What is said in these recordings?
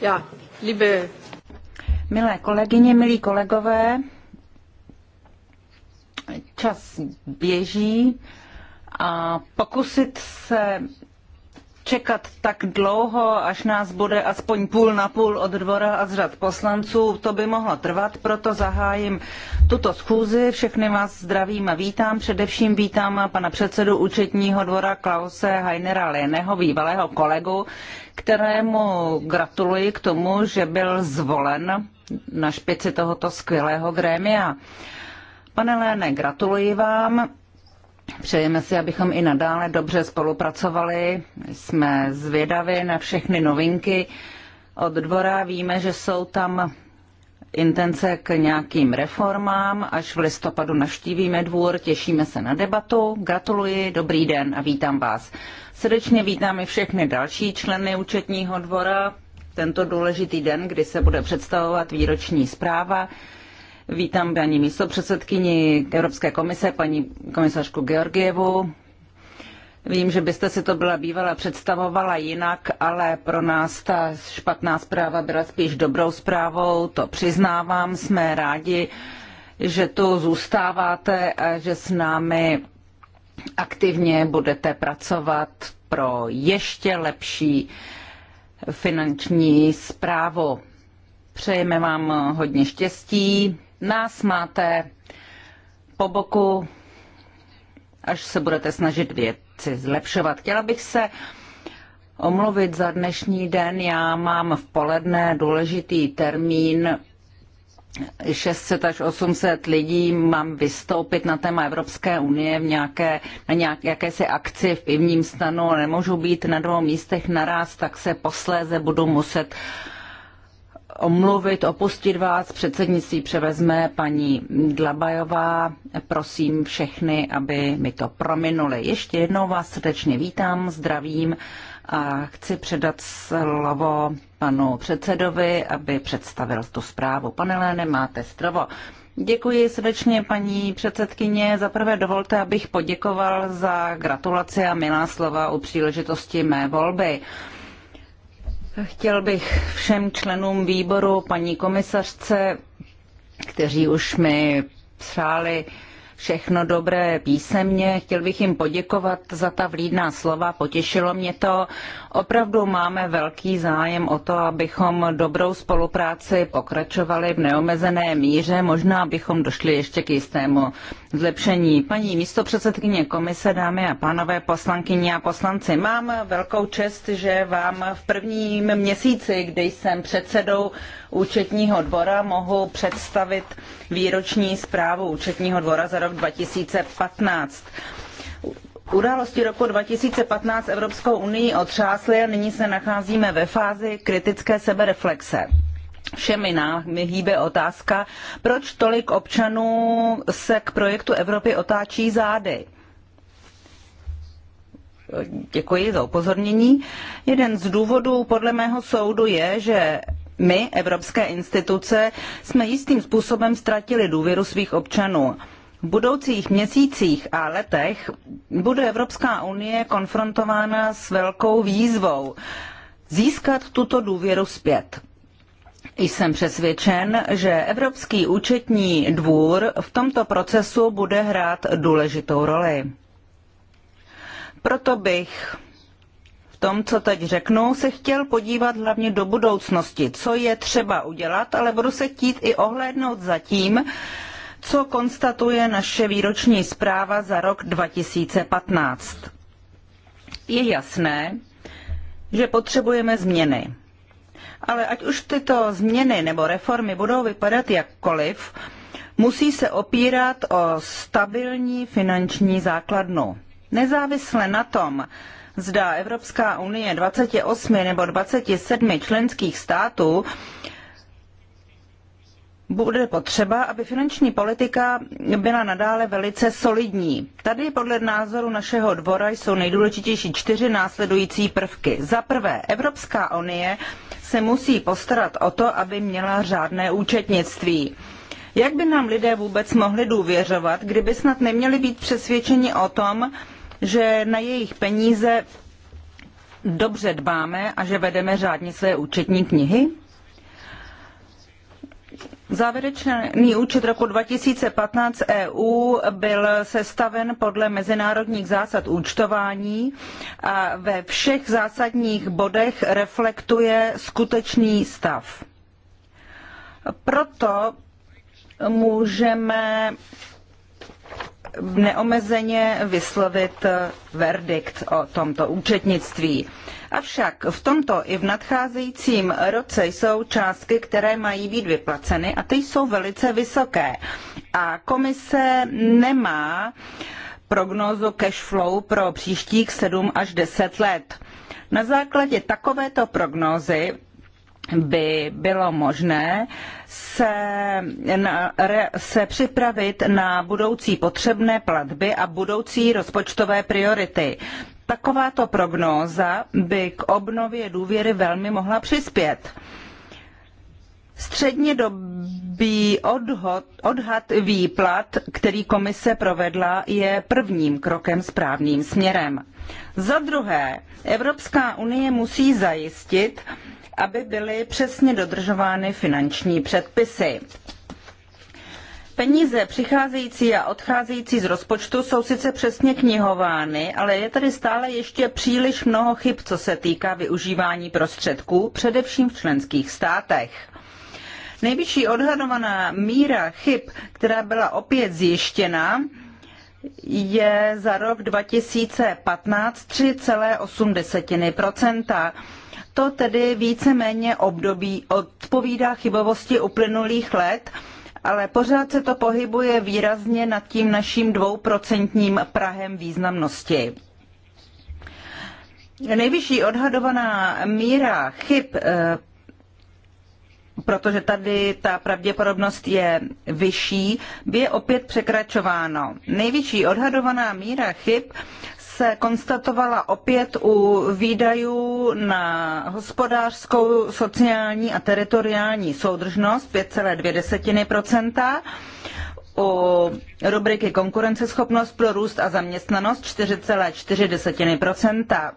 Ja, liebe... Milé kolegyně, milí kolegové, čas běží a pokusit se čekat tak dlouho, až nás bude aspoň půl na půl od dvora a z řad poslanců, to by mohlo trvat, proto zahájím tuto schůzi. Všechny vás zdravím a vítám. Především vítám pana předsedu účetního dvora Klause Heinera Léneho, bývalého kolegu, kterému gratuluji k tomu, že byl zvolen na špici tohoto skvělého grémia. Pane Léne, gratuluji vám. Přejeme si, abychom i nadále dobře spolupracovali. Jsme zvědavi na všechny novinky. Od dvora víme, že jsou tam intence k nějakým reformám. Až v listopadu naštívíme dvůr, těšíme se na debatu. Gratuluji, dobrý den a vítám vás. Srdečně vítám i všechny další členy účetního dvora. Tento důležitý den, kdy se bude představovat výroční zpráva. Vítám paní místopředsedkyni Evropské komise, paní komisařku Georgievu. Vím, že byste si to byla bývala představovala jinak, ale pro nás ta špatná zpráva byla spíš dobrou zprávou, to přiznávám, jsme rádi, že tu zůstáváte a že s námi aktivně budete pracovat pro ještě lepší finanční zprávu. Přejeme vám hodně štěstí Nás máte po boku, až se budete snažit věci zlepšovat. Chtěla bych se omluvit za dnešní den. Já mám v poledne důležitý termín 600 až 800 lidí mám vystoupit na téma Evropské unie v nějaké, na nějak, jakési akci v pivním stanu, nemůžu být na dvou místech naraz, tak se posléze budu muset uh, omluvit, opustit vás. Předsednictví převezme paní Dlabajová. Prosím všechny, aby mi to prominuli. Ještě jednou vás srdečně vítám, zdravím a chci předat slovo panu předsedovi, aby představil tu zprávu. Pane Léne, máte slovo. Děkuji srdečně, paní předsedkyně. Za prvé dovolte, abych poděkoval za gratulaci a milá slova u příležitosti mé volby. Chtěl bych všem členům výboru, paní komisařce, kteří už mi přáli všechno dobré písemně. Chtěl bych jim poděkovat za ta vlídná slova, potěšilo mě to. Opravdu máme velký zájem o to, abychom dobrou spolupráci pokračovali v neomezené míře. Možná bychom došli ještě k jistému zlepšení. Paní místopředsedkyně komise, dámy a pánové, poslankyně a poslanci, mám velkou čest, že vám v prvním měsíci, kdy jsem předsedou účetního dvora, mohu představit výroční zprávu účetního dvora za rok 2015. Události roku 2015 Evropskou unii otřásly a nyní se nacházíme ve fázi kritické sebereflexe. Všemi námi hýbe otázka, proč tolik občanů se k projektu Evropy otáčí zády. Děkuji za upozornění. Jeden z důvodů podle mého soudu je, že my, evropské instituce, jsme jistým způsobem ztratili důvěru svých občanů. V budoucích měsících a letech bude Evropská unie konfrontována s velkou výzvou získat tuto důvěru zpět. Jsem přesvědčen, že Evropský účetní dvůr v tomto procesu bude hrát důležitou roli. Proto bych v tom, co teď řeknu, se chtěl podívat hlavně do budoucnosti, co je třeba udělat, ale budu se chtít i ohlédnout za tím, co konstatuje naše výroční zpráva za rok 2015. Je jasné, že potřebujeme změny. Ale ať už tyto změny nebo reformy budou vypadat jakkoliv, musí se opírat o stabilní finanční základnu. Nezávisle na tom, zda Evropská unie 28 nebo 27 členských států bude potřeba, aby finanční politika byla nadále velice solidní. Tady podle názoru našeho dvora jsou nejdůležitější čtyři následující prvky. Za prvé, Evropská unie se musí postarat o to, aby měla řádné účetnictví. Jak by nám lidé vůbec mohli důvěřovat, kdyby snad neměli být přesvědčeni o tom, že na jejich peníze dobře dbáme a že vedeme řádně své účetní knihy? Závěrečný účet roku 2015 EU byl sestaven podle mezinárodních zásad účtování a ve všech zásadních bodech reflektuje skutečný stav. Proto můžeme neomezeně vyslovit eh, verdikt o tomto účetnictví. Avšak v tomto i v nadcházejícím roce jsou částky, které mají být vyplaceny a ty jsou velice vysoké. A komise nemá prognózu cash flow pro příštích 7 až 10 let. Na základě takovéto prognózy by bylo možné se, na, re, se připravit na budoucí potřebné platby a budoucí rozpočtové priority. Takováto prognóza by k obnově důvěry velmi mohla přispět. dobý odhod, odhad výplat, který komise provedla, je prvním krokem správným směrem. Za druhé, Evropská unie musí zajistit, aby byly přesně dodržovány finanční předpisy. Peníze přicházející a odcházející z rozpočtu jsou sice přesně knihovány, ale je tady stále ještě příliš mnoho chyb, co se týká využívání prostředků, především v členských státech. Nejvyšší odhadovaná míra chyb, která byla opět zjištěna, je za rok 2015 3,8 to tedy víceméně období odpovídá chybovosti uplynulých let, ale pořád se to pohybuje výrazně nad tím naším dvouprocentním prahem významnosti. Nejvyšší odhadovaná míra chyb, eh, protože tady ta pravděpodobnost je vyšší, by je opět překračováno. Nejvyšší odhadovaná míra chyb se konstatovala opět u výdajů na hospodářskou, sociální a teritoriální soudržnost 5,2 u rubriky konkurenceschopnost pro růst a zaměstnanost 4,4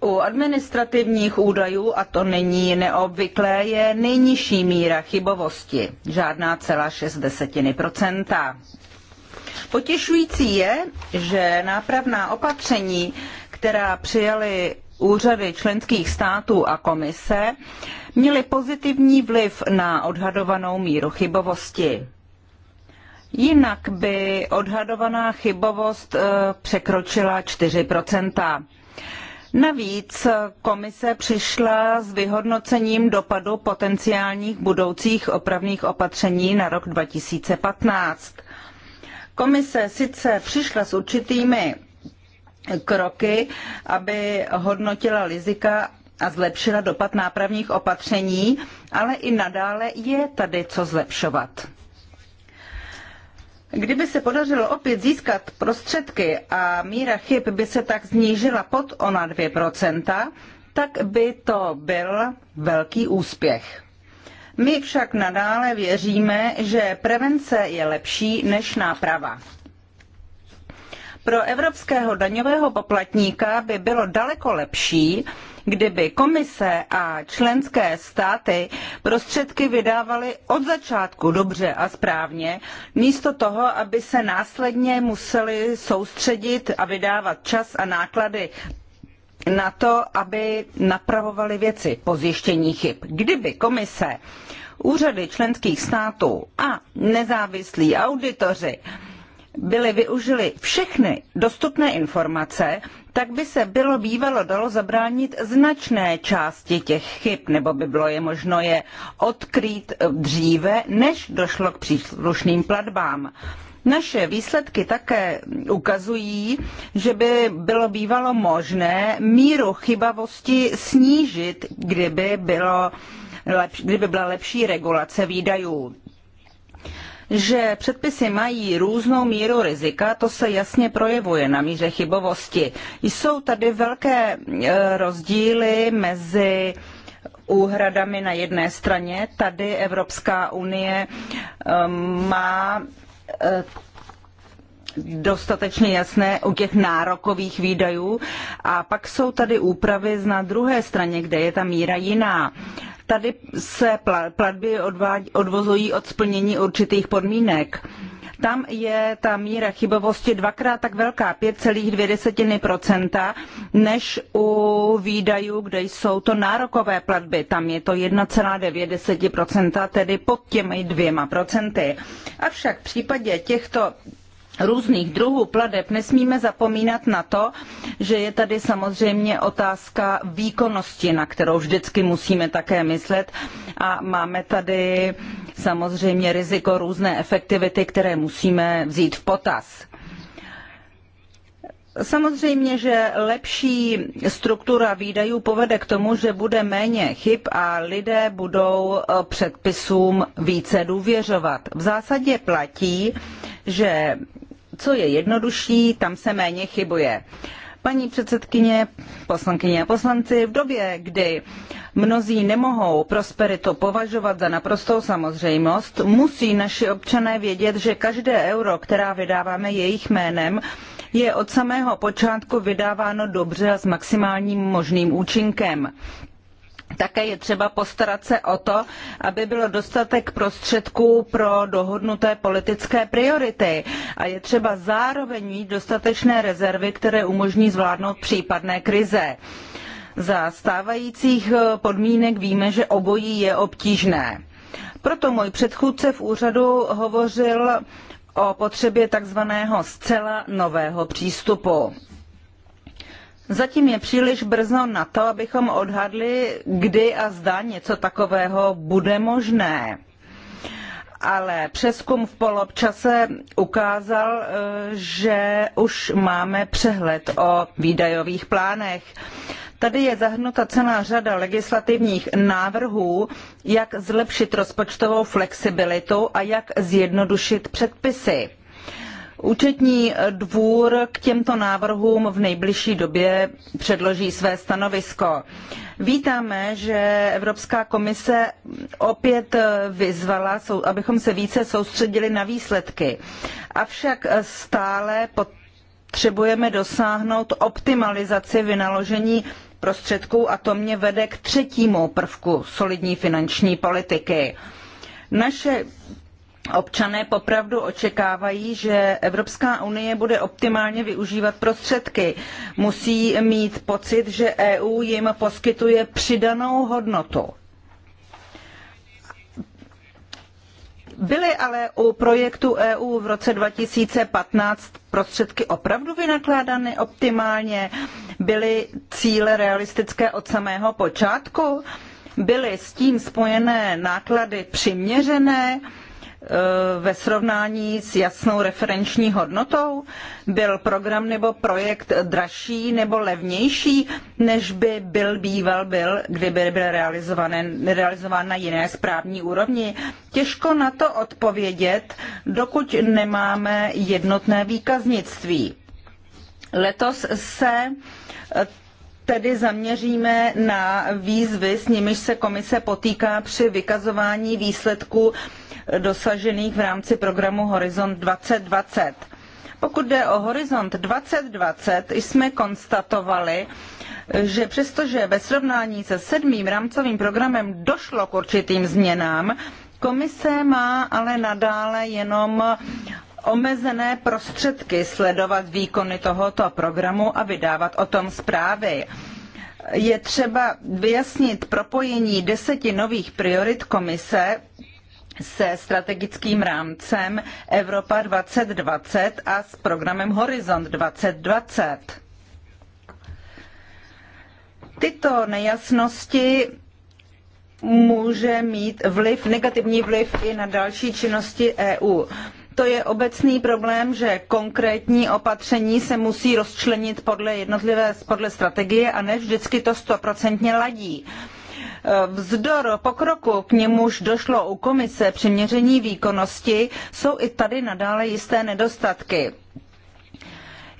u administrativních údajů, a to není neobvyklé, je nejnižší míra chybovosti, žádná celá 6 desetiny procenta. Potěšující je, že nápravná opatření, která přijaly úřady členských států a komise, měly pozitivní vliv na odhadovanou míru chybovosti. Jinak by odhadovaná chybovost eh, překročila 4 Navíc komise přišla s vyhodnocením dopadu potenciálních budoucích opravných opatření na rok 2015. Komise sice přišla s určitými kroky, aby hodnotila rizika a zlepšila dopad nápravních opatření, ale i nadále je tady co zlepšovat. Kdyby se podařilo opět získat prostředky a míra chyb by se tak snížila pod ona 2%, tak by to byl velký úspěch. My však nadále věříme, že prevence je lepší než náprava. Pro evropského daňového poplatníka by bylo daleko lepší, kdyby komise a členské státy prostředky vydávaly od začátku dobře a správně, místo toho, aby se následně museli soustředit a vydávat čas a náklady na to, aby napravovali věci po zjištění chyb. Kdyby komise, úřady členských států a nezávislí auditoři byly využili všechny dostupné informace, tak by se bylo bývalo dalo zabránit značné části těch chyb, nebo by bylo je možno je odkrýt dříve, než došlo k příslušným platbám. Naše výsledky také ukazují, že by bylo bývalo možné míru chybavosti snížit, kdyby, bylo kdyby byla lepší regulace výdajů. Že předpisy mají různou míru rizika, to se jasně projevuje na míře chybovosti. Jsou tady velké e, rozdíly mezi úhradami na jedné straně. Tady Evropská unie e, má Eh, dostatečně jasné u těch nárokových výdajů. A pak jsou tady úpravy na druhé straně, kde je ta míra jiná. Tady se platby odvozují od splnění určitých podmínek. Tam je ta míra chybovosti dvakrát tak velká, 5,2%, než u výdajů, kde jsou to nárokové platby. Tam je to 1,9%, tedy pod těmi dvěma procenty. Avšak v případě těchto různých druhů pladeb nesmíme zapomínat na to, že je tady samozřejmě otázka výkonnosti, na kterou vždycky musíme také myslet. A máme tady samozřejmě riziko různé efektivity, které musíme vzít v potaz. Samozřejmě, že lepší struktura výdajů povede k tomu, že bude méně chyb a lidé budou eh, předpisům více důvěřovat. V zásadě platí, že co je jednodušší, tam se méně chybuje. Paní předsedkyně, poslankyně a poslanci, v době, kdy mnozí nemohou prosperitu považovat za naprostou samozřejmost, musí naši občané vědět, že každé euro, která vydáváme jejich jménem, je od samého počátku vydáváno dobře a s maximálním možným účinkem. Také je třeba postarat se o to, aby bylo dostatek prostředků pro dohodnuté politické priority. A je třeba zároveň mít dostatečné rezervy, které umožní zvládnout případné krize. Za stávajících eh, podmínek víme, že obojí je obtížné. Proto můj předchůdce v úřadu hovořil o potřebě takzvaného zcela nového přístupu. Zatím je příliš brzo na to, abychom odhadli, kdy a zda něco takového bude možné. Ale přeskum v polobčase ukázal, eh, že už máme přehled o výdajových plánech. Tady je zahrnuta celá řada legislativních návrhů, jak zlepšit rozpočtovou flexibilitu a jak zjednodušit předpisy. Účetní dvůr k těmto návrhům v nejbližší době předloží své stanovisko. Vítáme, že Evropská komise opět vyzvala, abychom se více soustředili na výsledky. Avšak stále potřebujeme dosáhnout optimalizaci vynaložení prostředků a to mě vede k třetímu prvku solidní finanční politiky. Naše Občané popravdu očekávají, že Evropská unie bude optimálně využívat prostředky. Musí mít pocit, že EU jim poskytuje přidanou hodnotu. Byly ale u projektu EU v roce 2015 prostředky opravdu vynakládány optimálně? Byly cíle realistické od samého počátku? Byly s tím spojené náklady přiměřené? Eh, ve srovnání s jasnou referenční hodnotou? Byl program nebo projekt dražší nebo levnější, než by byl býval byl, kdyby byl realizován na jiné správní úrovni? Těžko na to odpovědět, dokud nemáme jednotné výkaznictví. Letos se tedy zaměříme na výzvy, s nimiž se komise potýká při vykazování výsledků dosažených v rámci programu Horizont 2020. Pokud jde o Horizont 2020, jsme konstatovali, že přestože ve srovnání se sedmým rámcovým programem došlo k určitým změnám, komise má ale nadále jenom omezené prostředky sledovat výkony tohoto programu a vydávat o tom zprávy. Je třeba vyjasnit propojení deseti nových priorit komise se strategickým rámcem Evropa 2020 a s programem Horizont 2020. Tyto nejasnosti může mít vliv, negativní vliv i na další činnosti EU to je obecný problém, že konkrétní opatření se musí rozčlenit podle jednotlivé podle strategie a ne vždycky to stoprocentně ladí. Vzdor pokroku, k němuž došlo u komise při měření výkonnosti, jsou i tady nadále jisté nedostatky.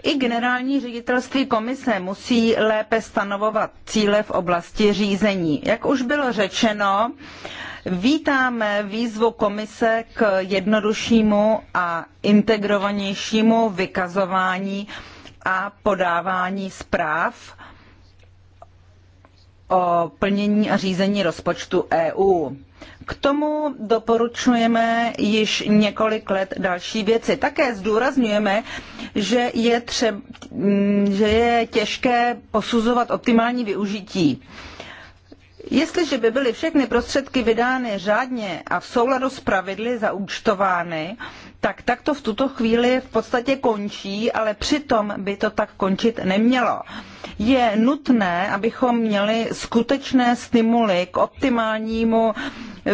I generální ředitelství komise musí lépe stanovovat cíle v oblasti řízení. Jak už bylo řečeno, uh, Vítáme výzvu komise k jednoduššímu a integrovanějšímu vykazování a podávání zpráv o plnění a řízení rozpočtu EU. K tomu doporučujeme již několik let další věci. Také zdůrazňujeme, že je, že je těžké posuzovat optimální využití Jestliže by byly všechny prostředky vydány řádně a v souladu s pravidly zaúčtovány, tak tak to v tuto chvíli v podstatě končí, ale přitom by to tak končit nemělo. Je nutné, abychom měli skutečné stimuly k optimálnímu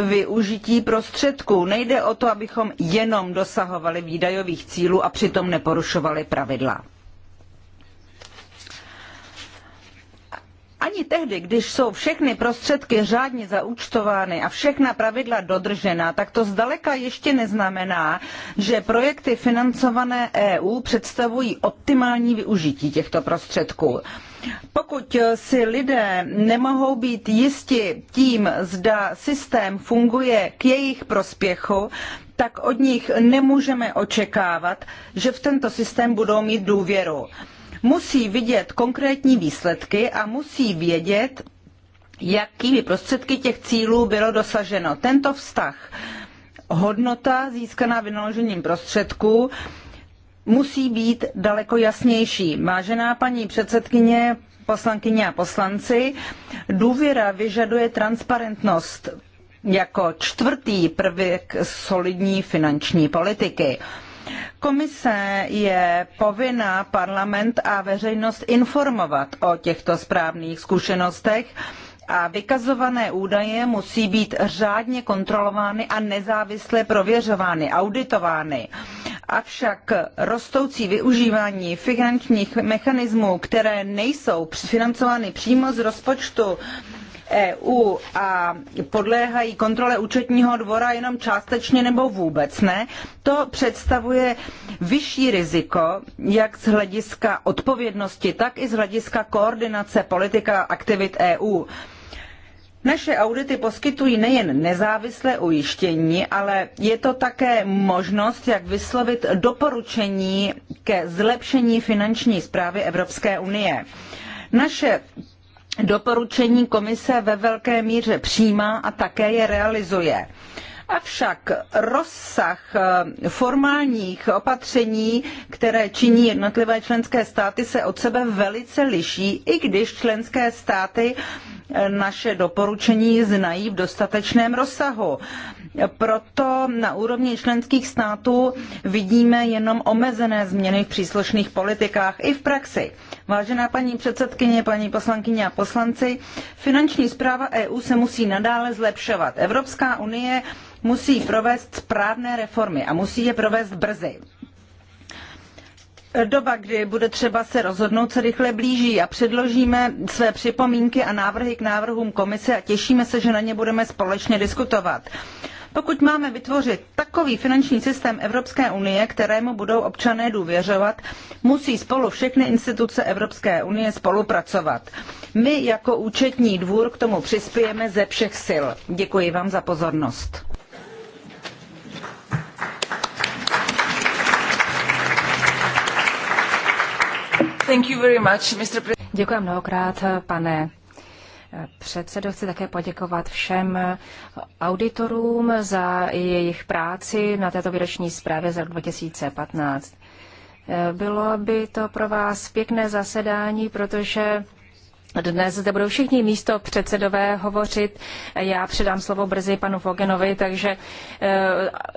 využití prostředků. Nejde o to, abychom jenom dosahovali výdajových cílů a přitom neporušovali pravidla. ani tehdy, když jsou všechny prostředky řádně zaúčtovány a všechna pravidla dodržena, tak to zdaleka ještě neznamená, že projekty financované EU představují optimální využití těchto prostředků. Pokud si lidé nemohou být jisti tím, zda systém funguje k jejich prospěchu, tak od nich nemůžeme očekávat, že v tento systém budou mít důvěru musí vidět konkrétní výsledky a musí vědět, jakými prostředky těch cílů bylo dosaženo. Tento vztah hodnota získaná vynaložením prostředků musí být daleko jasnější. Vážená paní předsedkyně, poslankyně a poslanci, důvěra vyžaduje transparentnost jako čtvrtý prvek solidní finanční politiky. Komise je povinná parlament a veřejnost informovat o těchto správných zkušenostech a vykazované údaje musí být řádně kontrolovány a nezávisle prověřovány, auditovány. Avšak rostoucí využívání finančních mechanismů, které nejsou financovány přímo z rozpočtu, EU a podléhají kontrole účetního dvora jenom částečně nebo vůbec ne, to představuje vyšší riziko, jak z hlediska odpovědnosti, tak i z hlediska koordinace politika aktivit EU. Naše audity poskytují nejen nezávislé ujištění, ale je to také možnost, jak vyslovit doporučení ke zlepšení finanční správy Evropské unie. Naše doporučení komise ve velké míře přijímá a také je realizuje. Avšak rozsah eh, formálních opatření, které činí jednotlivé členské státy, se od sebe velice liší, i když členské státy eh, naše doporučení znají v dostatečném rozsahu. Proto na úrovni členských států vidíme jenom omezené změny v příslušných politikách i v praxi. Vážená paní předsedkyně, paní poslankyně a poslanci, finanční zpráva EU se musí nadále zlepšovat. Evropská unie musí provést správné reformy a musí je provést brzy. Doba, kdy bude třeba se rozhodnout, se rychle blíží a předložíme své připomínky a návrhy k návrhům komise a těšíme se, že na ně budeme společně diskutovat. Pokud máme vytvořit takový finanční systém Evropské unie, kterému budou občané důvěřovat, musí spolu všechny instituce Evropské unie spolupracovat. My jako účetní dvůr k tomu přispějeme ze všech sil. Děkuji vám za pozornost. Děkuji mnohokrát, pane předsedo. Chci také poděkovat všem auditorům za jejich práci na této výroční zprávě za rok 2015. Bylo by to pro vás pěkné zasedání, protože dnes zde budou všichni místo předsedové hovořit. Já předám slovo brzy panu Vogenovi, takže eh,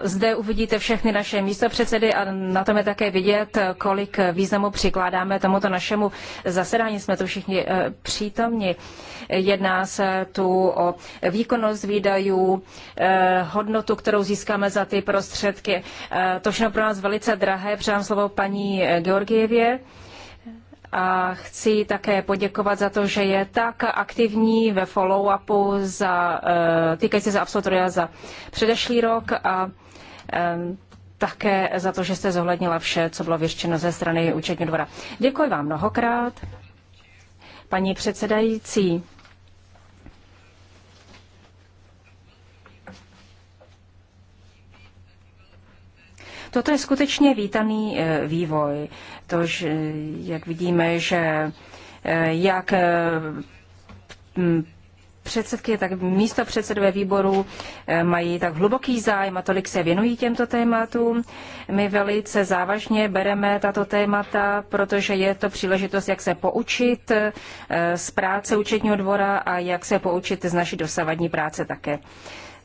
zde uvidíte všechny naše místo předsedy a na tom je také vidět, kolik významu přikládáme tomuto našemu zasedání. Jsme tu všichni eh, přítomni. Jedná se tu o výkonnost výdajů, eh, hodnotu, kterou získáme za ty prostředky. To všechno pro nás velice drahé. Předám slovo paní Georgievě a chci také poděkovat za to, že je tak aktivní ve follow-upu za, eh, týkající se absolutoria za předešlý rok a také za to, že jste zohlednila vše, co bylo vyřčeno ze strany účetního dvora. Děkuji vám mnohokrát. Paní předsedající, Toto je skutečně vítaný eh, vývoj. Tož, eh, jak vidíme, že eh, jak předsedky, tak místo předsedové výboru mají tak hluboký zájem a tolik se věnují těmto tématům. My velice závažně bereme tato témata, protože je to příležitost, jak se poučit z práce účetního dvora a jak se poučit z naší dosavadní práce také.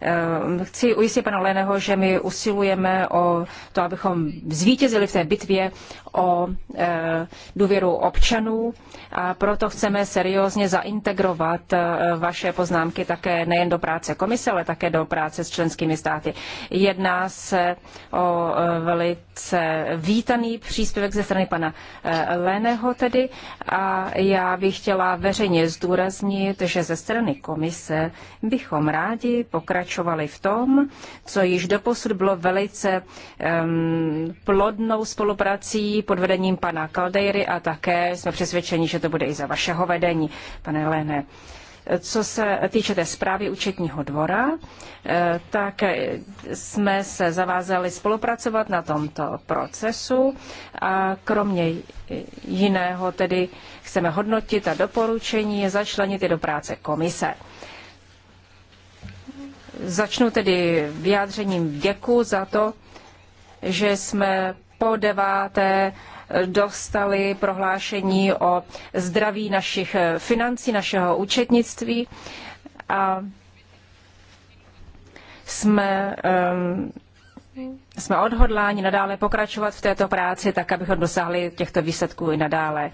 Ehm, chci ujistit pana Leného, že my usilujeme o to, abychom zvítězili v té bitvě o eh, důvěru občanů a proto chceme seriózně zaintegrovat eh, vaše poznámky také nejen do práce komise, ale také do práce s členskými státy. Jedná se o eh, velice vítaný příspěvek ze strany pana Leného tedy a já bych chtěla veřejně zdůraznit, že ze strany komise bychom rádi pokračovali pokračovali v tom, co již doposud bylo velice um, plodnou spoluprací pod vedením pana Kaldejry a také jsme přesvědčeni, že to bude i za vašeho vedení, pane Lene. Co se týče té zprávy účetního dvora, eh, tak jsme se zavázali spolupracovat na tomto procesu a kromě jiného tedy chceme hodnotit a doporučení začlenit i do práce komise. Začnu tedy vyjádřením vděku za to, že jsme po deváté dostali prohlášení o zdraví našich financí, našeho účetnictví a jsme, um, jsme odhodláni nadále pokračovat v této práci, tak abychom dosáhli těchto výsledků i nadále. Uh,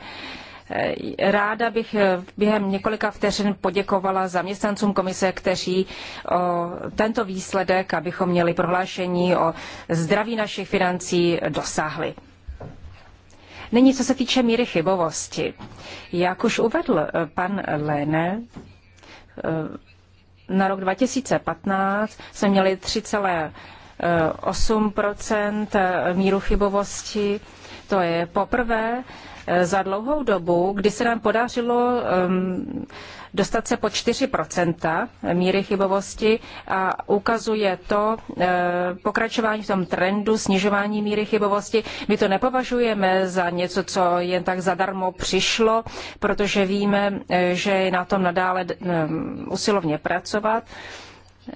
Ráda bych eh, během několika vteřin poděkovala zaměstnancům komise, kteří o tento výsledek, abychom měli prohlášení o zdraví našich financí, dosáhli. Nyní, co se týče míry chybovosti. Jak už uvedl eh, pan Lene, eh, na rok 2015 jsme měli 3,8 míru chybovosti. To je poprvé Eh, za dlouhou dobu, kdy se nám podařilo ehm, dostat se po 4% míry chybovosti a ukazuje to eh, pokračování v tom trendu snižování míry chybovosti. My to nepovažujeme za něco, co jen tak zadarmo přišlo, protože víme, eh, že je na tom nadále ehm, usilovně pracovat.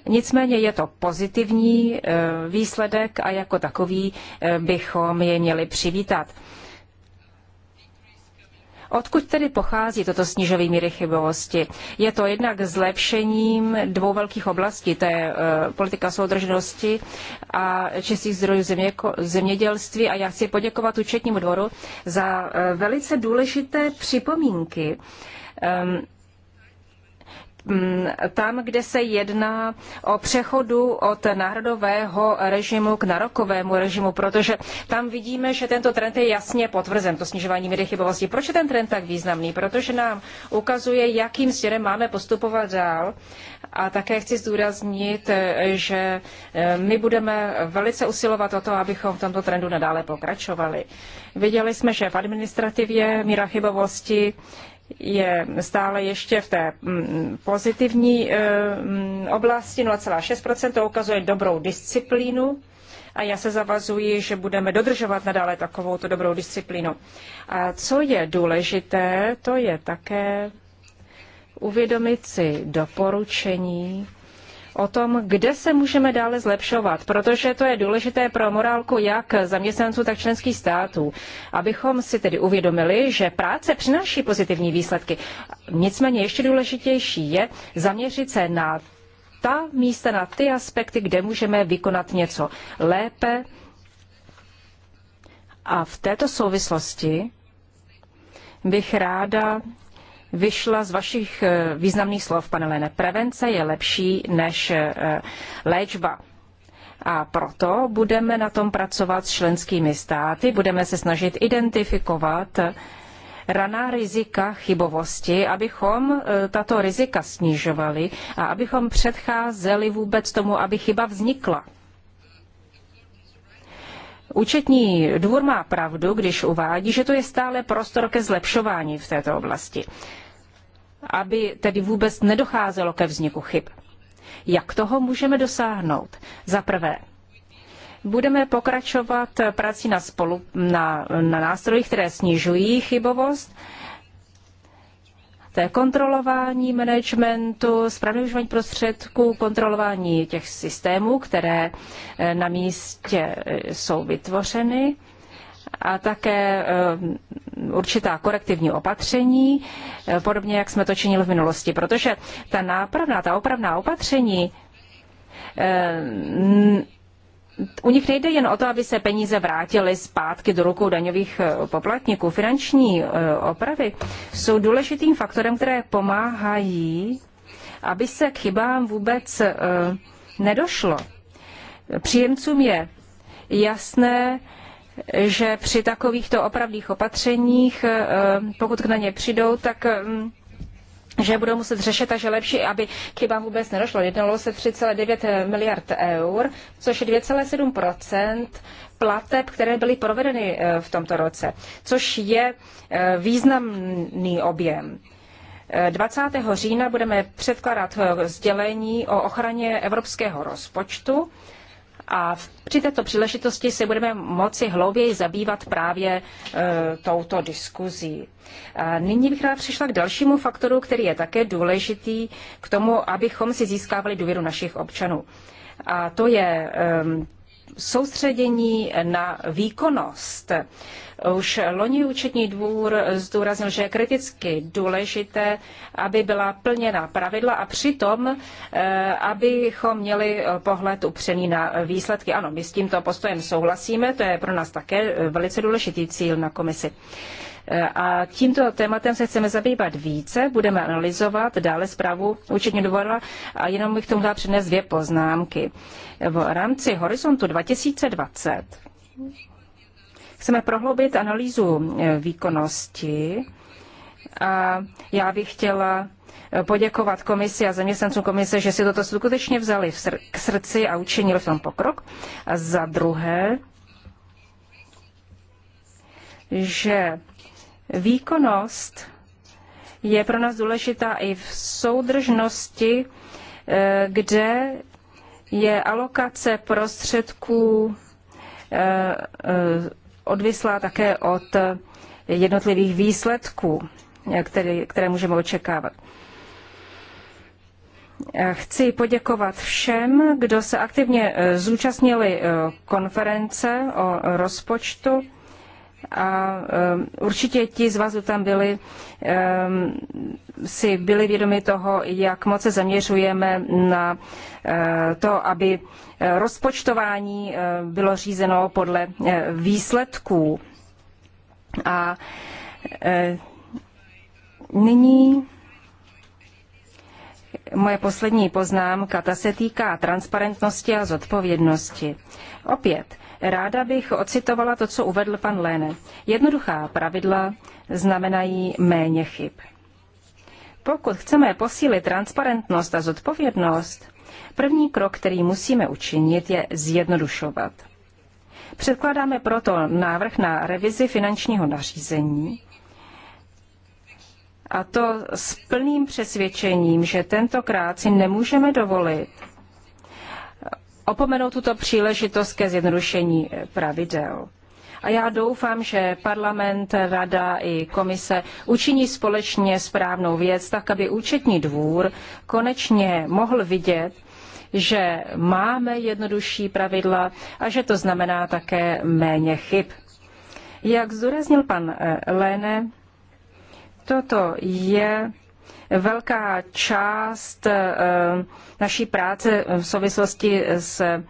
Nicméně je to pozitivní výsledek a jako takový bychom je měli přivítat. Odkud tedy pochází toto snižový míry chybovosti? Je to jednak zlepšením dvou velkých oblastí, to je e, politika soudržnosti a čistých zdrojů země, zemědělství. A já chci poděkovat účetnímu dvoru za e, velice důležité připomínky. Um, Mm, tam, kde se jedná o přechodu od národového režimu k narokovému režimu, protože tam vidíme, že tento trend je jasně potvrzen, to snižování míry chybovosti. Proč je ten trend tak významný? Protože nám ukazuje, jakým směrem máme postupovat dál. A také chci zdůraznit, že e, my budeme velice usilovat o to, abychom v tomto trendu nadále pokračovali. Viděli jsme, že v administrativě míra chybovosti je stále ještě v té mm, pozitivní eh, mm, oblasti 0,6%, to ukazuje dobrou disciplínu a já se zavazuji, že budeme dodržovat nadále takovou tu dobrou disciplínu. A co je důležité, to je také uvědomit si doporučení o tom, kde se můžeme dále zlepšovat, protože to je důležité pro morálku jak zaměstnanců, tak členských států, abychom si tedy uvědomili, že práce přináší pozitivní výsledky. Nicméně ještě důležitější je zaměřit se na ta místa, na ty aspekty, kde můžeme vykonat něco lépe. A v této souvislosti bych ráda vyšla z vašich eh, významných slov, pane Lene. Prevence je lepší než eh, léčba. A proto budeme na tom pracovat s členskými státy, budeme se snažit identifikovat raná rizika chybovosti, abychom eh, tato rizika snižovali a abychom předcházeli vůbec tomu, aby chyba vznikla. Účetní dvůr má pravdu, když uvádí, že to je stále prostor ke zlepšování v této oblasti aby tedy vůbec nedocházelo ke vzniku chyb. Jak toho můžeme dosáhnout? Za prvé, budeme pokračovat prací na, spolu, na, na nástrojích, které snižují chybovost. To je kontrolování managementu, správné užívání prostředků, kontrolování těch systémů, které eh, na místě eh, jsou vytvořeny a také eh, určitá korektivní opatření, eh, podobně jak jsme to činili v minulosti, protože ta nápravná, ta opravná opatření eh, u nich nejde jen o to, aby se peníze vrátily zpátky do rukou daňových poplatníků. Finanční opravy jsou důležitým faktorem, které pomáhají, aby se k chybám vůbec nedošlo. Příjemcům je jasné, že při takovýchto opravdých opatřeních, eh, pokud na ně přijdou, tak mm, že budou muset řešit, že lepší, aby chybám vůbec nedošlo. Jednalo se 3,9 eh, miliard eur, což je 2,7 plateb, které byly provedeny eh, v tomto roce, což je významný objem. 20. října budeme předkládat sdělení o ochraně evropského rozpočtu a při této příležitosti se budeme moci hlouběji zabývat právě e, touto diskuzí. A nyní bych ráda přišla k dalšímu faktoru, který je také důležitý k tomu, abychom si získávali důvěru našich občanů. A to je e, soustředění na výkonnost. Už loni účetní dvůr zdůraznil, že je kriticky důležité, aby byla plněna pravidla a přitom, eh, abychom měli pohled upřený na výsledky. Ano, my s tímto postojem souhlasíme, to je pro nás také velice důležitý cíl na komisi. A tímto tématem se chceme zabývat více, budeme analyzovat dále zprávu účetní dvora a jenom bych tomu dala přinést dvě poznámky. V rámci Horizontu 2020 chceme prohloubit analýzu e, výkonnosti a já bych chtěla e, poděkovat komisi a zaměstnancům komise, že si toto skutečně vzali k srdci a učinili v tom pokrok. A za druhé, že Výkonnost je pro nás důležitá i v soudržnosti, eh, kde je alokace prostředků eh, eh, odvislá také od jednotlivých výsledků, které, které můžeme očekávat. Chci poděkovat všem, kdo se aktivně zúčastnili konference o rozpočtu a um, určitě ti z vás, kdo tam byli, um, si byli vědomi toho, jak moc se zaměřujeme na uh, to, aby uh, rozpočtování uh, bylo řízeno podle uh, výsledků. A uh, nyní moje poslední poznámka, ta se týká transparentnosti a zodpovědnosti. Opět, Ráda bych ocitovala to, co uvedl pan Lene. Jednoduchá pravidla znamenají méně chyb. Pokud chceme posílit transparentnost a zodpovědnost, první krok, který musíme učinit, je zjednodušovat. Předkládáme proto návrh na revizi finančního nařízení, a to s plným přesvědčením, že tentokrát si nemůžeme dovolit opomenout tuto příležitost ke zjednodušení eh, pravidel. A já doufám, že parlament, rada i komise učiní společně správnou věc, tak aby účetní dvůr konečně mohl vidět, že máme jednodušší pravidla a že to znamená také méně chyb. Jak zdůraznil pan eh, Lene, toto je Velká část eh, naší práce v souvislosti s eh,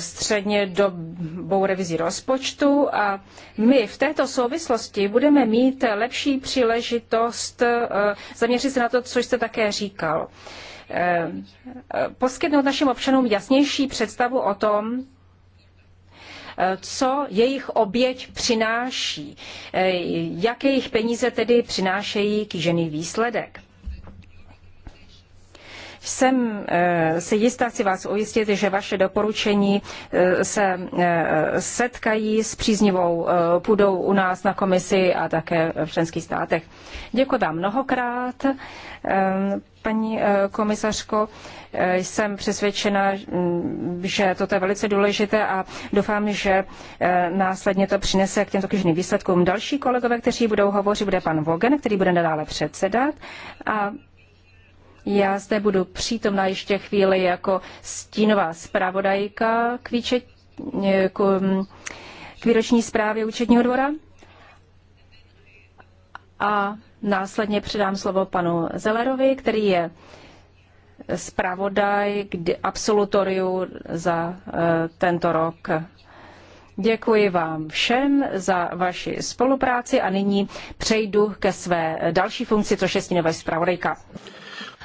středně dobou revizí rozpočtu a my v této souvislosti budeme mít lepší příležitost eh, zaměřit se na to, co jste také říkal. Poskytnout našim občanům jasnější představu o tom, co jejich oběť přináší, jaké jejich peníze tedy přinášejí kýžený výsledek. Jsem eh, si jistá, chci vás ujistit, že vaše doporučení eh, se eh, setkají s příznivou půdou u nás na komisi a také v členských státech. Děkuji vám mnohokrát. Paní komisařko, jsem přesvědčena, mm, že toto je velice důležité a doufám, že následně to přinese k těmto kýžným výsledkům. Další kolegové, kteří budou hovořit, bude pan Vogen, který bude nadále předsedat a já zde budu přítomna ještě chvíli jako stínová zpravodajka k, výčet, k, um, k výroční zprávě účetního dvora a následně předám slovo panu Zelerovi, který je zpravodaj k absolutoriu za eh, tento rok. Děkuji vám všem za vaši spolupráci a nyní přejdu ke své další funkci, což je stínové zpravodajka.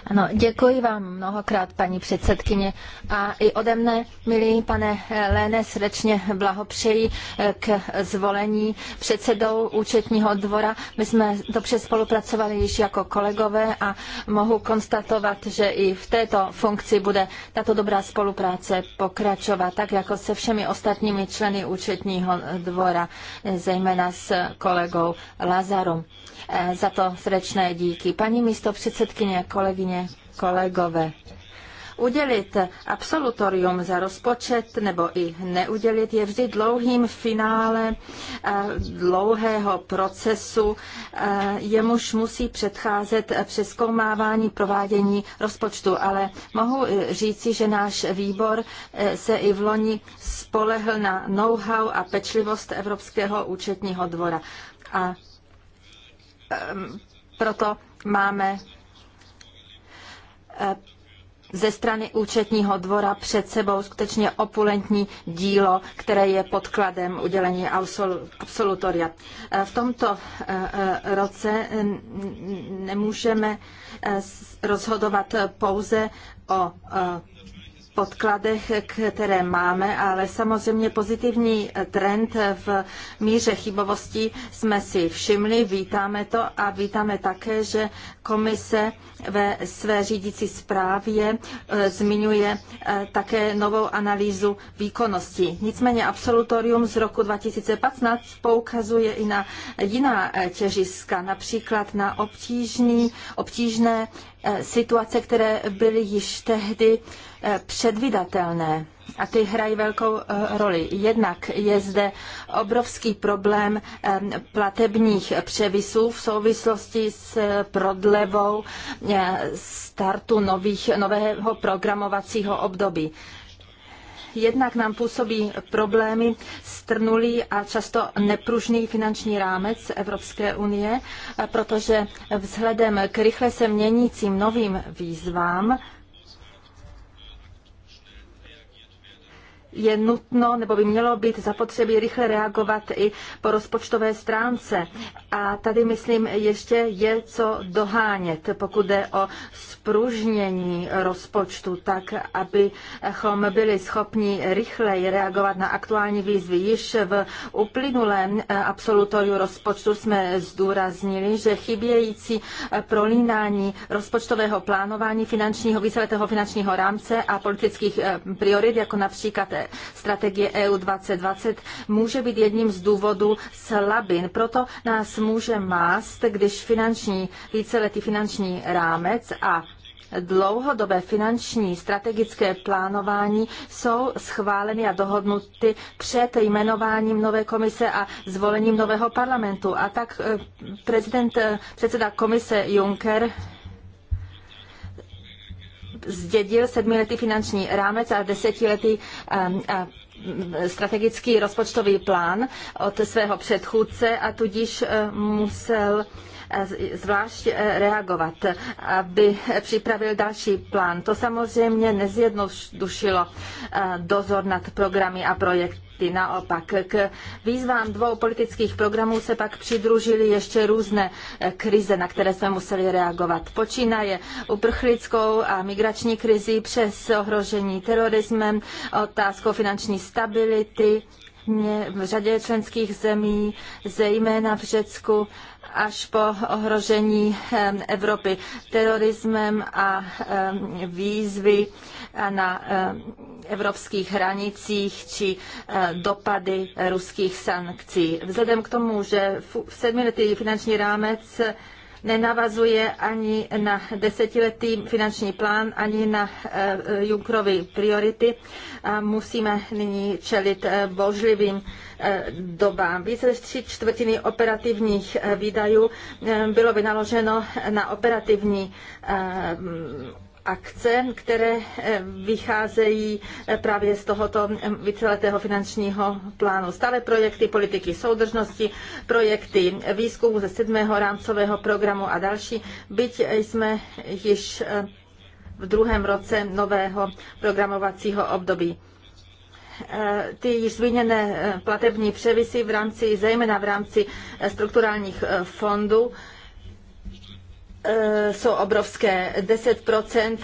Ano, děkuji vám mnohokrát, paní předsedkyně. A i ode mne, milý pane Léne, srdečně blahopřeji eh, k zvolení předsedou účetního dvora. My jsme dobře spolupracovali již jako kolegové a mohu konstatovat, že i v této funkci bude tato dobrá spolupráce pokračovat, tak jako se všemi ostatními členy účetního dvora, eh, zejména s kolegou Lazarom. Eh, za to srdečné díky. Paní místo předsedkyně, kolegyně, kolegyně, kolegové. Udělit absolutorium za rozpočet nebo i neudělit je vždy dlouhým finále eh, dlouhého procesu, eh, jemuž musí předcházet přeskoumávání provádění rozpočtu. Ale mohu eh, říci, že náš výbor se i v loni spolehl na know-how a pečlivost Evropského účetního dvora. A ehm, proto máme ze strany účetního dvora před sebou skutečně opulentní dílo, které je podkladem udělení absolutoria. E, v tomto e, e, roce nemůžeme rozhodovat pouze o podkladech, které máme, ale samozřejmě pozitivní trend v míře chybovosti jsme si všimli, vítáme to a vítáme také, že komise ve své řídící zprávě eh, zmiňuje eh, také novou analýzu výkonnosti. Nicméně absolutorium z roku 2015 poukazuje i na jiná eh, těžiska, například na obtížný, obtížné situace, které byly již tehdy Eh, předvydatelné a ty hrají velkou eh, roli. Jednak je zde obrovský problém eh, platebních převisů v souvislosti s prodlevou startu nových, nového programovacího období jednak nám působí problémy strnulý a často nepružný finanční rámec Evropské unie, protože vzhledem k rychle se měnícím novým výzvám je nutno nebo by mělo být zapotřebí rychle reagovat i po rozpočtové stránce. A tady, myslím, ještě je co dohánět, pokud jde o spružnění rozpočtu, tak abychom byli schopni rychleji reagovat na aktuální výzvy. Již v uplynulém eh, absolutoriu rozpočtu jsme zdůraznili, že chybějící eh, prolínání rozpočtového plánování finančního, výsledného finančního rámce a politických eh, priorit, jako například strategie EU 2020, může být jedním z důvodů slabin. Proto nás může mást, když finanční, víceletý finanční rámec a dlouhodobé finanční strategické plánování jsou schváleny a dohodnuty před jmenováním nové komise a zvolením nového parlamentu. A tak eh, prezident, eh, předseda komise Juncker zdědil sedmiletý finanční rámec a desetiletý eh, mm, strategický rozpočtový plán od svého předchůdce a tudíž musel Eh, zvlášť eh, reagovat, aby připravil další plán. To samozřejmě nezjednodušilo eh, dozor nad programy a projekty naopak. K výzvám dvou politických programů se pak přidružily ještě různé krize, na které jsme museli reagovat. Počínaje uprchlickou a migrační krizi přes ohrožení terorismem, otázkou finanční stability, v řadě členských zemí, zejména v Řecku, až po ohrožení Evropy terorismem a výzvy na evropských hranicích či eh, dopady ruských sankcí. Vzhledem k tomu, že v sedmiletý finanční rámec nenavazuje ani na desetiletý finanční plán, ani na eh, Junkrovy priority. A musíme nyní čelit eh, božlivým eh, dobám. Více než tři čtvrtiny operativních výdajů bylo vynaloženo na operativní akce, které eh, vycházejí eh, právě z tohoto eh, víceletého finančního plánu. Stále projekty politiky soudržnosti, projekty výzkumu ze sedmého rámcového programu a další, byť jsme již v druhém roce nového programovacího období ty již zmíněné platební převisy v rámci, zejména v rámci strukturálních fondů, Eh, jsou obrovské. 10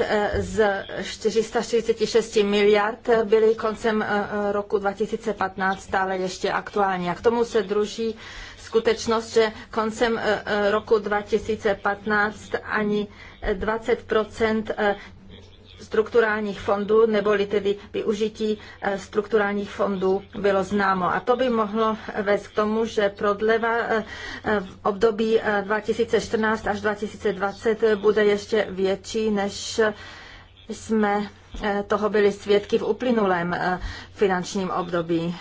eh, z 446 miliard byly koncem eh, roku 2015 stále ještě aktuální. A k tomu se druží skutečnost, že koncem roku 2015 ani 20 strukturálních fondů, neboli tedy využití eh, strukturálních fondů bylo známo. A to by mohlo vést k tomu, že prodleva eh, v období 2014 eh, až 2020 bude ještě větší, než jsme Eh, toho byli svědky v uplynulém eh, finančním období.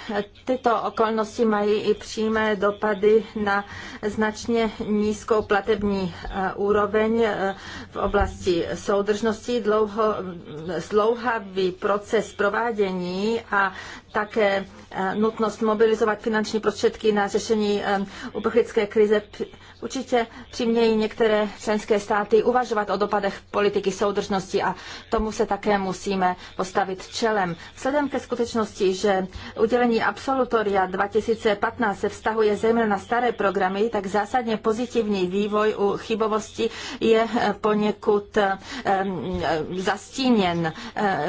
Tyto okolnosti mají i přímé dopady na značně nízkou platební eh, úroveň v oblasti soudržnosti, dlouho, proces provádění a také eh, nutnost mobilizovat finanční prostředky na řešení eh, uprchlické krize určitě přimějí některé členské státy uvažovat o dopadech politiky soudržnosti a tomu se také musíme postavit čelem. Vzhledem ke skutečnosti, že udělení absolutoria 2015 se vztahuje zejména na staré programy, tak zásadně pozitivní vývoj u chybovosti je eh, poněkud zastíněn.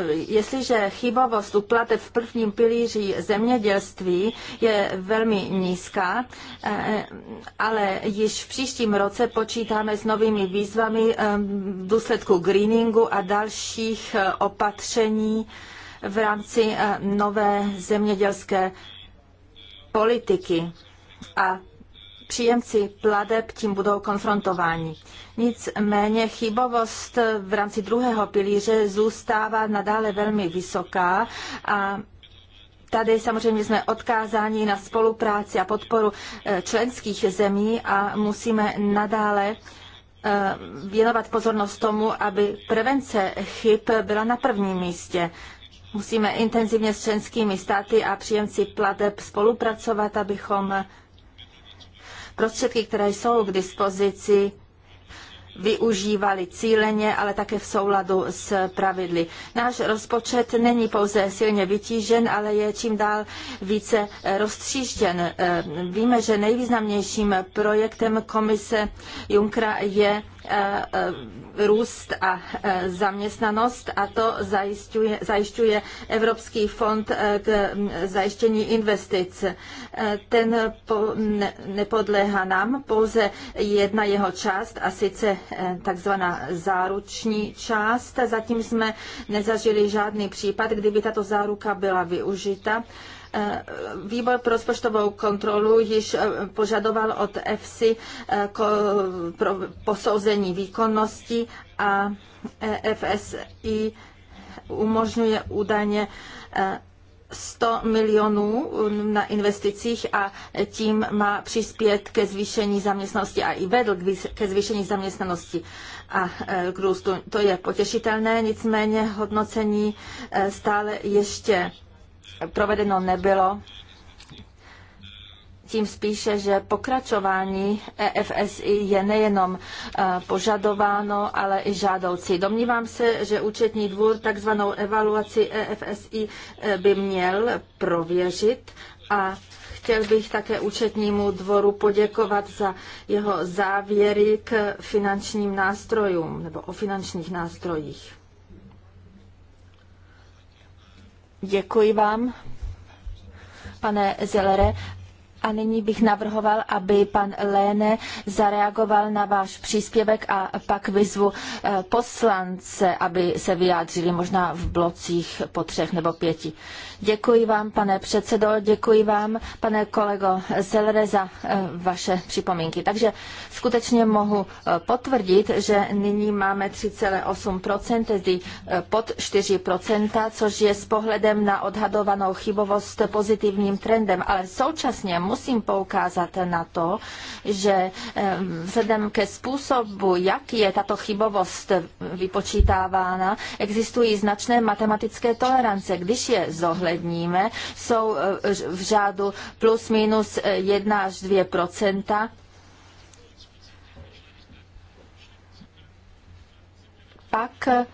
Jestliže chybovost u plateb v prvním pilíři pilíři zemědělství je velmi nízká, eh, ale již v příštím roce počítáme s novými výzvami eh, v důsledku greeningu a dalších eh, opatření v rámci nové zemědělské politiky. A příjemci pladeb tím budou konfrontováni. Nicméně chybovost v rámci druhého pilíře zůstává nadále velmi vysoká a Tady samozřejmě jsme odkázáni na spolupráci a podporu eh, členských zemí a musíme nadále eh, věnovat pozornost tomu, aby prevence chyb byla na prvním místě. Musíme intenzivně s členskými státy a příjemci plateb spolupracovat, abychom prostředky, které jsou k dispozici, využívali cíleně, ale také v souladu s pravidly. Náš rozpočet není pouze silně vytížen, ale je čím dál více eh, roztříštěn. Eh, víme, že nejvýznamnějším projektem komise Junkra je Eh, eh, růst a eh, zaměstnanost a to zajišťuje, zajišťuje Evropský fond k zajištění investic. Ten nepodléhá nám, pouze jedna jeho část a sice takzvaná záruční část. Zatím jsme nezažili žádný případ, kdyby tato záruka byla využita. Eh, výbor pro rozpočtovou kontrolu již eh, požadoval od EFSI eh, pro posouzení výkonnosti a FSI umožňuje údajně 100 milionů na investicích a tím má přispět ke zvýšení zaměstnanosti a i vedl ke zvýšení zaměstnanosti a k růstu. To je potěšitelné, nicméně hodnocení stále ještě provedeno nebylo, tím spíše, že pokračování EFSI je nejenom eh, požadováno, ale i žádoucí. Domnívám se, že účetní dvůr takzvanou evaluaci EFSI eh, by měl prověřit a chtěl bych také účetnímu dvoru poděkovat za jeho závěry k finančním nástrojům nebo o finančních nástrojích. Děkuji vám, pane Zelere. A nyní bych navrhoval, aby pan Léne zareagoval na váš příspěvek a pak vyzvu eh, poslance, aby se vyjádřili možná v blocích po třech nebo pěti. Děkuji vám, pane předsedo, děkuji vám, pane kolego Selere, za eh, vaše připomínky. Takže skutečně mohu eh, potvrdit, že nyní máme 3,8%, tedy pod 4%, což je s pohledem na odhadovanou chybovost pozitivním trendem, ale současně musíme musím poukázat na to, že vzhledem ke způsobu, jak je tato chybovost vypočítávána, existují značné matematické tolerance. Když je zohledníme, jsou e, v řádu plus minus 1 e, až 2 procenta, pak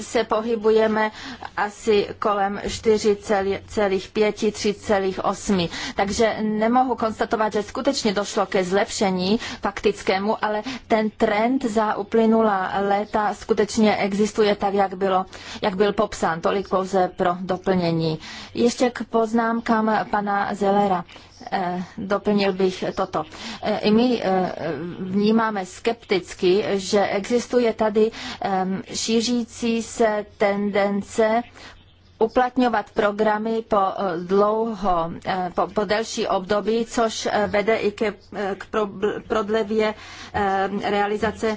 se pohybujeme asi kolem 4,5-3,8. Takže nemohu konstatovat, že skutečně došlo ke zlepšení faktickému, ale ten trend za uplynulá léta skutečně existuje tak, jak, bylo, jak byl popsán. Tolik pouze pro doplnění. Ještě k poznámkám pana Zelera. Eh, doplnil bych toto. Eh, I my eh, vnímáme skepticky, že existuje tady ehm, šířící se tendence uplatňovat programy po eh, dlouho, eh, po, po delší období, což eh, vede i ke, k prodlevě realizace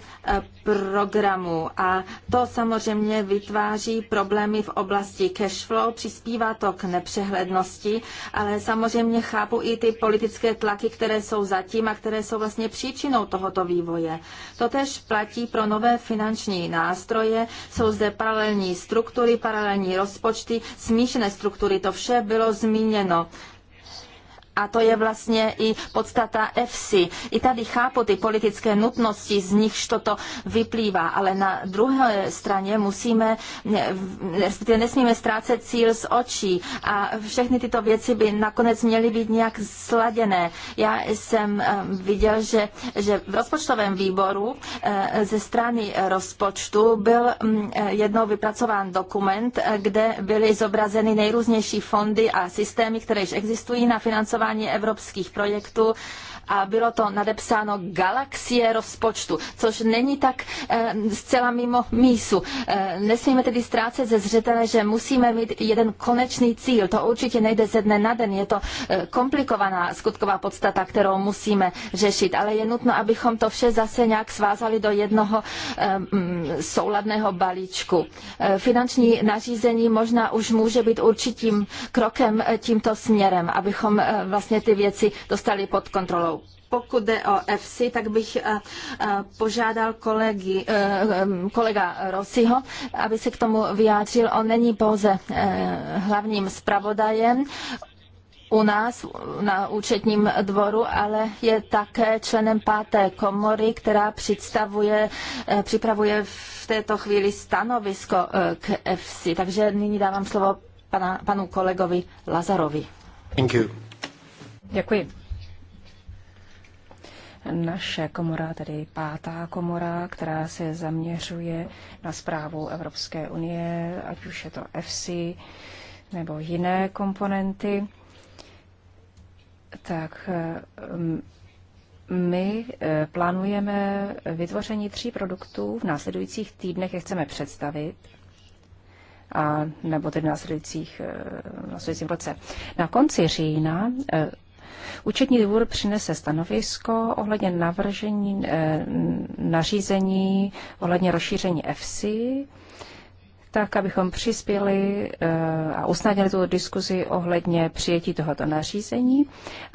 programu. A to samozřejmě vytváří problémy v oblasti flow, přispívá to k nepřehlednosti, ale samozřejmě chápu i ty politické tlaky, které jsou zatím a které jsou vlastně příčinou tohoto vývoje. Totež platí pro nové finanční nástroje, jsou zde paralelní struktury, paralelní rozpočty, smíšené struktury. To vše bylo zmíněno a to je vlastně i podstata EFSI. I tady chápu ty politické nutnosti, z nichž toto vyplývá, ale na druhé straně musíme, respektive nesmíme ztrácet cíl z očí a všechny tyto věci by nakonec měly být nějak sladěné. Já jsem ehm, viděl, že, že v rozpočtovém výboru eh, ze strany rozpočtu byl mm, eh, jednou vypracován dokument, eh, kde byly zobrazeny nejrůznější fondy a systémy, které již existují na financování financování evropských projektů a bylo to nadepsáno galaxie rozpočtu, což není tak e, zcela mimo mísu. E, nesmíme tedy ztrácet ze zřetele, že musíme mít jeden konečný cíl. To určitě nejde ze dne na den. Je to e, komplikovaná skutková podstata, kterou musíme řešit, ale je nutno, abychom to vše zase nějak svázali do jednoho e, souladného balíčku. E, finanční nařízení možná už může být určitým krokem tímto směrem, abychom e, vlastně ty věci dostali pod kontrolou. Pokud jde o FC, tak bych eh, eh, požádal kolegy, eh, kolega Rosiho, aby se k tomu vyjádřil. On není pouze hlavním zpravodajem u nás na účetním dvoru, ale je také členem páté komory, která představuje, připravuje v této chvíli stanovisko k FC. Takže nyní dávám slovo pana, panu kolegovi Lazarovi. Thank you. Děkuji. Naše komora, tedy pátá komora, která se zaměřuje na zprávu Evropské unie, ať už je to EFSI nebo jiné komponenty, tak ehm, my eh, plánujeme vytvoření tří produktů v následujících týdnech, je chceme představit, a, nebo tedy v následujících, eh, následujícím roce. Na konci října eh, Účetní dvůr přinese stanovisko ohledně navržení eh, nařízení ohledně rozšíření EFSI, tak abychom přispěli eh, a usnadnili tu diskuzi ohledně přijetí tohoto nařízení.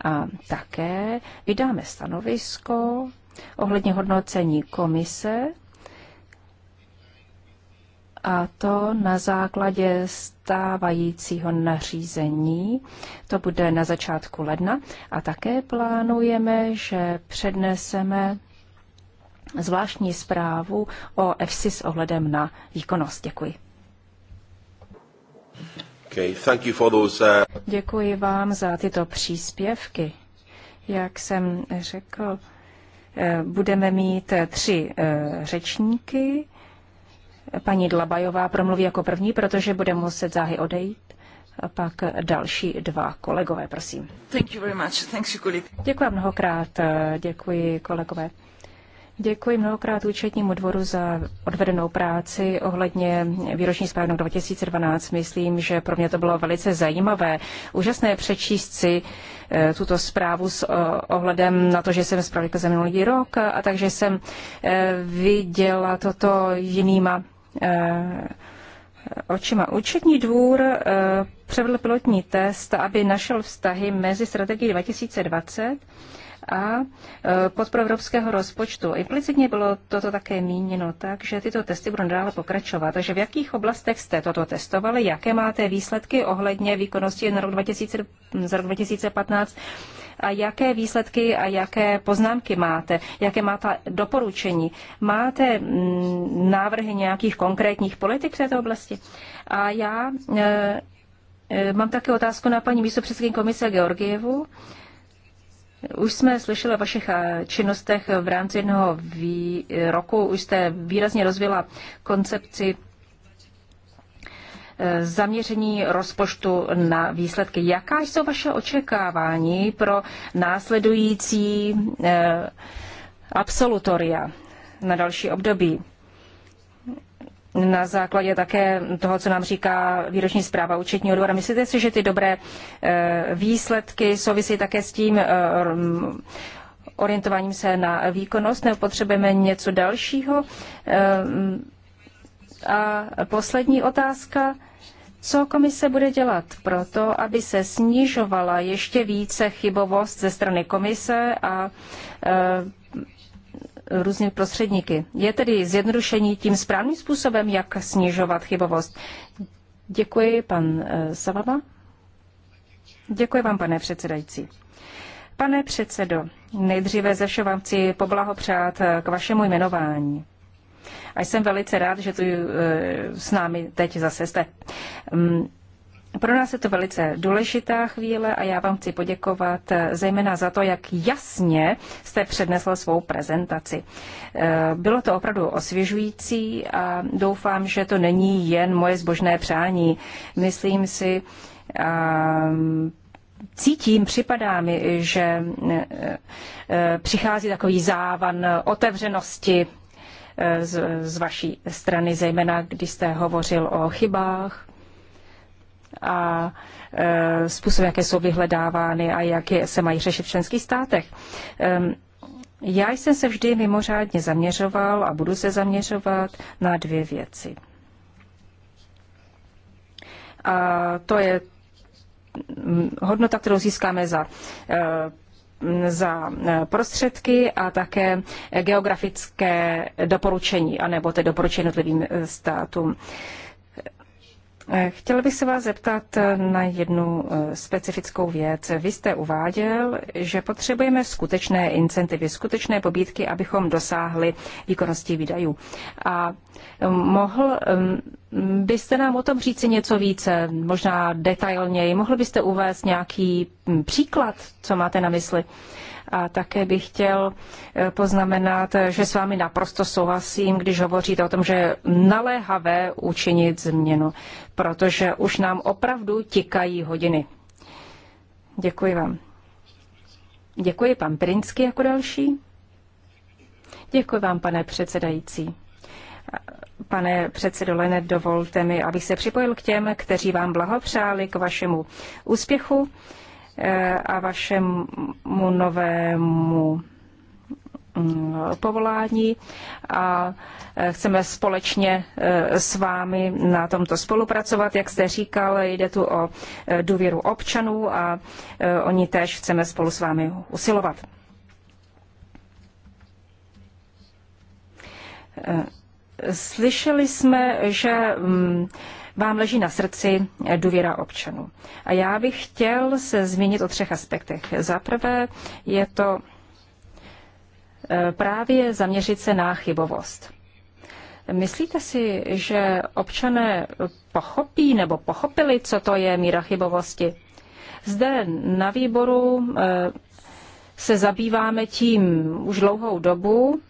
A také vydáme stanovisko ohledně hodnocení komise a to na základě stávajícího nařízení. To bude na začátku ledna a také plánujeme, že předneseme zvláštní zprávu o EFSI s ohledem na výkonnost. Děkuji. Okay, thank you for those, uh... Děkuji vám za tyto příspěvky. Jak jsem řekl, eh, budeme mít eh, tři eh, řečníky Paní Dlabajová promluví jako první, protože bude muset záhy odejít. A pak další dva kolegové, prosím. Thank you very much. Thanks, děkuji mnohokrát, eh, děkuji kolegové. Děkuji mnohokrát účetnímu dvoru za odvedenou práci ohledně výroční zprávy 2012. Myslím, že pro mě to bylo velice zajímavé. Úžasné přečíst si eh, tuto zprávu s eh, ohledem na to, že jsem zpravodajka za minulý rok a takže jsem viděla toto jinýma Eh, očima. Účetní dvůr eh, převedl pilotní test, aby našel vztahy mezi strategií 2020 a e, podporu evropského rozpočtu. Implicitně bylo toto také míněno tak, že tyto testy budou dále pokračovat. Takže v jakých oblastech jste toto testovali, jaké máte výsledky ohledně výkonnosti na rok 2000, za rok 2015 a jaké výsledky a jaké poznámky máte, jaké máte doporučení. Máte mm, návrhy nějakých konkrétních politik v této oblasti? A já e, e, Mám také otázku na paní místopředsedkyni komise Georgievu. Už jsme slyšeli o vašich eh, činnostech v rámci jednoho eh, roku. Už jste výrazně rozvila koncepci eh, zaměření rozpočtu na výsledky. Jaká jsou vaše očekávání pro následující absolutoria na další období? na základě také toho, co nám říká výroční zpráva účetního dvora. Myslíte si, že ty dobré eh, výsledky souvisí také s tím eh, mm, orientováním se na výkonnost, nebo potřebujeme něco dalšího? Eh, a poslední otázka. Co komise bude dělat pro to, aby se snižovala ještě více chybovost ze strany komise a různými prostředníky. Je tedy zjednodušení tím správným způsobem, jak snižovat chybovost? Děkuji, pan eh, Savaba. Děkuji vám, pane předsedající. Pane předsedo, nejdříve ze všeho vám chci poblahopřát eh, k vašemu jmenování. A jsem velice rád, že tu eh, s námi teď zase jste. Mm, pro nás je to velice důležitá chvíle a já vám chci poděkovat eh, zejména za to, jak jasně jste přednesl svou prezentaci. Eh, bylo to opravdu osvěžující a doufám, že to není jen moje zbožné přání. Myslím si, ehm, cítím, připadá mi, že eh, přichází takový závan otevřenosti z, z vaší strany, zejména když jste hovořil o chybách a e, způsob, jaké jsou vyhledávány a jak je, se mají řešit v členských státech. Já jsem se vždy mimořádně zaměřoval a budu se zaměřovat na dvě věci. A to je hodnota, kterou získáme za e, za e, prostředky a také geografické doporučení, anebo ty doporučení jednotlivým státům. Chtěl bych se vás zeptat na jednu eh, specifickou věc. Vy jste uváděl, že potřebujeme skutečné incentivy, skutečné pobídky, abychom dosáhli výkonnosti výdajů. A eh, mohl eh, byste nám o tom říci něco více, možná detailněji? Mohl byste uvést nějaký mm, příklad, co máte na mysli? A také bych chtěl eh, poznamenat, eh, že s vámi naprosto souhlasím, když hovoříte o tom, že je naléhavé učinit změnu, protože už nám opravdu tikají hodiny. Děkuji vám. Děkuji pan Prinsky jako další. Děkuji vám, pane předsedající. Pane předsedo Lene, dovolte mi, abych se připojil k těm, kteří vám blahopřáli k vašemu úspěchu eh, a vašemu novému mm, povolání a eh, chceme společně eh, s vámi na tomto spolupracovat. Jak jste říkal, jde tu o důvěru občanů a oni též chceme spolu s vámi usilovat. Slyšeli jsme, že mm, vám leží na srdci důvěra občanů. A já bych chtěl se zmínit o třech aspektech. Za prvé je to e, právě zaměřit se na chybovost. Myslíte si, že občané pochopí nebo pochopili, co to je míra chybovosti? Zde na výboru e, se zabýváme tím už dlouhou dobu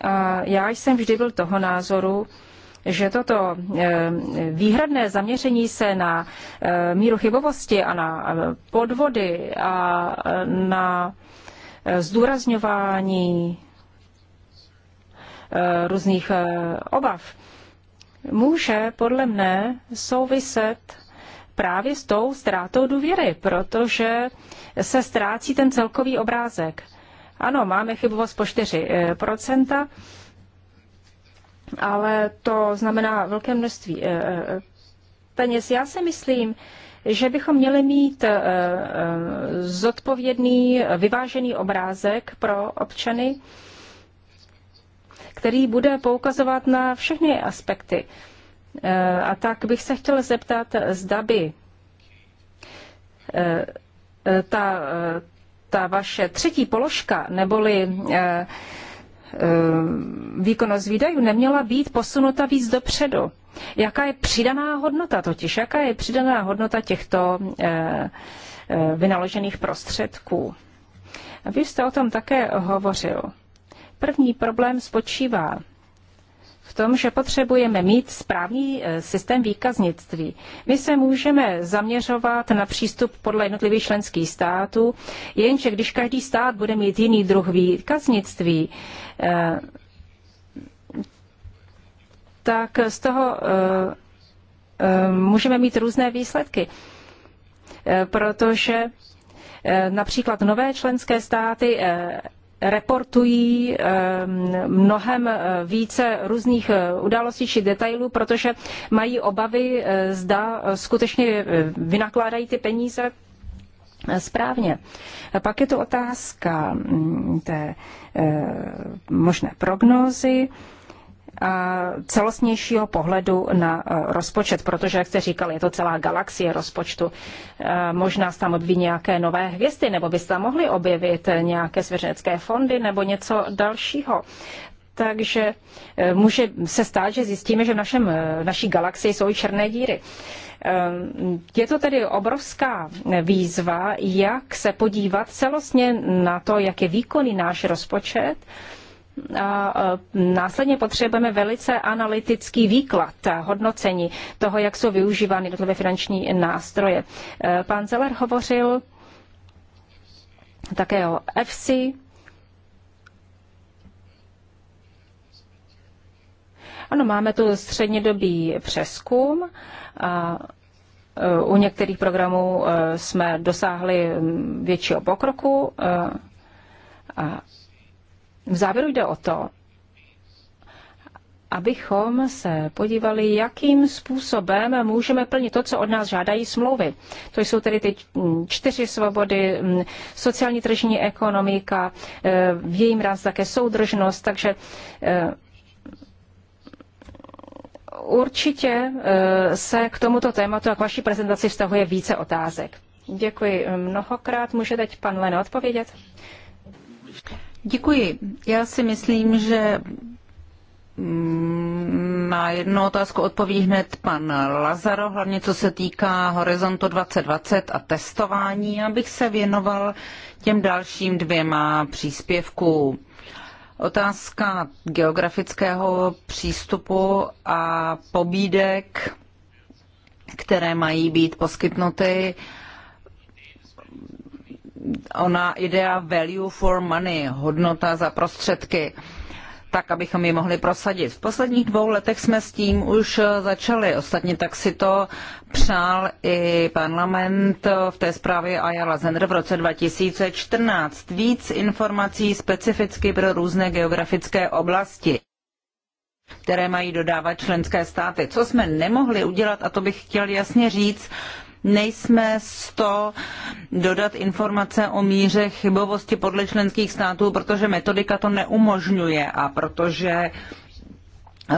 a já jsem vždy byl toho názoru, že toto eh, výhradné zaměření se na eh, míru chybovosti a na eh, podvody a na zdůrazňování různých obav může podle mne souviset právě s tou ztrátou důvěry, protože se ztrácí ten celkový obrázek. Ano, máme chybovost po 4%, eh, ale to znamená velké množství eh, eh, peněz. Já si myslím, že bychom měli mít zodpovědný, vyvážený obrázek pro občany, který bude poukazovat na všechny aspekty. A tak bych se chtěla zeptat, zda by ta, ta vaše třetí položka, neboli eh, eh, výkonnost výdajů, neměla být posunuta víc dopředu. Jaká je přidaná hodnota totiž? Jaká je přidaná hodnota těchto eh, vynaložených prostředků? Vy jste o tom také hovořil. První problém spočívá tom, že potřebujeme mít správný eh, systém výkaznictví. My se můžeme zaměřovat na přístup podle jednotlivých členských států, jenže když každý stát bude mít jiný druh výkaznictví, eh, tak z toho eh, můžeme mít různé výsledky, protože například nové členské státy reportují ehm, mnohem eh, více různých eh, událostí či detailů, protože mají obavy, eh, zda skutečně vynakládají ty peníze správně. A pak je to otázka mm, té možné prognózy celostnějšího pohledu na e, rozpočet, protože, jak jste říkal, je to celá galaxie rozpočtu. E, možná se tam objeví nějaké nové hvězdy, nebo byste tam mohli objevit nějaké svěřenecké fondy nebo něco dalšího. Takže e, může se stát, že zjistíme, že v, našem, v naší galaxii jsou i černé díry. Je to tedy obrovská výzva, jak se podívat celostně na to, jak je výkonný náš rozpočet, a následně potřebujeme velice analytický výklad hodnocení toho, jak jsou využívány jednotlivé finanční nástroje. E, pan Zeller hovořil také o EFSI. Ano, máme tu střednědobý přeskum. A e, u některých programů e, jsme dosáhli většího pokroku. A v závěru jde o to, abychom se podívali, jakým způsobem můžeme plnit to, co od nás žádají smlouvy. To jsou tedy ty čtyři svobody, mm, sociální tržní ekonomika, eh, v jejím rámci také soudržnost, takže eh, určitě eh, se k tomuto tématu a k vaší prezentaci vztahuje více otázek. Děkuji mnohokrát. Může teď pan Lene odpovědět? Děkuji. Já si myslím, že na mm, jednu otázku odpoví hned pan Lazaro, hlavně co se týká Horizontu 2020 a testování. Já bych se věnoval těm dalším dvěma příspěvkům. Otázka geografického přístupu a pobídek, které mají být poskytnuty ona idea value for money, hodnota za prostředky, tak, abychom ji mohli prosadit. V posledních dvou letech jsme s tím už eh, začali. Ostatně tak si to přál i parlament eh, v té zprávě Ayala Zender v roce 2014. Víc informací specificky pro různé geografické oblasti které mají dodávat členské státy. Co jsme nemohli udělat, a to bych chtěl jasně říct, nejsme s to dodat informace o míře chybovosti podle členských států, protože metodika to neumožňuje a protože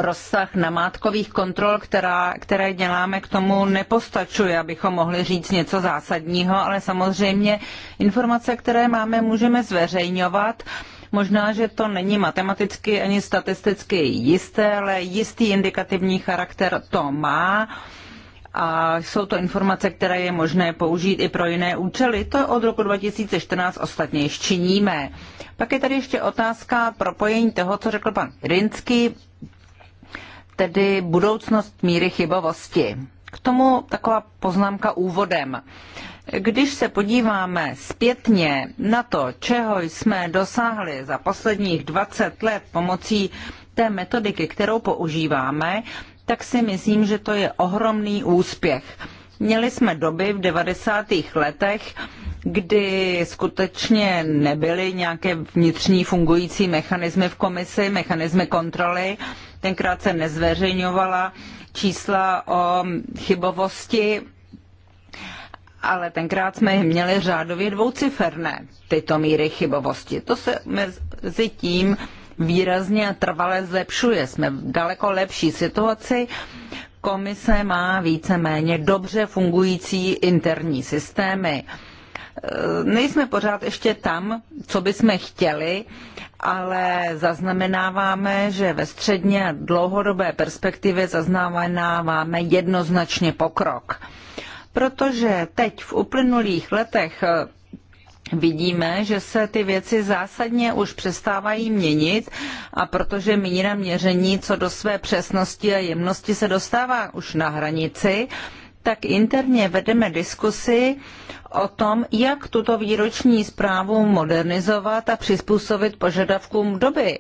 rozsah namátkových kontrol, která, které děláme, k tomu nepostačuje, abychom mohli říct něco zásadního, ale samozřejmě informace, které máme, můžeme zveřejňovat. Možná, že to není matematicky ani statisticky jisté, ale jistý indikativní charakter to má. Uh, a jsou to informace, které je možné použít i pro jiné účely. To od roku 2014 ostatně již činíme. Pak je tady ještě otázka propojení toho, co řekl pan Rinsky, tedy budoucnost míry chybovosti. K tomu taková poznámka úvodem. Když se podíváme zpětně na to, čeho jsme dosáhli za posledních 20 let pomocí té metodiky, kterou používáme, tak si myslím, že to je ohromný úspěch. Měli jsme doby v 90. letech, kdy skutečně nebyly nějaké vnitřní fungující mechanismy v komisi, mechanismy kontroly. Tenkrát se nezveřejňovala čísla o chybovosti, ale tenkrát jsme měli řádově dvouciferné tyto míry chybovosti. To se mezi tím výrazně a trvale zlepšuje. Jsme v daleko lepší situaci. Komise má víceméně dobře fungující interní systémy. E, nejsme pořád ještě tam, co bychom chtěli, ale zaznamenáváme, že ve středně a dlouhodobé perspektivě zaznamenáváme jednoznačně pokrok protože teď v uplynulých letech vidíme, že se ty věci zásadně už přestávají měnit a protože míra měření co do své přesnosti a jemnosti se dostává už na hranici, tak interně vedeme diskusy o tom, jak tuto výroční zprávu modernizovat a přizpůsobit požadavkům doby.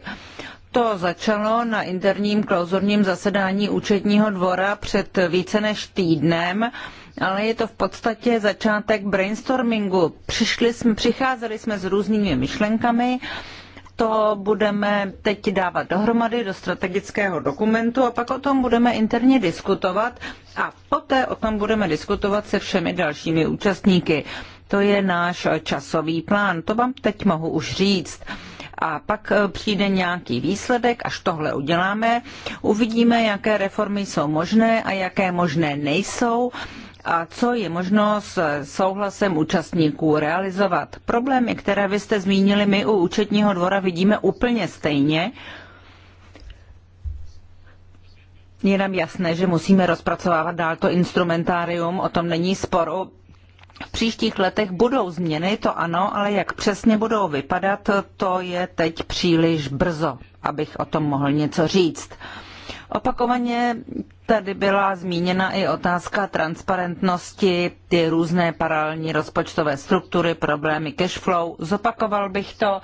To začalo na interním klauzurním zasedání účetního dvora před více než týdnem ale je to v podstatě začátek brainstormingu. Přišli jsme, přicházeli jsme s různými myšlenkami, to budeme teď dávat dohromady do strategického dokumentu a pak o tom budeme interně diskutovat a poté o tom budeme diskutovat se všemi dalšími účastníky. To je náš časový plán, to vám teď mohu už říct. A pak eh, přijde nějaký výsledek, až tohle uděláme, uvidíme, jaké reformy jsou možné a jaké možné nejsou a co je možno s souhlasem účastníků realizovat. Problémy, které vy jste zmínili, my u účetního dvora vidíme úplně stejně. Je nám jasné, že musíme rozpracovávat dál to instrumentárium, o tom není sporu. V příštích letech budou změny, to ano, ale jak přesně budou vypadat, to je teď příliš brzo, abych o tom mohl něco říct. Opakovaně tady byla zmíněna i otázka transparentnosti, ty různé paralelní rozpočtové struktury, problémy cashflow. Zopakoval bych to,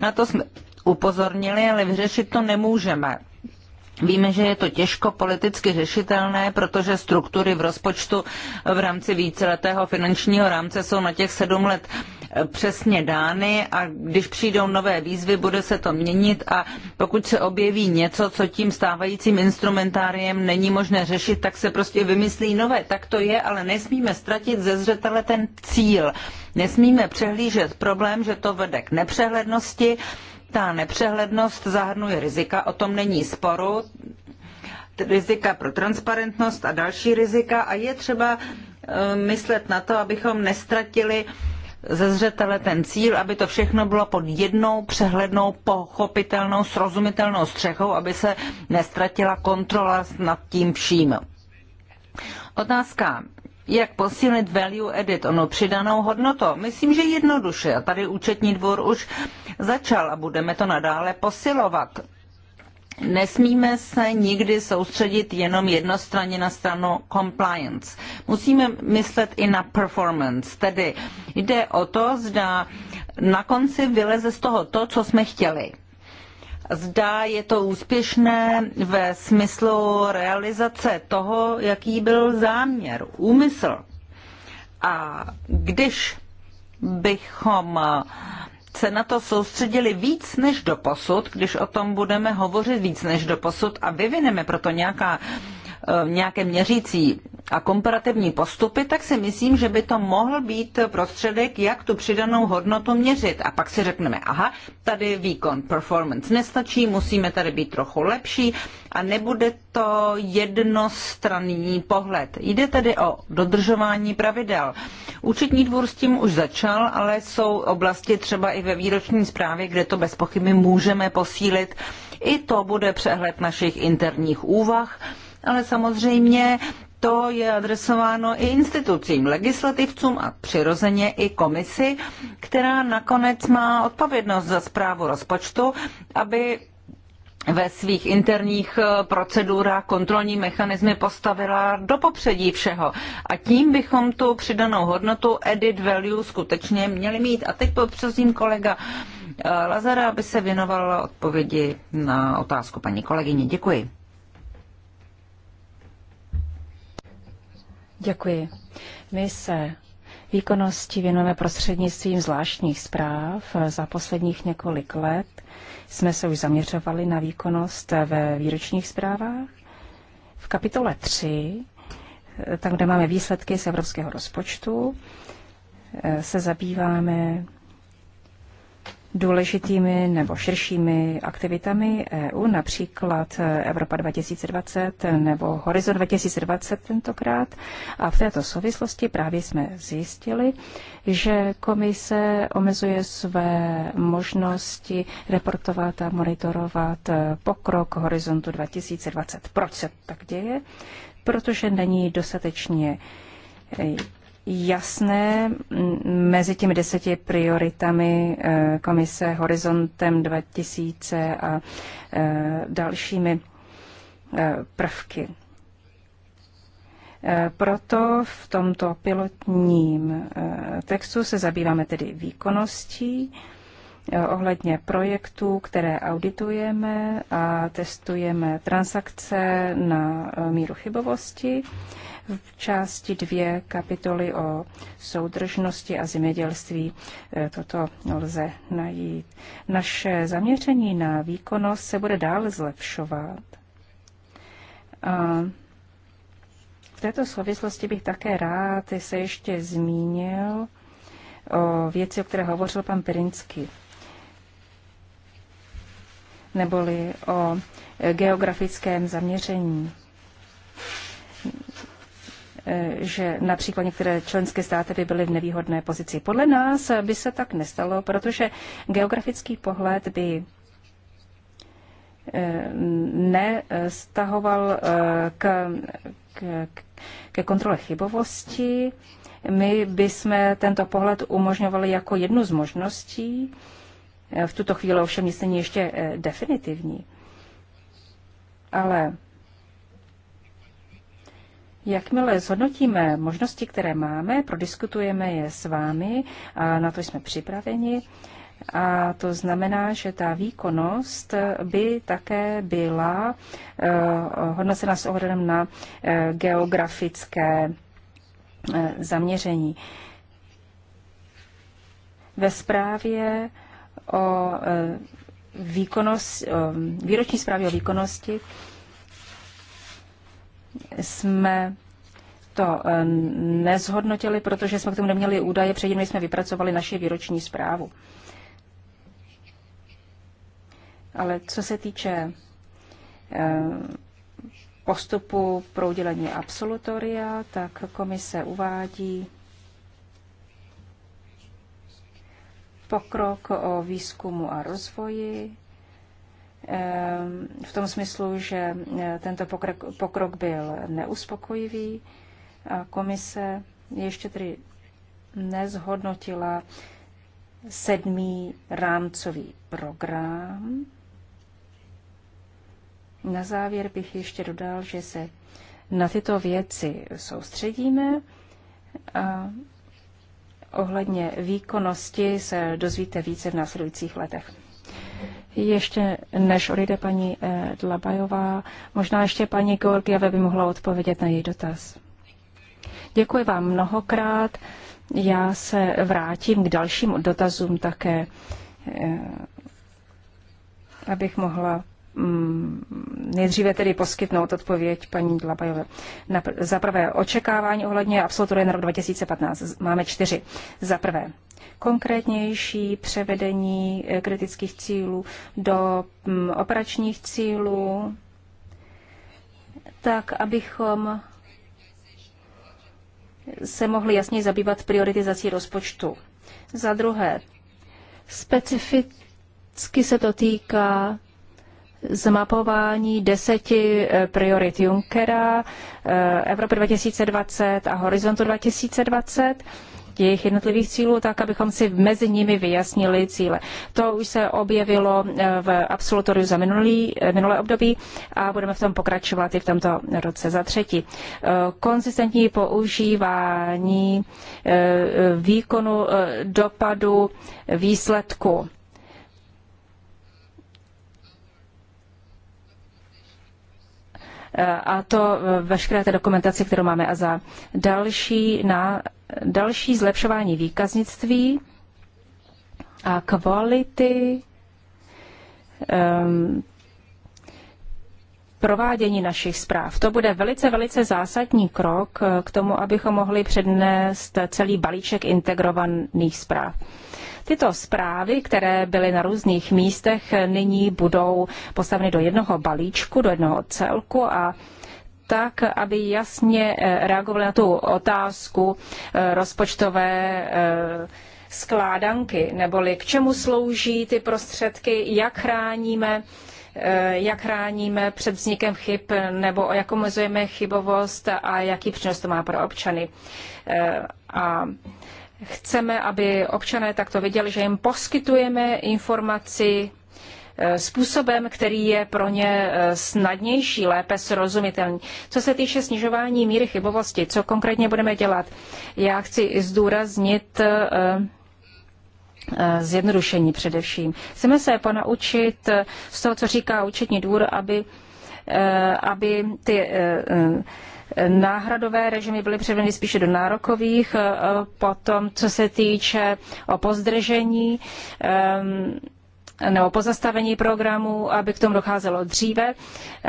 na to jsme upozornili, ale vyřešit to nemůžeme. Víme, že je to těžko politicky řešitelné, protože struktury v rozpočtu v rámci víceletého finančního rámce jsou na těch sedm let přesně dány a když přijdou nové výzvy, bude se to měnit a pokud se objeví něco, co tím stávajícím instrumentáriem není možné řešit, tak se prostě vymyslí nové. Tak to je, ale nesmíme ztratit ze zřetele ten cíl. Nesmíme přehlížet problém, že to vede k nepřehlednosti. Ta nepřehlednost zahrnuje rizika, o tom není sporu rizika pro transparentnost a další rizika a je třeba eh, myslet na to, abychom nestratili ze zřetele ten cíl, aby to všechno bylo pod jednou přehlednou, pochopitelnou, srozumitelnou střechou, aby se nestratila kontrola nad tím vším. Otázka jak posílit value edit, ono přidanou hodnotu? Myslím, že jednoduše. A tady účetní dvůr už začal a budeme to nadále posilovat. Nesmíme se nikdy soustředit jenom jednostranně na stranu compliance. Musíme myslet i na performance, tedy jde o to, zda na konci vyleze z toho to, co jsme chtěli. Zda je to úspěšné ve smyslu realizace toho, jaký byl záměr, úmysl. A když bychom se na to soustředili víc než do posud, když o tom budeme hovořit víc než do posud a vyvineme proto nějaká, eh, nějaké měřící a komparativní postupy, tak si myslím, že by to mohl být prostředek, jak tu přidanou hodnotu měřit. A pak si řekneme, aha, tady výkon performance nestačí, musíme tady být trochu lepší a nebude to jednostranný pohled. Jde tedy o dodržování pravidel. Účetní dvůr s tím už začal, ale jsou oblasti třeba i ve výroční zprávě, kde to bez pochyby můžeme posílit. I to bude přehled našich interních úvah ale samozřejmě to je adresováno i institucím, legislativcům a přirozeně i komisi, která nakonec má odpovědnost za zprávu rozpočtu, aby ve svých interních eh, procedurách kontrolní mechanismy postavila do popředí všeho. A tím bychom tu přidanou hodnotu edit value skutečně měli mít. A teď popřesím kolega eh, Lazara, aby se věnoval odpovědi na otázku paní kolegyně. Děkuji. Děkuji. My se výkonnosti věnujeme prostřednictvím zvláštních zpráv. Za posledních několik let jsme se už zaměřovali na výkonnost ve výročních zprávách. V kapitole 3, tam, kde máme výsledky z evropského rozpočtu, se zabýváme důležitými nebo širšími aktivitami EU, například Evropa 2020 nebo Horizon 2020 tentokrát. A v této souvislosti právě jsme zjistili, že komise omezuje své možnosti reportovat a monitorovat pokrok Horizontu 2020. Proč se tak děje? Protože není dostatečně jasné mezi těmi deseti prioritami eh, komise Horizontem 2000 a eh, dalšími eh, prvky. Proto v tomto pilotním textu se zabýváme tedy výkonností ohledně projektů, které auditujeme a testujeme transakce na míru chybovosti v části dvě kapitoly o soudržnosti a zemědělství e, toto lze najít. Naše zaměření na výkonnost se bude dále zlepšovat. A v této souvislosti bych také rád se ještě zmínil o věci, o které hovořil pan Perinsky, neboli o geografickém zaměření. Eh, že například některé členské státy by byly v nevýhodné pozici. Podle nás by se tak nestalo, protože geografický pohled by eh, nestahoval eh, k, k, ke kontrole chybovosti. My bychom tento pohled umožňovali jako jednu z možností. V tuto chvíli ovšem nic není ještě definitivní. Ale Jakmile zhodnotíme možnosti, které máme, prodiskutujeme je s vámi a na to jsme připraveni. A to znamená, že ta výkonnost by také byla eh, hodnocena s ohledem na eh, geografické eh, zaměření. Ve zprávě o výkonnost, výroční zprávě o výkonnosti jsme to eh, nezhodnotili, protože jsme k tomu neměli údaje předtím, jsme vypracovali naši výroční zprávu. Ale co se týče eh, postupu pro udělení absolutoria, tak komise uvádí pokrok o výzkumu a rozvoji, Ehm, v tom smyslu, že e, tento pokrok, pokrok byl neuspokojivý. A komise ještě tedy nezhodnotila sedmý rámcový program. Na závěr bych ještě dodal, že se na tyto věci soustředíme a ohledně výkonnosti se dozvíte více v následujících letech. Ještě než odejde paní eh, Dlabajová, možná ještě paní Georgieva by mohla odpovědět na její dotaz. Děkuji vám mnohokrát. Já se vrátím k dalším dotazům také, eh, abych mohla Mm, nejdříve tedy poskytnout odpověď paní Dlabajové. Za prvé očekávání ohledně absolutoria na rok 2015. Máme čtyři. Za prvé konkrétnější převedení eh, kritických cílů do mm, operačních cílů, tak abychom se mohli jasně zabývat prioritizací rozpočtu. Za druhé, specificky se to týká zmapování deseti eh, priorit Junckera, eh, Evropy 2020 a Horizontu 2020 jejich jednotlivých cílů, tak abychom si mezi nimi vyjasnili cíle. To už se objevilo eh, v absolutoriu za minulý, minulé období a budeme v tom pokračovat i v tomto roce za třetí. Konzistentní používání výkonu dopadu výsledku a to e, veškeré té dokumentaci, kterou máme. A za další, na, další zlepšování výkaznictví a kvality um, provádění našich zpráv. To bude velice, velice zásadní krok e, k tomu, abychom mohli přednést celý balíček integrovaných zpráv. Tyto zprávy, které byly na různých místech, nyní budou postaveny do jednoho balíčku, do jednoho celku a tak, aby jasně eh, reagovaly na tu otázku eh, rozpočtové eh, skládanky, neboli k čemu slouží ty prostředky, jak chráníme jak chráníme před vznikem chyb nebo jak omezujeme chybovost a jaký přínos to má pro občany. A Chceme, aby občané takto věděli, že jim poskytujeme informaci eh, způsobem, který je pro ně eh, snadnější, lépe srozumitelný. Co se týče snižování míry chybovosti, co konkrétně budeme dělat? Já chci zdůraznit eh, zjednodušení především. Chceme se ponaučit z toho, co říká účetní dvůr, aby, aby ty náhradové režimy byly převedeny spíše do nárokových, eh, potom co se týče o pozdržení, ehm, nebo pozastavení programu, aby k tomu docházelo dříve,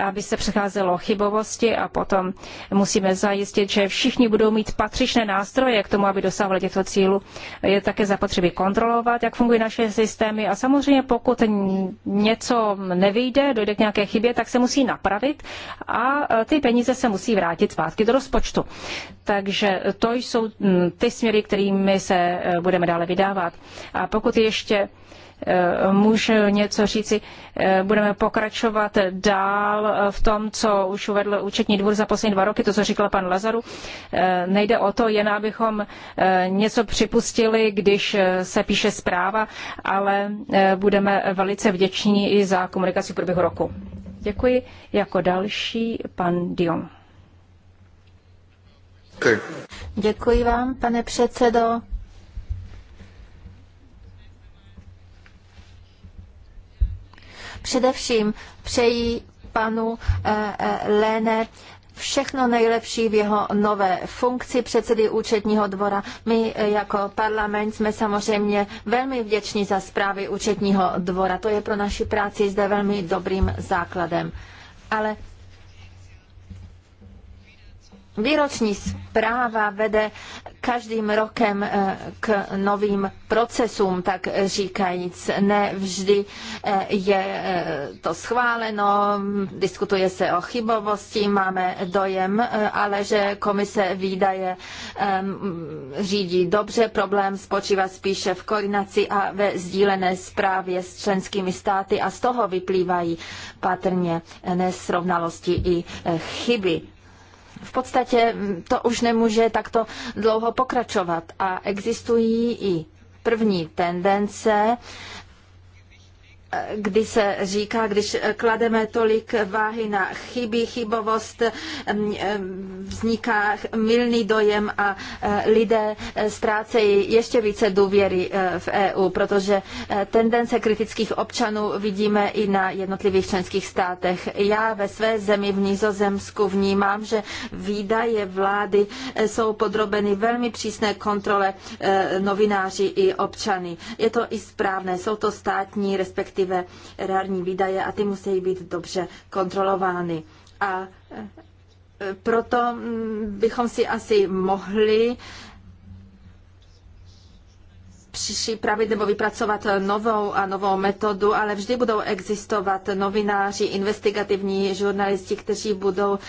aby se přecházelo chybovosti a potom musíme zajistit, že všichni budou mít patřičné nástroje k tomu, aby dosáhli těchto cílů. Je také zapotřebí kontrolovat, jak fungují naše systémy a samozřejmě pokud něco nevyjde, dojde k nějaké chybě, tak se musí napravit a e, ty peníze se musí vrátit zpátky do rozpočtu. Takže to jsou mm, ty směry, kterými se e, budeme dále vydávat. A pokud ještě Eh, můžu něco říci. Eh, budeme pokračovat dál v tom, co už uvedl účetní dvůr za poslední dva roky, to, co říkal pan Lazaru. Eh, nejde o to, jen abychom něco připustili, když se píše zpráva, ale budeme velice vděční i za komunikaci v průběhu roku. Děkuji. Jako další pan Dion. Děkuji vám, pane předsedo. Především přeji panu eh, eh, Lene všechno nejlepší v jeho nové funkci předsedy účetního dvora. My eh, jako parlament jsme samozřejmě velmi vděční za zprávy účetního dvora. To je pro naši práci zde velmi dobrým základem. Ale Výroční zpráva vede každým rokem eh, k novým procesům, tak říkajíc. Ne vždy eh, je eh, to schváleno, diskutuje se o chybovosti, máme dojem, ale že komise výdaje ehm, řídí dobře. Problém spočívá spíše v koordinaci a ve sdílené zprávě s členskými státy a z toho vyplývají patrně nesrovnalosti i chyby v podstatě to už nemůže takto dlouho pokračovat a existují i první tendence kdy se říká, když klademe tolik váhy na chyby, chybovost, mm, eh, vzniká milný dojem a eh, lidé eh, ztrácejí ještě více důvěry v EU, protože tendence kritických občanů vidíme i na jednotlivých členských státech. Já ve své zemi v Nizozemsku vnímám, že výdaje vlády jsou podrobeny velmi přísné kontrole novináři i občany. Je to i správné, jsou to státní, respektive jednotlivé erární výdaje a ty musí být dobře kontrolovány. A e, proto mm, bychom si asi mohli připravit nebo vypracovat novou a novou metodu, ale vždy budou existovat novináři, investigativní žurnalisti, kteří budou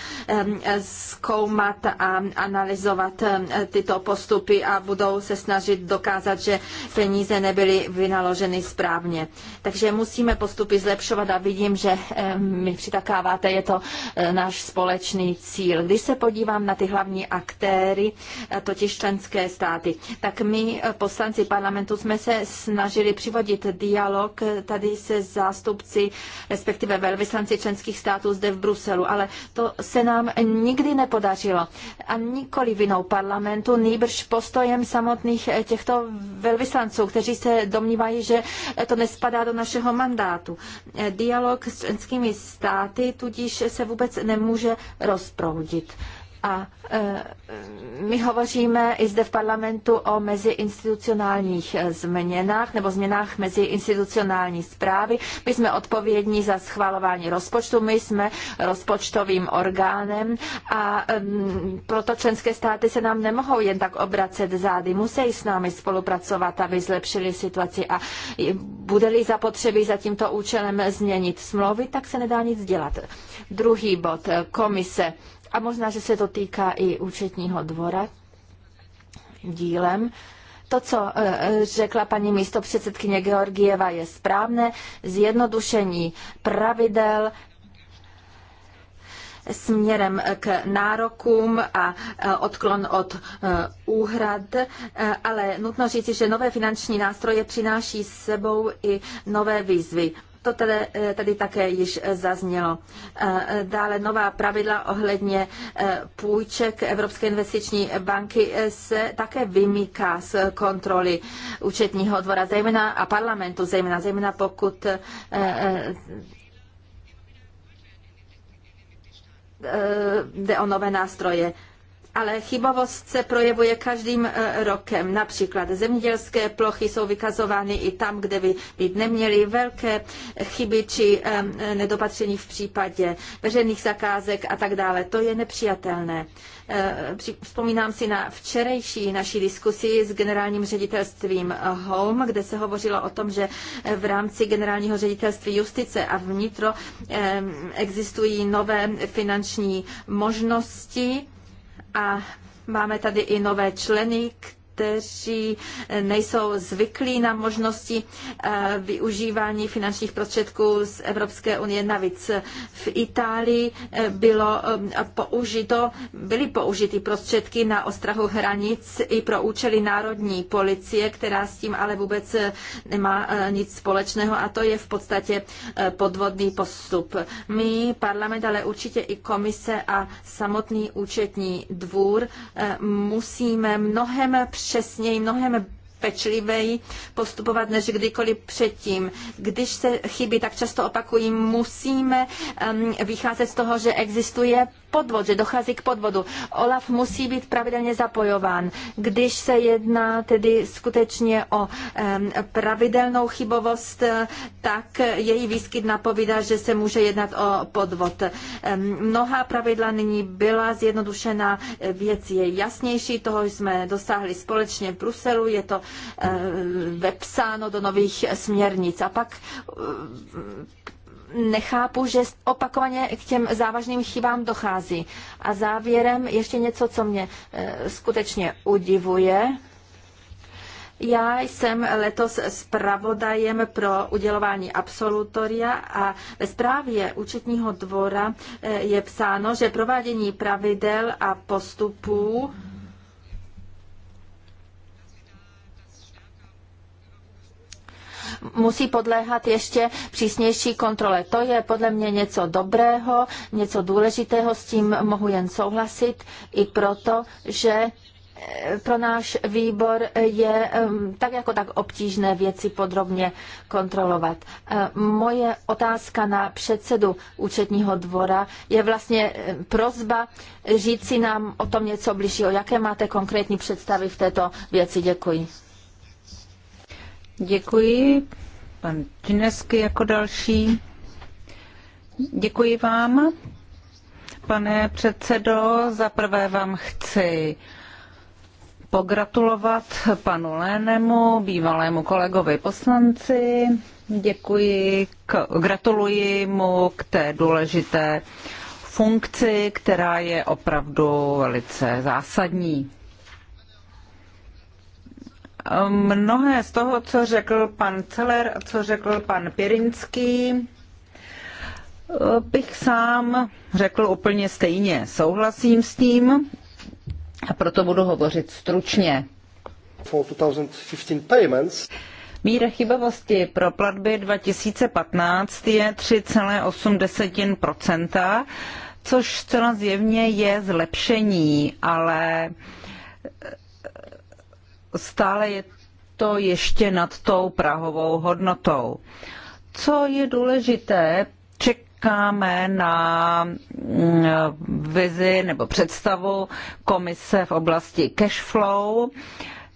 zkoumat a analyzovat tyto postupy a budou se snažit dokázat, že peníze nebyly vynaloženy správně. Takže musíme postupy zlepšovat a vidím, že mi přitakáváte, je to e, náš společný cíl. Když se podívám na ty hlavní aktéry, e, totiž členské státy, tak my e, poslanci parlamentu parlamentu jsme se snažili přivodit dialog tady se zástupci, respektive velvyslanci členských států zde v Bruselu, ale to se nám nikdy nepodařilo. A nikoli vinou parlamentu, nýbrž postojem samotných těchto velvyslanců, kteří se domnívají, že to nespadá do našeho mandátu. Dialog s členskými státy tudíž se vůbec nemůže rozproudit. A e, my hovoříme i zde v parlamentu o meziinstitucionálních e, změnách nebo změnách meziinstitucionální zprávy. My jsme odpovědní za schvalování rozpočtu, my jsme rozpočtovým orgánem a e, proto členské státy se nám nemohou jen tak obracet zády. Musí s námi spolupracovat, aby zlepšili situaci a bude-li zapotřebí za tímto účelem změnit smlouvy, tak se nedá nic dělat. Druhý bod, komise a možná, že se to týká i účetního dvora dílem, to, co eh, eh, řekla paní místopředsedkyně Georgieva, je správné. Zjednodušení pravidel směrem k nárokům a eh, odklon od úhrad, ale nutno říci, že nové finanční nástroje přináší s sebou i nové výzvy. To tady, eh, tady také již eh, zaznělo. Eh, dále nová pravidla ohledně půjček Evropské investiční banky se také vymýká z kontroly účetního dvora zejména a parlamentu, zejména, zejména pokud jde o nové nástroje ale chybovost se projevuje každým e, rokem. Například zemědělské plochy jsou vykazovány i tam, kde by být neměly velké chyby či e, nedopatření v případě veřejných zakázek a tak dále. To je nepřijatelné. E, vzpomínám si na včerejší naší diskusi s generálním ředitelstvím Home, kde se hovořilo o tom, že v rámci generálního ředitelství justice a vnitro existují nové finanční možnosti, a máme tady i nové členy, kteří nejsou zvyklí na možnosti eh, využívání finančních prostředků z Evropské unie. Navíc v Itálii eh, bylo eh, použito, byly použity prostředky na ostrahu hranic i pro účely národní policie, která s tím ale vůbec nemá nic společného a to je v podstatě podvodný postup. My, parlament, ale určitě i komise a samotný účetní dvůr musíme mnohem při přesněji, mnohem pečlivěji postupovat než kdykoliv předtím. Když se chyby tak často opakují, musíme um, vycházet z toho, že existuje podvod, že dochází k podvodu. Olaf musí být pravidelně zapojován. Když se jedná tedy skutečně o um, pravidelnou chybovost, tak její výskyt napovídá, že se může jednat o podvod. Um, mnoha pravidla nyní byla zjednodušena, věc je jasnější, toho jsme dosáhli společně v Bruselu, je to Eh, vepsáno do nových směrnic. A pak eh, nechápu, že opakovaně k těm závažným chybám dochází. A závěrem ještě něco, co mě eh, skutečně udivuje. Já jsem letos zpravodajem pro udělování absolutoria a ve zprávě účetního dvora je psáno, že provádění pravidel a postupů musí podléhat ještě přísnější kontrole. To je podle mě něco dobrého, něco důležitého, s tím mohu jen souhlasit, i proto, že eh, pro náš výbor je tak jako tak obtížné věci podrobně kontrolovat. Eh, moje otázka na předsedu účetního dvora je vlastně eh, prozba říci nám o tom něco bližšího. Jaké máte konkrétní představy v této věci? Děkuji. Děkuji. Pan Činesky jako další. Děkuji vám. Pane předsedo, za prvé vám chci pogratulovat panu Lénemu, bývalému kolegovi poslanci. Děkuji, k, gratuluji mu k té důležité funkci, která je opravdu velice zásadní. Mnohé z toho, co řekl pan Celer a co řekl pan Pirinský, bych sám řekl úplně stejně. Souhlasím s tím a proto budu hovořit stručně. For 2015 payments. Míra chybovosti pro platby 2015 je 3,8%, což zcela zjevně je zlepšení, ale stále je to ještě nad tou prahovou hodnotou. Co je důležité, čekáme na mm, vizi nebo představu komise v oblasti cash flow,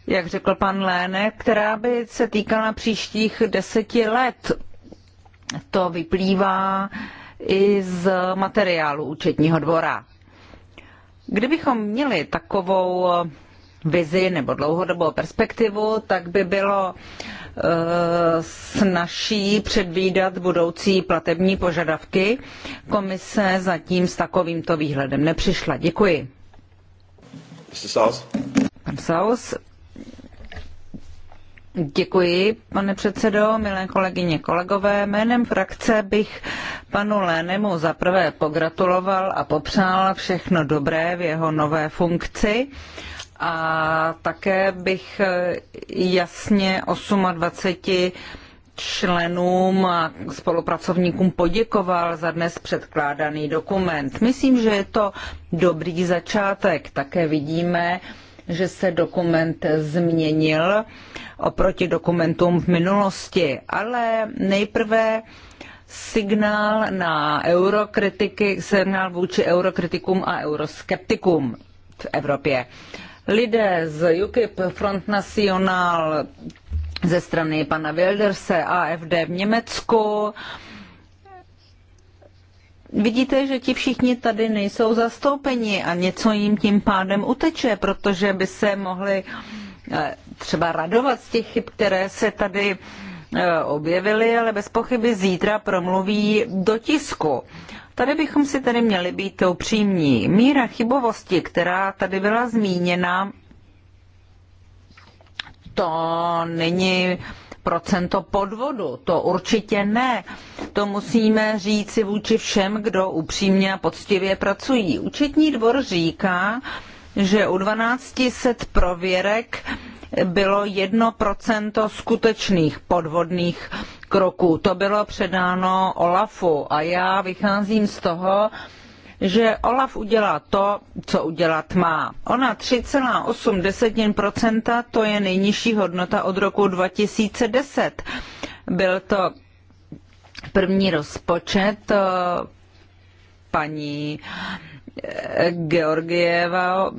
jak řekl pan Léne, která by se týkala příštích deseti let. To vyplývá i z materiálu účetního dvora. Kdybychom měli takovou vizi nebo dlouhodobou perspektivu, tak by bylo e, předvídat budoucí platební požadavky. Komise zatím s takovýmto výhledem nepřišla. Děkuji. Pan Saus. Děkuji, pane předsedo, milé kolegyně, kolegové. Jménem frakce bych panu Lénemu zaprvé pogratuloval a popřál všechno dobré v jeho nové funkci. A také bych jasně 28 členům a spolupracovníkům poděkoval za dnes předkládaný dokument. Myslím, že je to dobrý začátek. Také vidíme, že se dokument změnil oproti dokumentům v minulosti, ale nejprve signál na eurokritiky, signál vůči eurokritikům a euroskeptikům v Evropě. Uh, lidé z UKIP, Front National, ze strany pana Wilderse, AFD v Německu. Vidíte, že ti všichni tady nejsou zastoupeni a něco jim tím pádem uteče, protože by se mohli eh, třeba radovat z těch chyb, které se tady eh, objevily, ale bez pochyby zítra promluví do tisku tady bychom si tedy měli být upřímní. Míra chybovosti, která tady byla zmíněna, to není procento podvodu, to určitě ne. To musíme říci vůči všem, kdo upřímně a poctivě pracují. Účetní dvor říká, že u 1200 prověrek bylo jedno procento skutečných podvodných kroků. To bylo předáno Olafu a já vycházím z toho, že Olaf udělá to, co udělat má. Ona 3,8% to je nejnižší hodnota od roku 2010. Byl to první rozpočet eh, paní uh, Georgieva,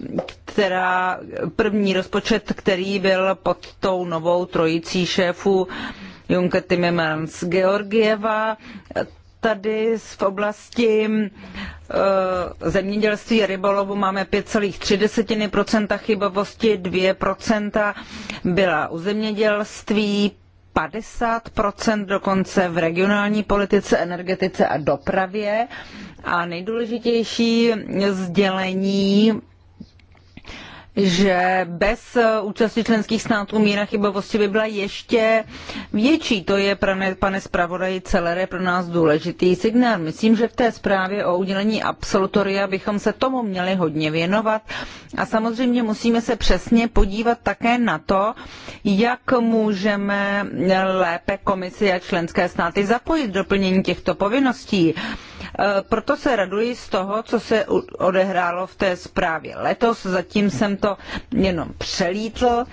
která první rozpočet, který byl pod tou novou trojicí šéfů Juncker Timmermans Georgieva, tady v oblasti eh, zemědělství a rybolovu máme 5,3% chybovosti, 2% byla u zemědělství, 50% dokonce v regionální politice, energetice a dopravě. A nejdůležitější sdělení že bez účasti členských států míra chybovosti by byla ještě větší. To je, pane, pane zpravodaji Celere, pro nás důležitý signál. Myslím, že v té zprávě o udělení absolutoria bychom se tomu měli hodně věnovat a samozřejmě musíme se přesně podívat také na to, jak můžeme lépe komisi a členské státy zapojit do plnění těchto povinností. Eh, proto se raduji z toho, co se odehrálo v té zprávě letos. Zatím jsem to jenom přelítl,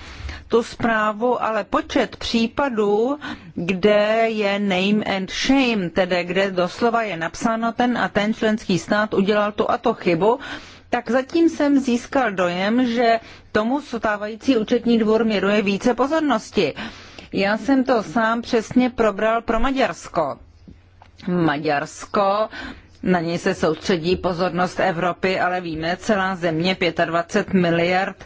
tu zprávu, ale počet případů, kde je name and shame, tedy kde doslova je napsáno ten a ten členský stát udělal tu a to chybu, tak zatím jsem získal dojem, že tomu stávající účetní dvůr měruje více pozornosti. Já jsem to sám přesně probral pro Maďarsko Maďarsko. Na něj se soustředí pozornost Evropy, ale víme, celá země 25 miliard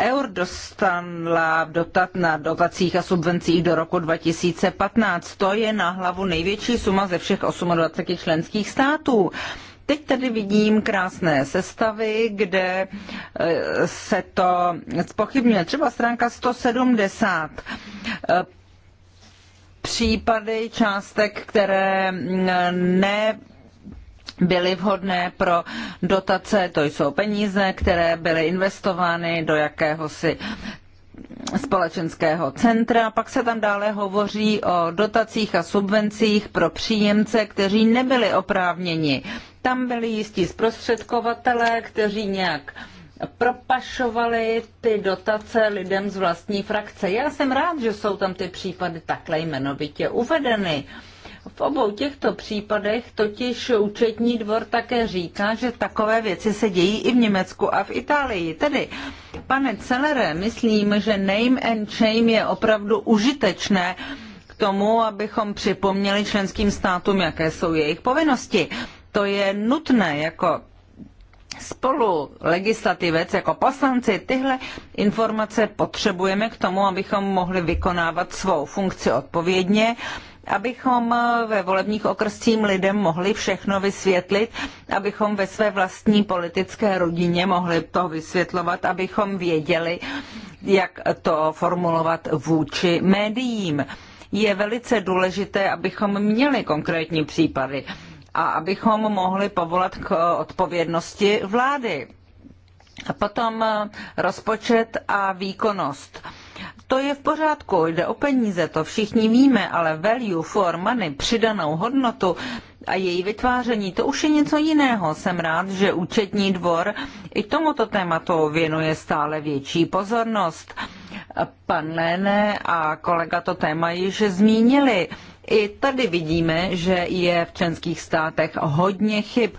eur dostanla dotat na dotacích a subvencích do roku 2015. To je na hlavu největší suma ze všech 28 členských států. Teď tady vidím krásné sestavy, kde eh, se to spochybňuje. Třeba stránka 170 případy částek, které mm, ne byly vhodné pro dotace, to jsou peníze, které byly investovány do jakéhosi společenského centra. Pak se tam dále hovoří o dotacích a subvencích pro příjemce, kteří nebyli oprávněni. Tam byli jistí zprostředkovatelé, kteří nějak propašovali ty dotace lidem z vlastní frakce. Já jsem rád, že jsou tam ty případy takhle jmenovitě uvedeny. V obou těchto případech totiž účetní dvor také říká, že takové věci se dějí i v Německu a v Itálii. Tedy, pane Celere, myslím, že name and shame je opravdu užitečné k tomu, abychom připomněli členským státům, jaké jsou jejich povinnosti. To je nutné jako spolu legislativec jako poslanci tyhle informace potřebujeme k tomu, abychom mohli vykonávat svou funkci odpovědně, abychom ve volebních okrscím lidem mohli všechno vysvětlit, abychom ve své vlastní politické rodině mohli to vysvětlovat, abychom věděli, jak to formulovat vůči médiím. Je velice důležité, abychom měli konkrétní případy a abychom mohli povolat k odpovědnosti vlády. A potom eh, rozpočet a výkonnost. To je v pořádku, jde o peníze, to všichni víme, ale value for money, přidanou hodnotu a její vytváření, to už je něco jiného. Jsem rád, že účetní dvor i tomuto tématu věnuje stále větší pozornost. Pan Lene a kolega to téma již zmínili. I tady vidíme, že je v členských státech hodně chyb.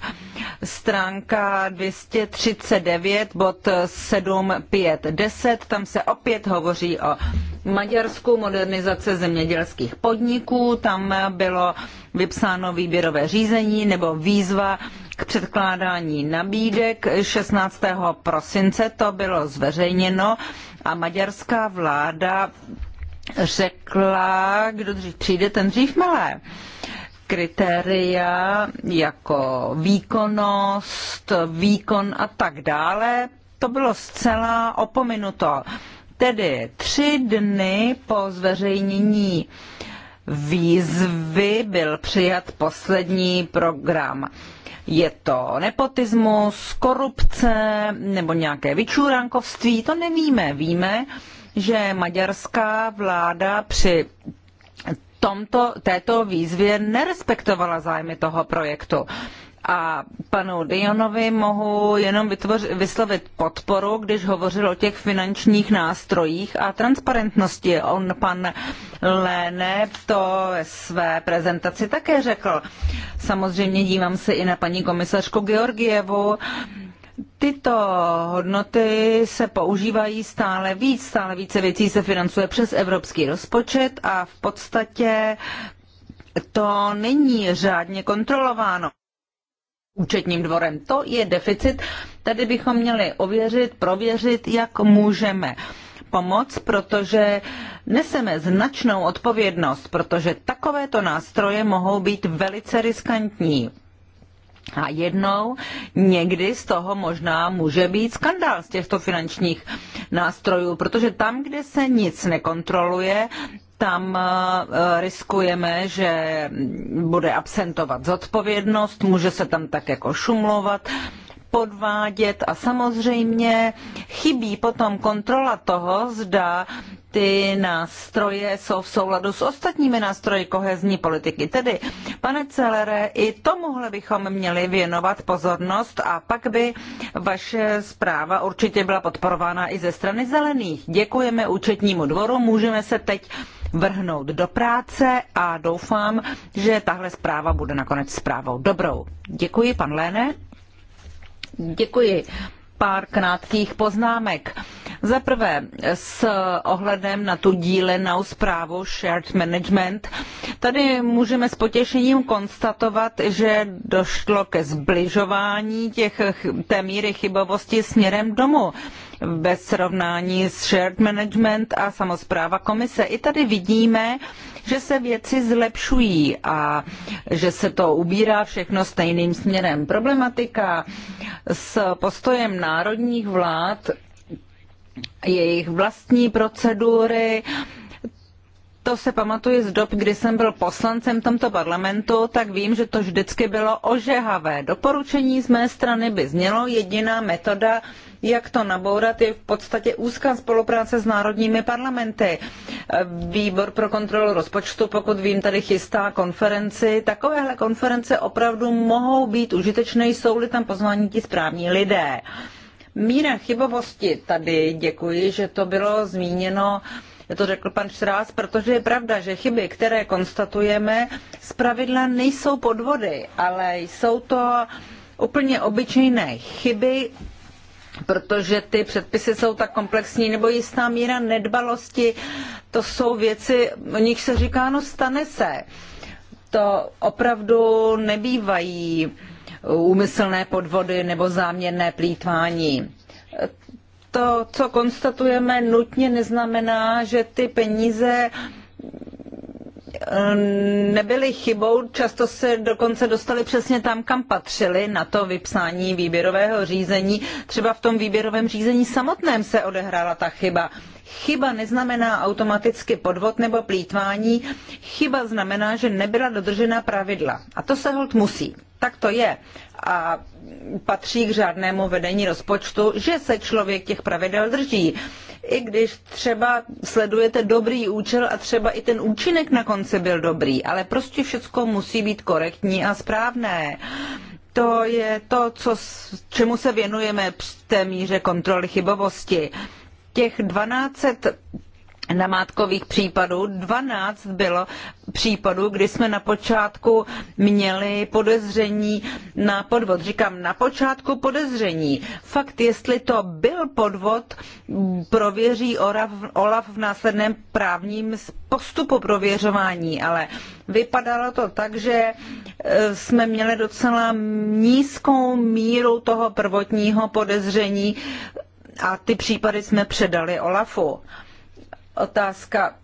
Stránka 239, bod 7510, tam se opět hovoří o Maďarskou modernizace zemědělských podniků, tam bylo vypsáno výběrové řízení nebo výzva k předkládání nabídek 16. prosince to bylo zveřejněno a maďarská vláda řekla, kdo dřív přijde, ten dřív malé. Kritéria jako výkonnost, výkon a tak dále, to bylo zcela opominuto. Tedy tři dny po zveřejnění výzvy byl přijat poslední program. Je to nepotismus, korupce nebo nějaké vyčůrankovství, to nevíme. Víme, že maďarská vláda při tomto, této výzvě nerespektovala zájmy toho projektu. A panu Dionovi mohu jenom vytvoř, vyslovit podporu, když hovořil o těch finančních nástrojích a transparentnosti. On, pan Léne, to ve své prezentaci také řekl. Samozřejmě dívám se i na paní komisařku Georgievu. Tyto hodnoty se používají stále víc, stále více věcí se financuje přes evropský rozpočet a v podstatě to není řádně kontrolováno účetním dvorem. To je deficit. Tady bychom měli ověřit, prověřit, jak můžeme pomoc, protože neseme značnou odpovědnost, protože takovéto nástroje mohou být velice riskantní. A jednou někdy z toho možná může být skandál z těchto finančních nástrojů, protože tam, kde se nic nekontroluje, tam eh, eh, riskujeme, že bude absentovat zodpovědnost, může se tam tak jako šumlovat podvádět a samozřejmě chybí potom kontrola toho, zda ty nástroje jsou v souladu s ostatními nástroji kohezní politiky. Tedy, pane Celere, i tomuhle bychom měli věnovat pozornost a pak by vaše zpráva určitě byla podporována i ze strany zelených. Děkujeme účetnímu dvoru, můžeme se teď vrhnout do práce a doufám, že tahle zpráva bude nakonec zprávou dobrou. Děkuji, pan Léne. Děkuji. Pár krátkých poznámek. Za prvé, s ohledem na tu dílenou zprávu Shared Management, tady můžeme s potěšením konstatovat, že došlo ke zbližování těch, té míry chybovosti směrem domů ve srovnání s shared management a samozpráva komise. I tady vidíme, že se věci zlepšují a že se to ubírá všechno stejným směrem. Problematika s postojem národních vlád, jejich vlastní procedury, to se pamatuji z dob, kdy jsem byl poslancem tomto parlamentu, tak vím, že to vždycky bylo ožehavé. Doporučení z mé strany by znělo jediná metoda, jak to nabourat, je v podstatě úzká spolupráce s národními parlamenty. Výbor pro kontrolu rozpočtu, pokud vím, tady chystá konferenci. Takovéhle konference opravdu mohou být užitečné, jsou-li tam pozváni ti správní lidé. Míra chybovosti tady, děkuji, že to bylo zmíněno, to řekl pan Šrás, protože je pravda, že chyby, které konstatujeme, zpravidla nejsou podvody, ale jsou to úplně obyčejné chyby, protože ty předpisy jsou tak komplexní, nebo jistá míra nedbalosti, to jsou věci, o nich se říká, no stane se. To opravdu nebývají úmyslné podvody nebo záměrné plítvání to, co konstatujeme, nutně neznamená, že ty peníze eh, nebyly chybou, často se dokonce dostali přesně tam, kam patřili na to vypsání výběrového řízení. Třeba v tom výběrovém řízení samotném se odehrála ta chyba. Chyba neznamená automaticky podvod nebo plítvání, chyba znamená, že nebyla dodržena pravidla. A to se hold musí. Tak to je. A patří k řádnému vedení rozpočtu, že se člověk těch pravidel drží. I když třeba sledujete dobrý účel a třeba i ten účinek na konci byl dobrý, ale prostě všecko musí být korektní a správné. To je to, co, čemu se věnujeme při té míře kontroly chybovosti. Těch 12 namátkových případů. 12 bylo případů, kdy jsme na počátku měli podezření na podvod. Říkám, na počátku podezření. Fakt, jestli to byl podvod, prověří Olaf v následném právním postupu prověřování, ale vypadalo to tak, že e, jsme měli docela nízkou míru toho prvotního podezření a ty případy jsme předali Olafu. Otázka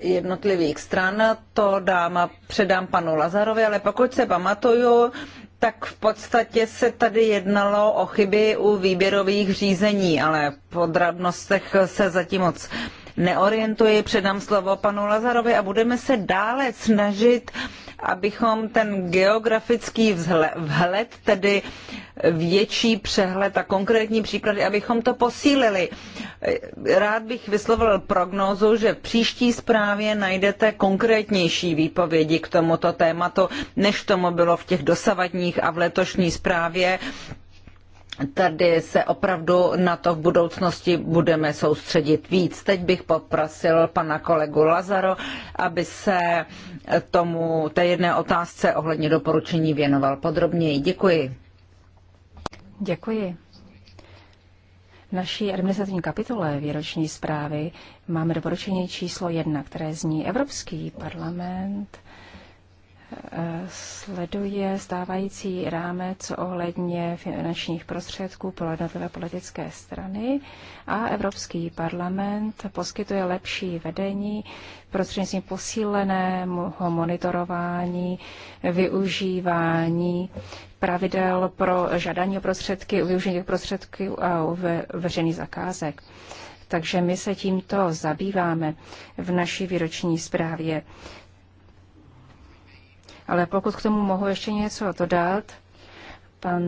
jednotlivých stran, to dám, předám panu Lazarovi, ale pokud se pamatuju, tak v podstatě se tady jednalo o chyby u výběrových řízení, ale v podrobnostech se zatím moc neorientuji. Předám slovo panu Lazarovi a budeme se dále snažit uh, abychom ten geografický vhled, tedy větší přehled a konkrétní příklady, abychom to posílili. Rád bych vyslovil prognózu, že v příští zprávě najdete konkrétnější výpovědi k tomuto tématu, než tomu bylo v těch dosavadních a v letošní zprávě tady se opravdu na to v budoucnosti budeme soustředit víc. Teď bych poprosil pana kolegu Lazaro, aby se tomu té jedné otázce ohledně doporučení věnoval podrobněji. Děkuji. Děkuji. V naší administrativní kapitole výroční zprávy máme doporučení číslo jedna, které zní Evropský parlament sleduje stávající rámec ohledně finančních prostředků pro jednotlivé politické strany a Evropský parlament poskytuje lepší vedení prostřednictvím posíleného monitorování, využívání pravidel pro žádání o prostředky, využití prostředků a veřejných zakázek. Takže my se tímto zabýváme v naší výroční zprávě. Ale pokud k tomu mohu ještě něco dodat, pan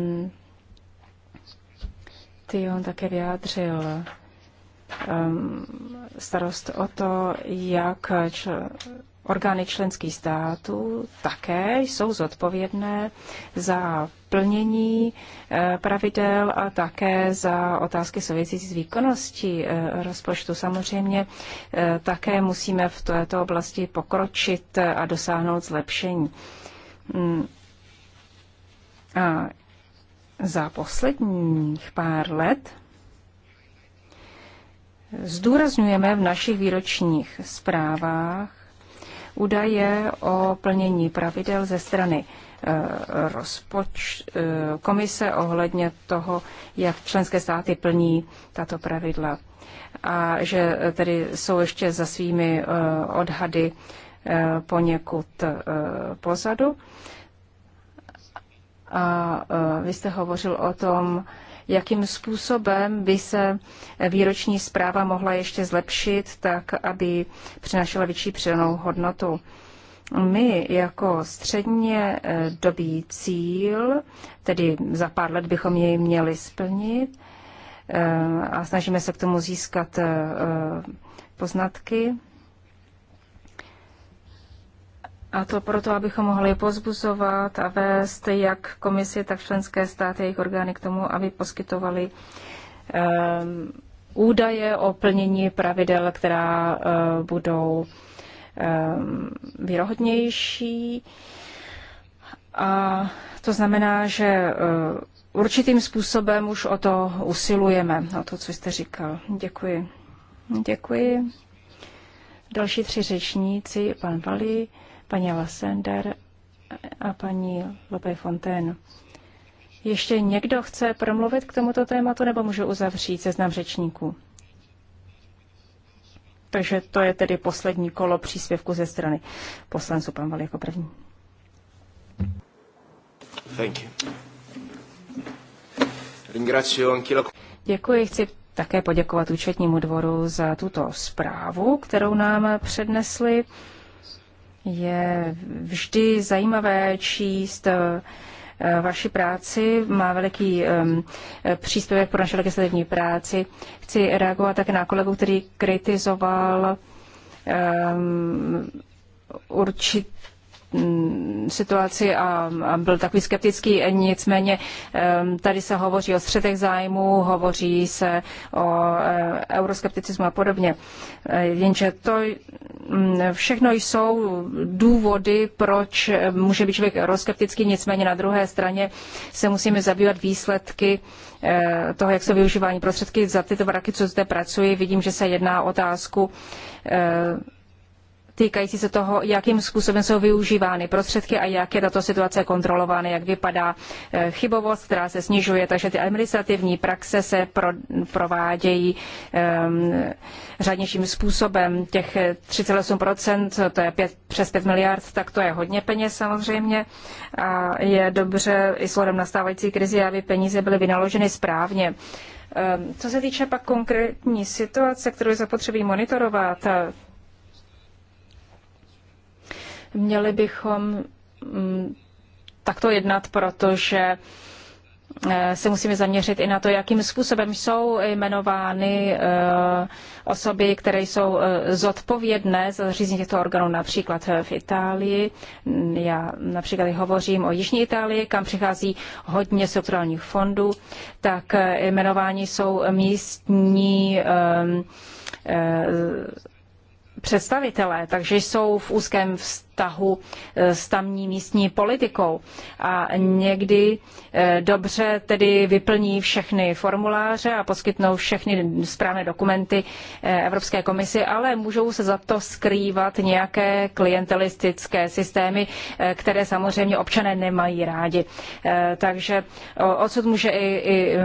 Tion také vyjádřil um, starost o to, jak čl- Orgány členských států také jsou zodpovědné za plnění eh, pravidel a také za otázky související s výkonností eh, rozpočtu. Samozřejmě eh, také musíme v této oblasti pokročit a dosáhnout zlepšení. Mm. A za posledních pár let zdůrazňujeme v našich výročních zprávách údaje o plnění pravidel ze strany eh, rozpoč, eh, komise ohledně toho, jak členské státy plní tato pravidla. A že tedy jsou ještě za svými eh, odhady poněkud pozadu. A vy jste hovořil o tom, jakým způsobem by se výroční zpráva mohla ještě zlepšit, tak aby přinášela větší přidanou hodnotu. My jako středně eh, dobý cíl, tedy za pár let bychom jej měli splnit eh, a snažíme se k tomu získat eh, poznatky, a to proto, abychom mohli pozbuzovat a vést jak komisi, tak členské státy a jejich orgány k tomu, aby poskytovali um, údaje o plnění pravidel, která uh, budou um, věrohodnější. A to znamená, že uh, určitým způsobem už o to usilujeme, o to, co jste říkal. Děkuji. Děkuji. Další tři řečníci, pan Vali paní Lassender a paní Lope Fontaine. Ještě někdo chce promluvit k tomuto tématu, nebo můžu uzavřít seznam řečníků? Takže to je tedy poslední kolo příspěvku ze strany poslanců. Pan Val jako první. Thank you. Děkuji, chci také poděkovat účetnímu dvoru za tuto zprávu, kterou nám přednesli. Je vždy zajímavé číst eh, vaši práci, má veliký um, příspěvek pro naši legislativní práci. Chci reagovat také na kolegu, který kritizoval um, ehm, určitě Mm, situaci a, a byl takový skeptický. Nicméně tady se hovoří o střetech zájmů, hovoří se o e, euroskepticismu a podobně. E, jenže to mm, všechno jsou důvody, proč e, může být člověk euroskeptický, nicméně na druhé straně se musíme zabývat výsledky toho, jak jsou využívání prostředky. Za tyto vraky, co zde pracuji, vidím, že se jedná o otázku týkající se toho, jakým způsobem jsou využívány prostředky a jak je tato situace kontrolována, jak vypadá eh, chybovost, která se snižuje, takže ty administrativní praxe se pro, provádějí um, ehm, řádnějším způsobem. Těch 3,8%, eh, to je 5, přes 5 miliard, tak to je hodně peněz samozřejmě a je dobře i s na stávající krizi, aby peníze byly vynaloženy správně. Ehm, co se týče pak konkrétní situace, kterou je zapotřebí monitorovat, Měli bychom mm, takto jednat, protože eh, se musíme zaměřit i na to, jakým způsobem jsou jmenovány eh, osoby, které jsou eh, zodpovědné za řízení těchto orgánů, například v Itálii. Já například hovořím o Jižní Itálii, kam přichází hodně strukturálních fondů, tak jmenováni jsou místní představitelé, takže jsou v úzkém vztahu vztahu eh, s tamní místní politikou. A někdy eh, dobře tedy vyplní všechny formuláře a poskytnou všechny správné dokumenty eh, Evropské komisi, ale můžou se za to skrývat nějaké klientelistické systémy, které samozřejmě občané nemají rádi. Takže odsud může i, i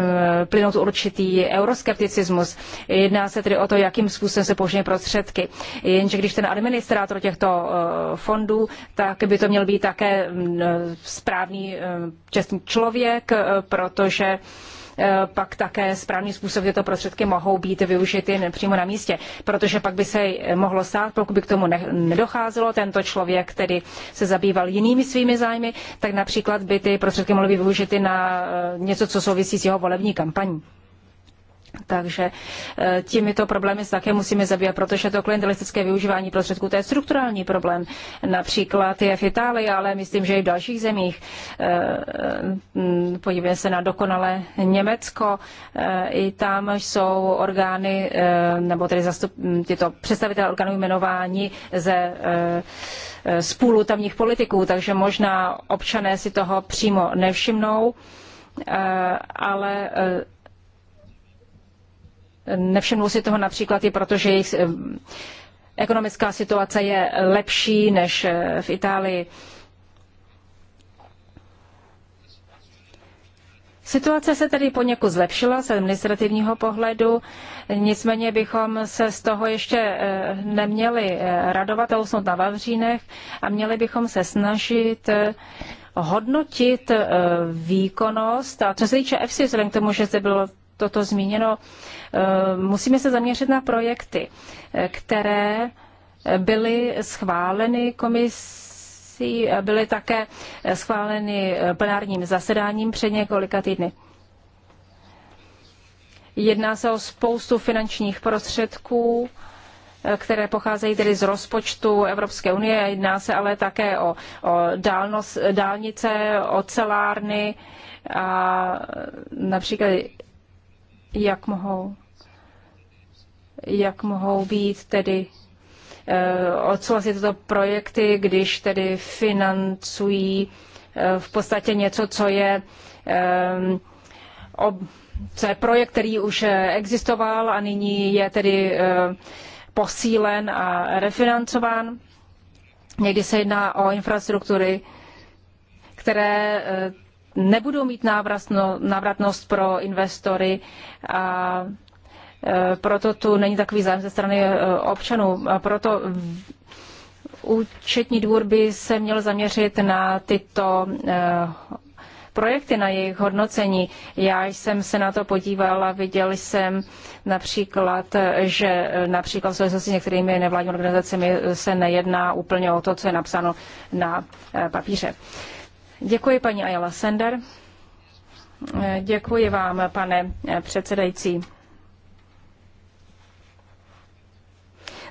plynout určitý euroskepticismus. Jedná se tedy o to, jakým způsobem se použijí prostředky. Jenže když ten administrátor těchto fondů fondů, tak by to měl být také mm, správný eh, čestný člověk, eh, protože eh, pak také správný způsob tyto prostředky mohou být využity přímo na místě. Protože pak by se mohlo stát, pokud by k tomu nedocházelo, tento člověk, který se zabýval jinými svými zájmy, tak například by ty prostředky mohly být využity na něco, co souvisí s jeho volební kampaní. Takže eh, těmito problémy se také musíme zabývat, protože to klientelistické využívání prostředků, to je strukturální problém. Například je v Itálii, ale myslím, že i v dalších zemích. Eh, mm, podívejme se na dokonale Německo. Eh, I tam jsou orgány, nebo tedy zastup, mm, tyto představitelé orgánů jmenování ze spůlu tamních politiků, takže možná občané si toho přímo nevšimnou ale Nevšimnou si toho například i proto, že jejich eh, ekonomická situace je lepší než eh, v Itálii. Situace se tedy poněkud zlepšila z administrativního pohledu, nicméně bychom se z toho ještě eh, neměli radovat a usnout na Vavřínech a měli bychom se snažit hodnotit výkonnost. A co se týče EFSI, vzhledem k tomu, že zde bylo toto zmíněno, eh, musíme se zaměřit na projekty, eh, které byly schváleny komisí, eh, byly také schváleny plenárním zasedáním před několika týdny. Jedná se o spoustu finančních prostředků, které pocházejí tedy z rozpočtu Evropské unie. Jedná se ale také o, o dálnos, dálnice, ocelárny a například jak mohou, jak mohou být tedy eh, odsouhlasit tyto projekty, když tedy financují eh, v podstatě něco, co je, eh, co je projekt, který už existoval a nyní je tedy posílen a refinancován. Někdy se jedná o infrastruktury, které nebudou mít návratnost pro investory a e, proto tu není takový zájem ze strany e, občanů. Proto účetní dvůr by se měl zaměřit na tyto e, projekty, na jejich hodnocení. Já jsem se na to podívala, viděl jsem například, že například v souvislosti s některými nevládními organizacemi se nejedná úplně o to, co je napsáno na papíře. Děkuji paní Ayala Sender. Děkuji vám, pane předsedající.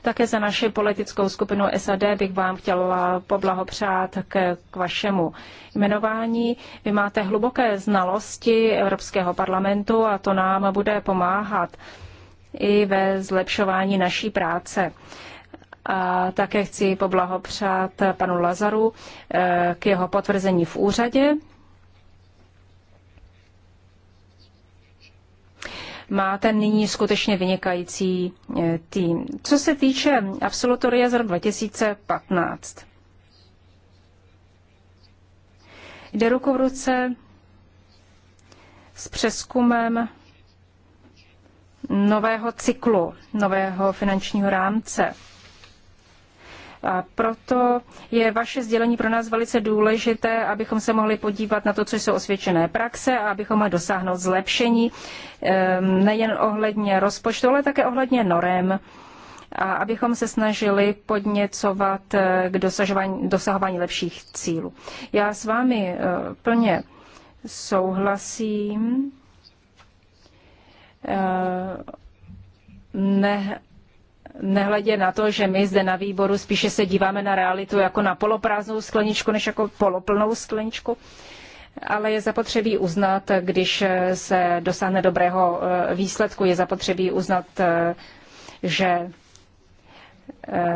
Také za naši politickou skupinu SAD bych vám chtěla poblahopřát k, k vašemu jmenování. Vy máte hluboké znalosti Evropského parlamentu a to nám bude pomáhat i ve zlepšování naší práce a také chci poblahopřát panu Lazaru eh, k jeho potvrzení v úřadě. Má ten nyní skutečně vynikající eh, tým. Co se týče absolutoria z roku 2015, jde ruku v ruce s přeskumem nového cyklu, nového finančního rámce proto je vaše sdělení pro nás velice důležité, abychom se mohli podívat na to, co jsou osvědčené praxe a abychom mohli dosáhnout zlepšení ehm, nejen ohledně rozpočtu, ale také ohledně norem a abychom se snažili podněcovat eh, k dosahování, dosahování lepších cílů. Já s vámi eh, plně souhlasím. Eh, ne, nehledě na to, že my zde na výboru spíše se díváme na realitu jako na poloprázdnou skleničku, než jako poloplnou skleničku. Ale je zapotřebí uznat, když se dosáhne dobrého eh, výsledku, je zapotřebí uznat, eh, že eh,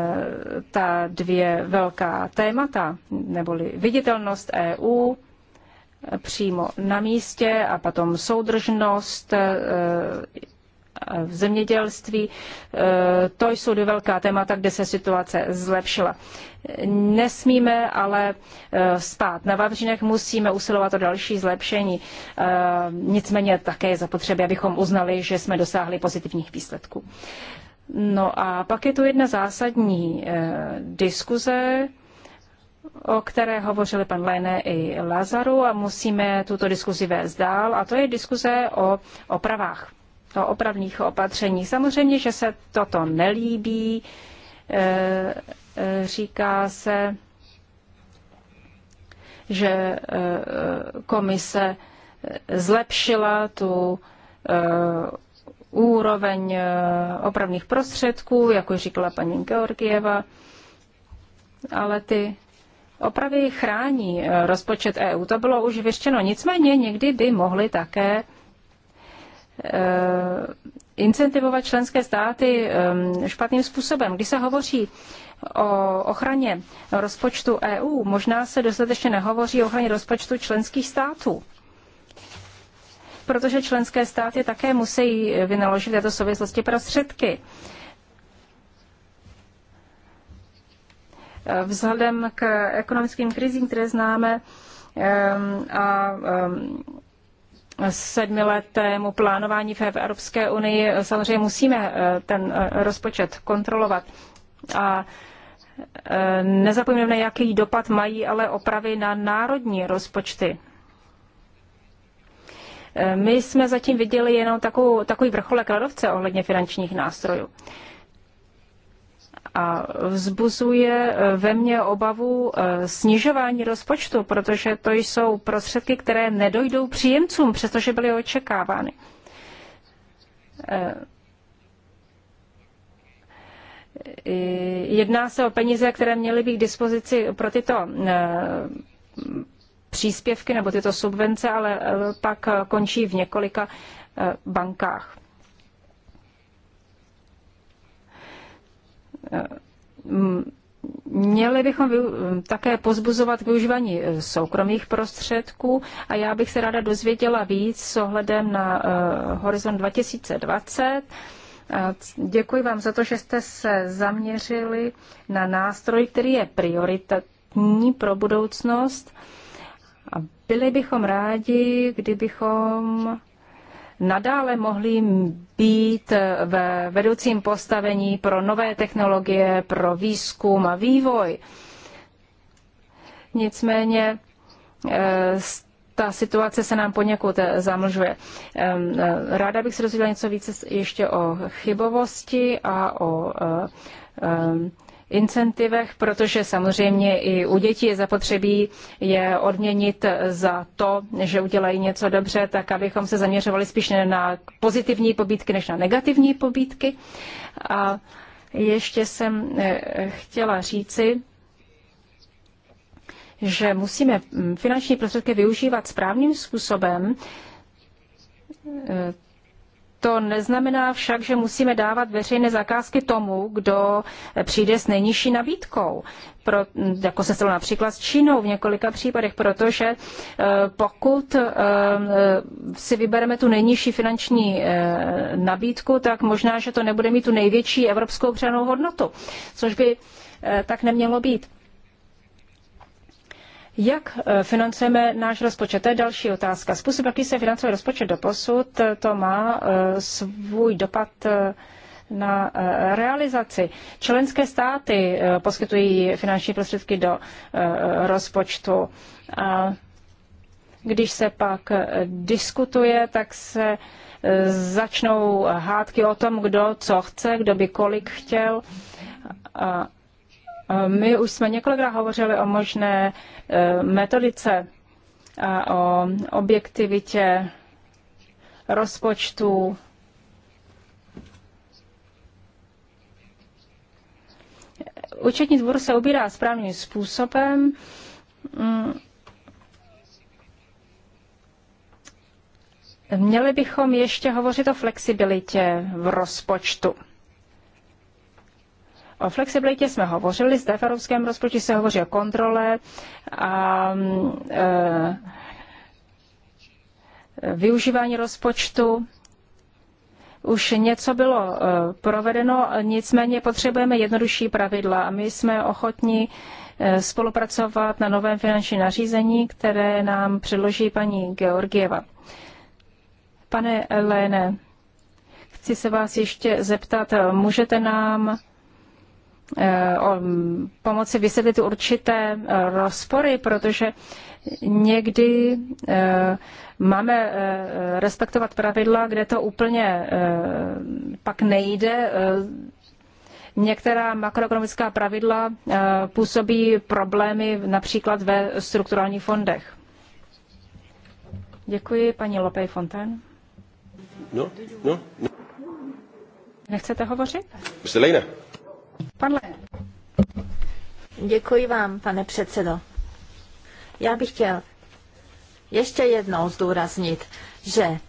ta dvě velká témata, neboli viditelnost EU přímo na místě a potom soudržnost v zemědělství. Eh, to jsou dvě velká témata, kde se situace zlepšila. Nesmíme ale eh, stát na Vavřinech, musíme usilovat o další zlepšení. Eh, nicméně také je zapotřebí, abychom uznali, že jsme dosáhli pozitivních výsledků. No a pak je tu jedna zásadní diskuze, o které hovořili pan Lene i Lazaru a musíme tuto diskuzi vést dál a to je diskuze o opravách o opravných opatřeních. Samozřejmě, že se toto nelíbí, e, e, říká se, že e, komise zlepšila tu úroveň opravných prostředků, jako říkala paní Georgieva, ale ty opravy chrání rozpočet EU. To bylo už vyřešeno. Nicméně někdy by mohly také Eh, incentivovat členské státy eh, špatným způsobem. Když se hovoří o ochraně rozpočtu EU, možná se dostatečně nehovoří o ochraně rozpočtu členských států protože členské státy také musí vynaložit této souvislosti prostředky. Eh, vzhledem k ekonomickým krizím, které známe, a sedmiletému plánování v Evropské unii samozřejmě musíme eh, ten eh, rozpočet kontrolovat. A eh, nezapomeňme, jaký dopad mají ale opravy na národní rozpočty. My jsme zatím viděli jenom takovou, takový vrcholek ledovce ohledně finančních nástrojů a vzbuzuje e, ve mně obavu e, snižování rozpočtu, protože to jsou prostředky, které nedojdou příjemcům, přestože byly očekávány. E, jedná se o peníze, které měly být k dispozici pro tyto příspěvky nebo tyto subvence, ale pak končí v několika bankách. Hm, měli bychom také pozbuzovat využívání eh, soukromých prostředků a já bych se ráda dozvěděla víc s ohledem na eh, Horizon 2020. Děkuji vám za to, že jste se zaměřili na nástroj, který je prioritní pro budoucnost. byli bychom rádi, kdybychom nadále mohli být ve vedoucím postavení pro nové technologie, pro výzkum a vývoj. Nicméně eh, ta situace se nám poněkud eh, zamlžuje. Eh, ráda bych se dozvěděla něco více ještě o chybovosti a o incentivech, protože samozřejmě i u dětí je zapotřebí je odměnit za to, že udělají něco dobře, tak abychom se zaměřovali spíš na pozitivní pobídky než na negativní pobídky. A ještě jsem eh, chtěla říci, že musíme mm, finanční prostředky využívat správným způsobem, eh, to neznamená však, že musíme dávat veřejné zakázky tomu, kdo přijde s nejnižší nabídkou. Pro, jako se stalo například s Čínou v několika případech, protože eh, pokud eh, eh, si vybereme tu nejnižší finanční nabídku, tak možná, že to nebude mít tu největší evropskou přenou hodnotu, což by tak nemělo být. Jak eh, financujeme náš rozpočet? To je další otázka. Způsob, jaký se financuje rozpočet do posud, eh, to má eh, svůj dopad na realizaci. Členské státy poskytují finanční prostředky do rozpočtu. A když se pak diskutuje, tak se začnou hádky o tom, kdo co chce, kdo by kolik chtěl. Eh, my už jsme několikrát hovořili o možné eh, metodice a o objektivitě rozpočtu. Účetní dvůr se ubírá správným způsobem. Mm. Měli bychom ještě hovořit o flexibilitě v rozpočtu. O flexibilitě jsme hovořili, zde v evropském rozpočtu se hovoří o kontrole a e, využívání rozpočtu. Už něco bylo eh, provedeno, nicméně potřebujeme jednodušší pravidla a my jsme ochotni eh, spolupracovat na novém finančním nařízení, které nám předloží paní Georgieva. Pane Léne, chci se vás ještě zeptat, můžete nám Eh, pomoci vysvětlit určité eh, rozpory, protože někdy eh, máme respektovat pravidla, kde to úplně pak nejde. Některá makroekonomická pravidla působí problémy například ve strukturálních fondech. Děkuji, paní Lopej Fontaine. No, no, no. Nechcete hovořit? Mr. Lejne. Pane. Děkuji vám, pane předsedo. Já bych chtěl ještě jednou zdůraznit, že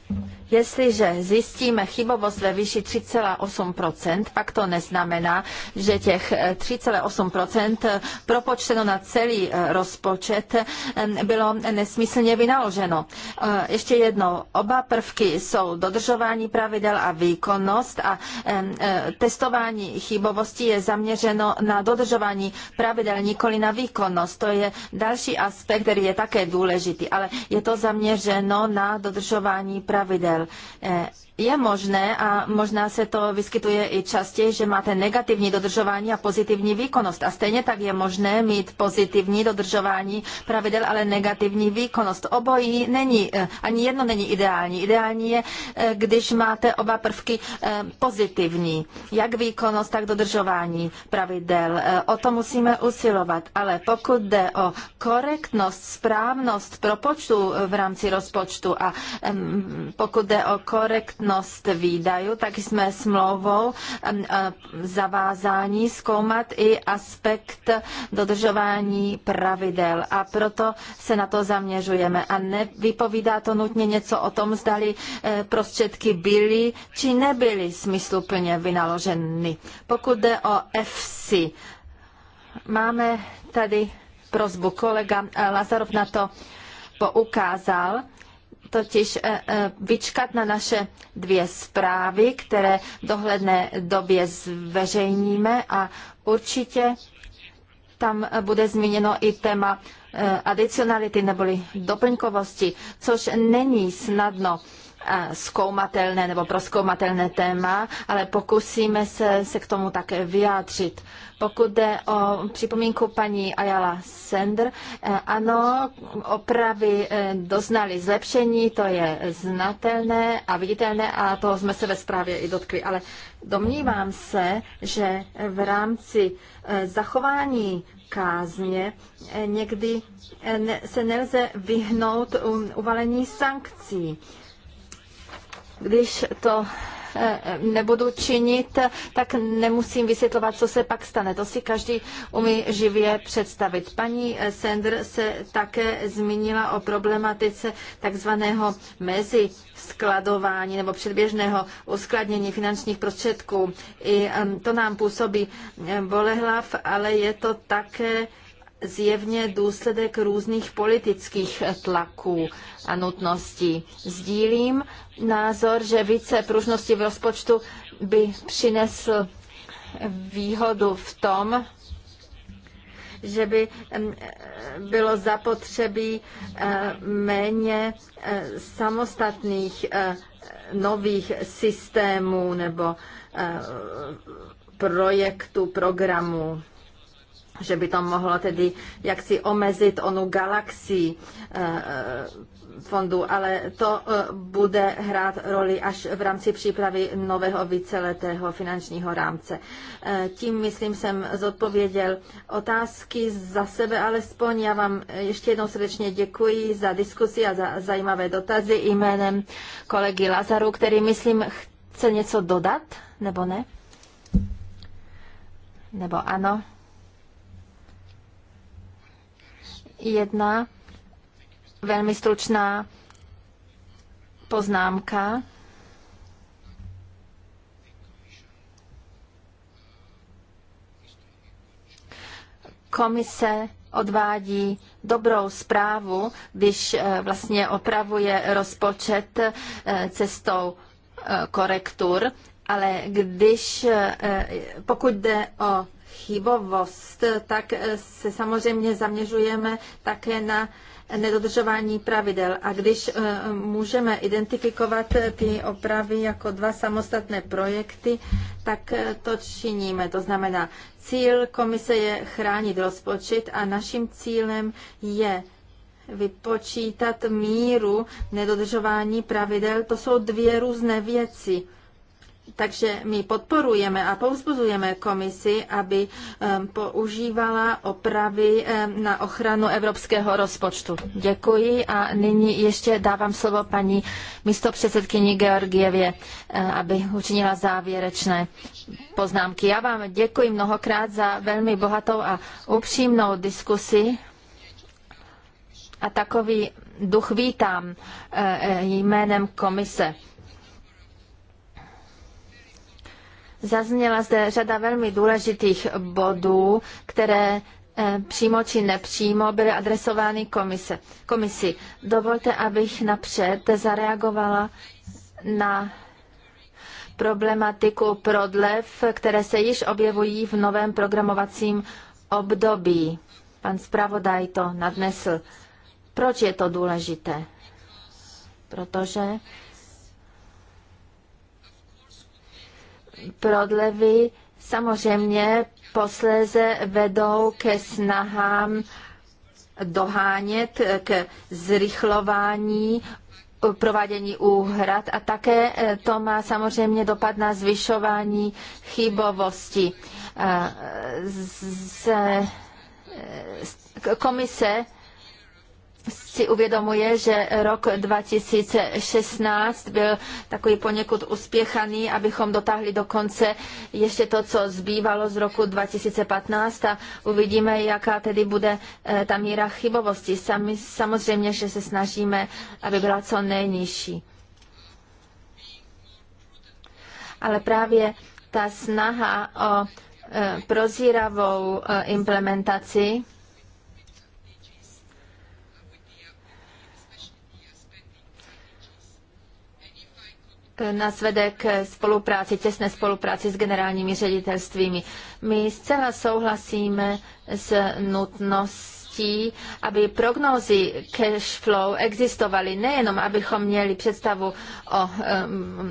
Jestliže zjistíme chybovost ve výši 3,8%, pak to neznamená, že těch 3,8% eh, eh, propočteno na celý eh, rozpočet bylo nesmyslně vynaloženo. Ještě jednou, oba prvky jsou dodržování pravidel a výkonnost a testování chybovosti je zaměřeno na dodržování pravidel, nikoli na výkonnost. To je další aspekt, který je také důležitý, ale je to zaměřeno na dodržování pravidel bohužel eh, je možné, a možná se to vyskytuje i častěji, že máte negativní dodržování a pozitivní výkonnost. A stejně tak je možné mít pozitivní dodržování pravidel, ale negativní výkonnost. Obojí není, eh, ani jedno není ideální. Ideální je, eh, když máte oba prvky eh, pozitivní, jak výkonnost, tak dodržování pravidel. O to musíme usilovat, ale pokud jde o korektnost, správnost propočtu v rámci rozpočtu a pokud jde o korektnost, nutnost výdajů, tak jsme smlouvou e, zavázáni zkoumat i aspekt dodržování pravidel. A proto se na to zaměřujeme. A nevypovídá to nutně něco o tom, zdali e, prostředky byly či nebyly smysluplně vynaloženy. Pokud jde o FC, máme tady prozbu. Kolega e, Lazarov na to poukázal totiž eh, eh, vyčkat na naše dvě zprávy, které v dohledné době zveřejníme a určitě tam eh, bude zmíněno i téma adicionality neboli doplňkovosti, což není snadno zkoumatelné nebo proskoumatelné téma, ale pokusíme se, se k tomu také vyjádřit. Pokud jde o připomínku paní Ayala Sender, eh, ano, opravy eh, doznaly zlepšení, to je znatelné a viditelné a toho jsme se ve zprávě i dotkli, ale domnívám se, že v rámci eh, zachování kázně někdy se nelze vyhnout um, uvalení sankcí když to eh, nebudu činit, tak nemusím vysvětlovat, co se pak stane. To si každý umí živě představit. Paní eh, Sender se také zmínila o problematice takzvaného mezi skladování nebo předběžného uskladnění finančních prostředků. I to nám působí eh, bolehlav, ale je to také zjevně důsledek různých politických tlaků a nutností. Sdílím názor, že více pružnosti v rozpočtu by přinesl výhodu v tom, že by bylo zapotřebí méně samostatných nových systémů nebo projektů, programů že by to mohlo tedy jaksi omezit onu galaxii eh, eh, fondu, ale to eh, bude hrát roli až v rámci přípravy nového víceletého finančního rámce. Tím, myslím, jsem zodpověděl otázky za sebe, alespoň já vám ještě jednou srdečně děkuji za diskusi a za zajímavé dotazy jménem kolegy Lazaru, který, myslím, chce něco dodat, nebo ne? Nebo ano? Jedna velmi stručná poznámka. Komise odvádí dobrou zprávu, když eh, vlastně opravuje rozpočet eh, cestou eh, korektur, ale když, pokud jde o chybovost, tak se samozřejmě zaměřujeme také na nedodržování pravidel. A když eh, můžeme identifikovat ty opravy jako dva samostatné projekty, tak eh, to činíme. To znamená, cíl komise je chránit rozpočet a naším cílem je vypočítat míru nedodržování pravidel. To jsou dvě různé věci. Takže my podporujeme a pouzbuzujeme komisi, aby používala opravy na ochranu evropského rozpočtu. Děkuji a nyní ještě dávám slovo paní místopředsedkyni Georgievě, eh, aby učinila závěrečné poznámky. Já vám děkuji mnohokrát za velmi bohatou a upřímnou diskusi a takový duch vítám eh, jménem komise. Zazněla zde řada velmi důležitých bodů, které eh, přímo či nepřímo byly adresovány komise, komisi. Dovolte, abych napřed zareagovala na problematiku prodlev, které se již objevují v novém programovacím období. Pan zpravodaj to nadnesl. Proč je to důležité? Protože prodlevy samozřejmě posléze vedou ke snahám dohánět, k zrychlování provádění úhrad a také eh, to má samozřejmě dopad na zvyšování chybovosti. Eh, eh, z komise si uvědomuje, že rok 2016 byl takový poněkud uspěchaný, abychom dotáhli do konce ještě to, co zbývalo z roku 2015 a uvidíme, jaká tedy bude eh, ta míra chybovosti. Sami, samozřejmě, že se snažíme, aby byla co nejnižší. Ale právě ta snaha o eh, prozíravou eh, implementaci nás vede k spolupráci, těsné spolupráci s generálními ředitelstvími. My zcela souhlasíme s nutností aby prognózy cash flow existovaly nejenom, abychom měli představu o, um,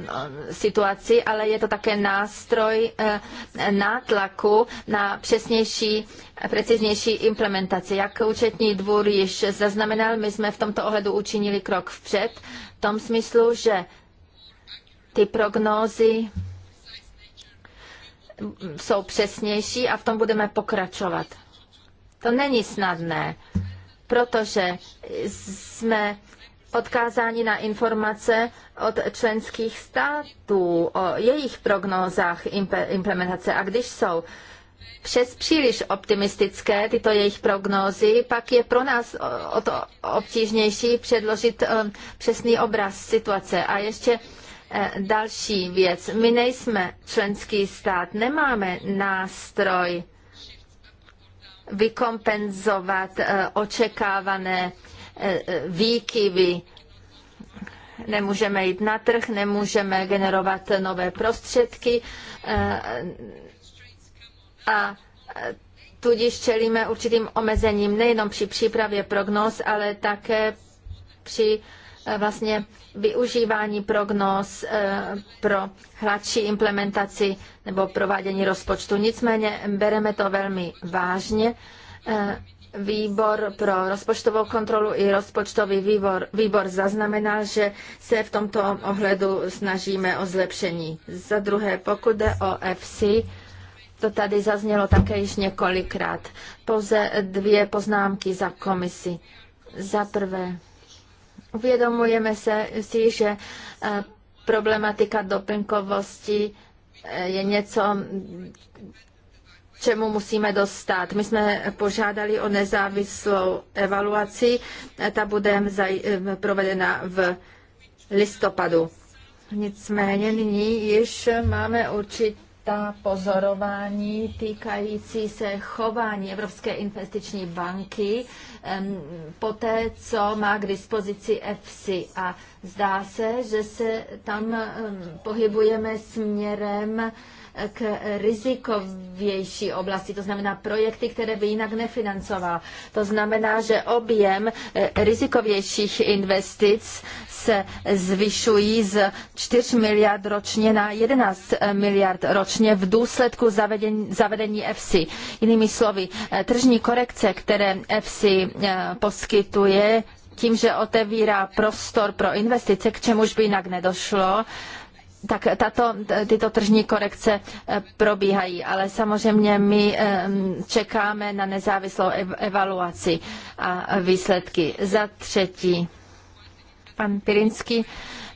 o situaci, ale je to také nástroj uh, nátlaku na přesnější preciznější implementaci. Jak účetní dvůr již zaznamenal, my jsme v tomto ohledu učinili krok vpřed, v tom smyslu, že ty prognózy jsou přesnější a v tom budeme pokračovat. To není snadné, protože jsme odkázáni na informace od členských států o jejich prognózách implementace. A když jsou přes příliš optimistické tyto jejich prognózy, pak je pro nás o to obtížnější předložit um, přesný obraz situace. A ještě Eh, další věc. My nejsme členský stát, nemáme nástroj vykompenzovat eh, očekávané eh, výkyvy. Nemůžeme jít na trh, nemůžeme generovat nové prostředky a tudíž čelíme určitým omezením nejenom při přípravě prognóz, ale také při Eh, vlastně využívání prognóz eh, pro hladší implementaci nebo provádění rozpočtu. Nicméně bereme to velmi vážně. Eh, výbor pro rozpočtovou kontrolu i rozpočtový výbor, výbor zaznamenal, že se v tomto ohledu snažíme o zlepšení. Za druhé, pokud jde o FC, to tady zaznělo také již několikrát. Pouze dvě poznámky za komisi. Za prvé, Uvědomujeme se si, že eh, problematika dopinkovosti eh, je něco, čemu musíme dostat. My jsme požádali o nezávislou evaluaci, ta bude eh, provedena v listopadu. Nicméně nyní již máme určitě ta pozorování týkající se chování Evropské investiční banky po té, co má k dispozici EFSI. A zdá se, že se tam pohybujeme směrem eh, k rizikovější oblasti, to znamená projekty, které by jinak nefinancoval. To znamená, že objem eh, rizikovějších investic se zvyšují z 4 miliard ročně na 11 miliard ročně v důsledku zavedení, zavedení EFSI. Jinými slovy, eh, tržní korekce, které EFSI eh, poskytuje, tím, že otevírá prostor pro investice, k čemuž by jinak nedošlo, tak tato, tyto tržní korekce eh, probíhají, ale samozřejmě my ehm, čekáme na nezávislou evaluaci a výsledky. Za třetí, Pan Pirinsky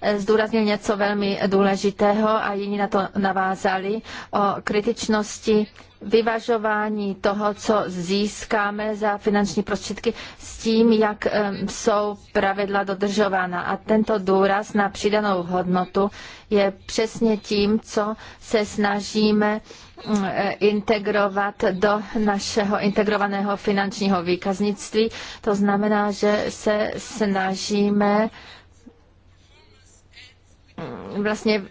eh, zdůraznil něco velmi důležitého a jiní na to navázali o kritičnosti vyvažování toho, co získáme za finanční prostředky s tím, jak jsou pravidla dodržována. A tento důraz na přidanou hodnotu je přesně tím, co se snažíme Mm, eh, integrovat do našeho integrovaného finančního výkaznictví. To znamená, že se snažíme mm, vlastně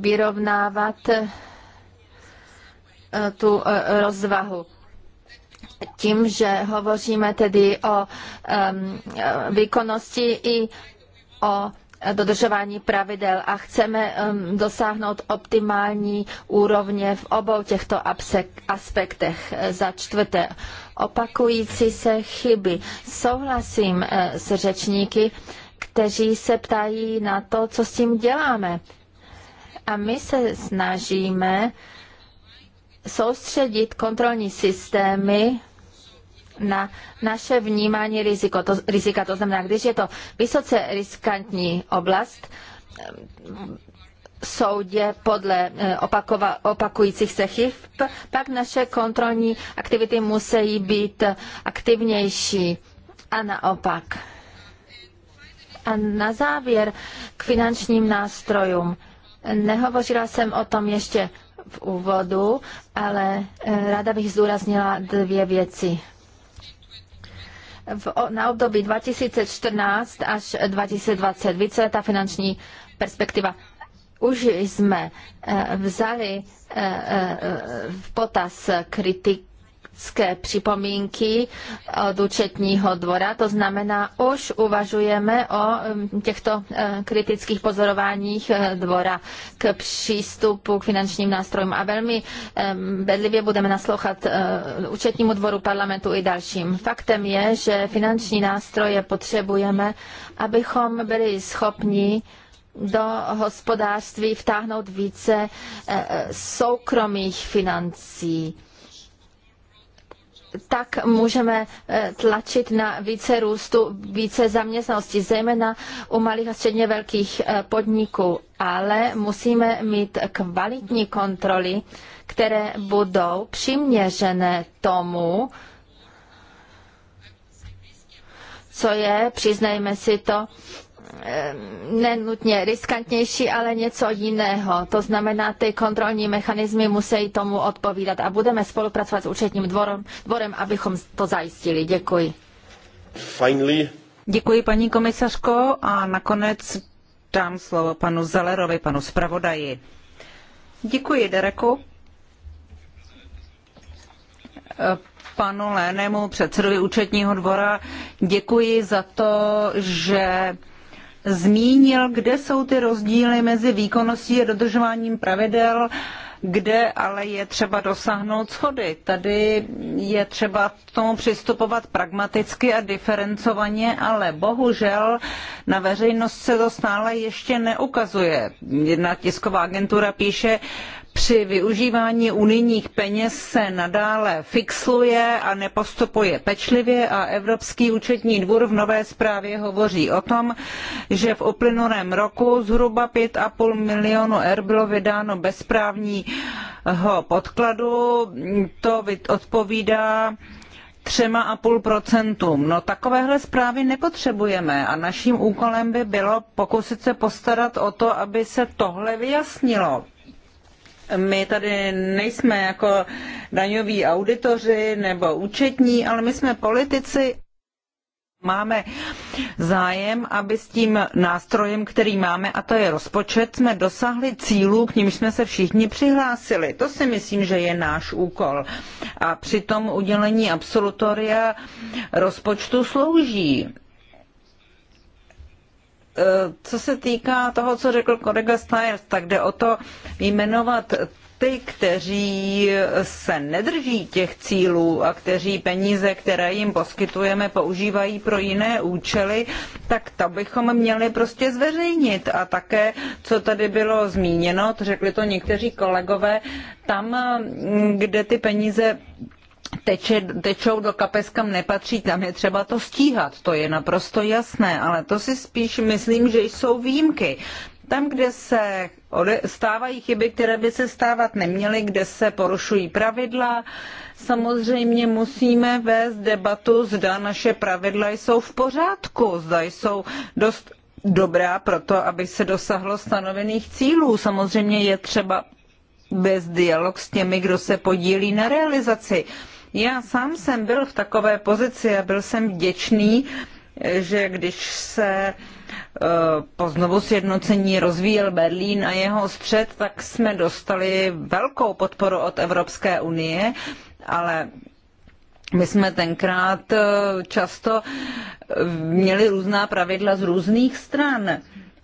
vyrovnávat eh, tu eh, rozvahu tím, že hovoříme tedy o um, výkonnosti i o dodržování pravidel a chceme um, dosáhnout optimální úrovně v obou těchto aspektech. E, za čtvrté, opakující se chyby. Souhlasím e, s řečníky, kteří se ptají na to, co s tím děláme. A my se snažíme soustředit kontrolní systémy na naše vnímání riziko, to, rizika. To znamená, když je to vysoce riskantní oblast, ehm, soudě podle eh, opakova, opakujících se chyb, pak naše kontrolní aktivity musí být aktivnější a naopak. A na závěr k finančním nástrojům. Nehovořila jsem o tom ještě v úvodu, ale eh, ráda bych zdůraznila dvě věci v, na období 2014 až 2020, víceletá finanční perspektiva. Už jsme eh, vzali eh, eh, v potaz kritik kritické připomínky od účetního dvora, to znamená, už uvažujeme o um, těchto uh, kritických pozorováních uh, dvora k přístupu k finančním nástrojům a velmi um, bedlivě budeme naslouchat uh, účetnímu dvoru parlamentu i dalším. Faktem je, že finanční nástroje potřebujeme, abychom byli schopni do hospodářství vtáhnout více soukromých financí tak můžeme eh, tlačit na více růstu, více zaměstnanosti, zejména u malých a středně velkých eh, podniků. Ale musíme mít kvalitní kontroly, které budou přiměřené tomu, co je, přiznejme si to, Eh, nenutně riskantnější, ale něco jiného. To znamená, ty kontrolní mechanismy musí tomu odpovídat a budeme spolupracovat s účetním dvorem, dvorem abychom to zajistili. Děkuji. Finally. Děkuji, paní komisařko. A nakonec dám slovo panu Zelerovi, panu zpravodaji. Děkuji, Dereku. Panu Lénemu, předsedovi účetního dvora, děkuji za to, že zmínil, kde jsou ty rozdíly mezi výkonností a dodržováním pravidel, kde ale je třeba dosáhnout schody. Tady je třeba k tomu přistupovat pragmaticky a diferencovaně, ale bohužel na veřejnost se to stále ještě neukazuje. Jedna tisková agentura píše, při využívání unijních peněz se nadále fixluje a nepostupuje pečlivě a Evropský účetní dvůr v nové zprávě hovoří o tom, že v uplynulém roku zhruba 5,5 milionu eur bylo vydáno bezprávního podkladu. To odpovídá třema a půl procentům. No takovéhle zprávy nepotřebujeme a naším úkolem by bylo pokusit se postarat o to, aby se tohle vyjasnilo my tady nejsme jako daňoví auditoři nebo účetní, ale my jsme politici. Máme zájem, aby s tím nástrojem, který máme, a to je rozpočet, jsme dosahli cílů, k nímž jsme se všichni přihlásili. To si myslím, že je náš úkol. A přitom udělení absolutoria rozpočtu slouží Eh, co se týká toho, co řekl kolega Stajers, tak jde o to jmenovat ty, kteří se nedrží těch cílů a kteří peníze, které jim poskytujeme, používají pro jiné účely, tak to bychom měli prostě zveřejnit. A také, co tady bylo zmíněno, to řekli to někteří kolegové, tam, mm, kde ty peníze teče, tečou do kapes, kam nepatří, tam je třeba to stíhat, to je naprosto jasné, ale to si spíš myslím, že jsou výjimky. Tam, kde se stávají chyby, které by se stávat neměly, kde se porušují pravidla, samozřejmě musíme vést debatu, zda naše pravidla jsou v pořádku, zda jsou dost dobrá pro to, aby se dosahlo stanovených cílů. Samozřejmě je třeba bez dialog s těmi, kdo se podílí na realizaci. Já sám jsem byl v takové pozici a byl jsem vděčný, že když se e, po znovu sjednocení rozvíjel Berlín a jeho střed, tak jsme dostali velkou podporu od Evropské unie, ale my jsme tenkrát e, často e, měli různá pravidla z různých stran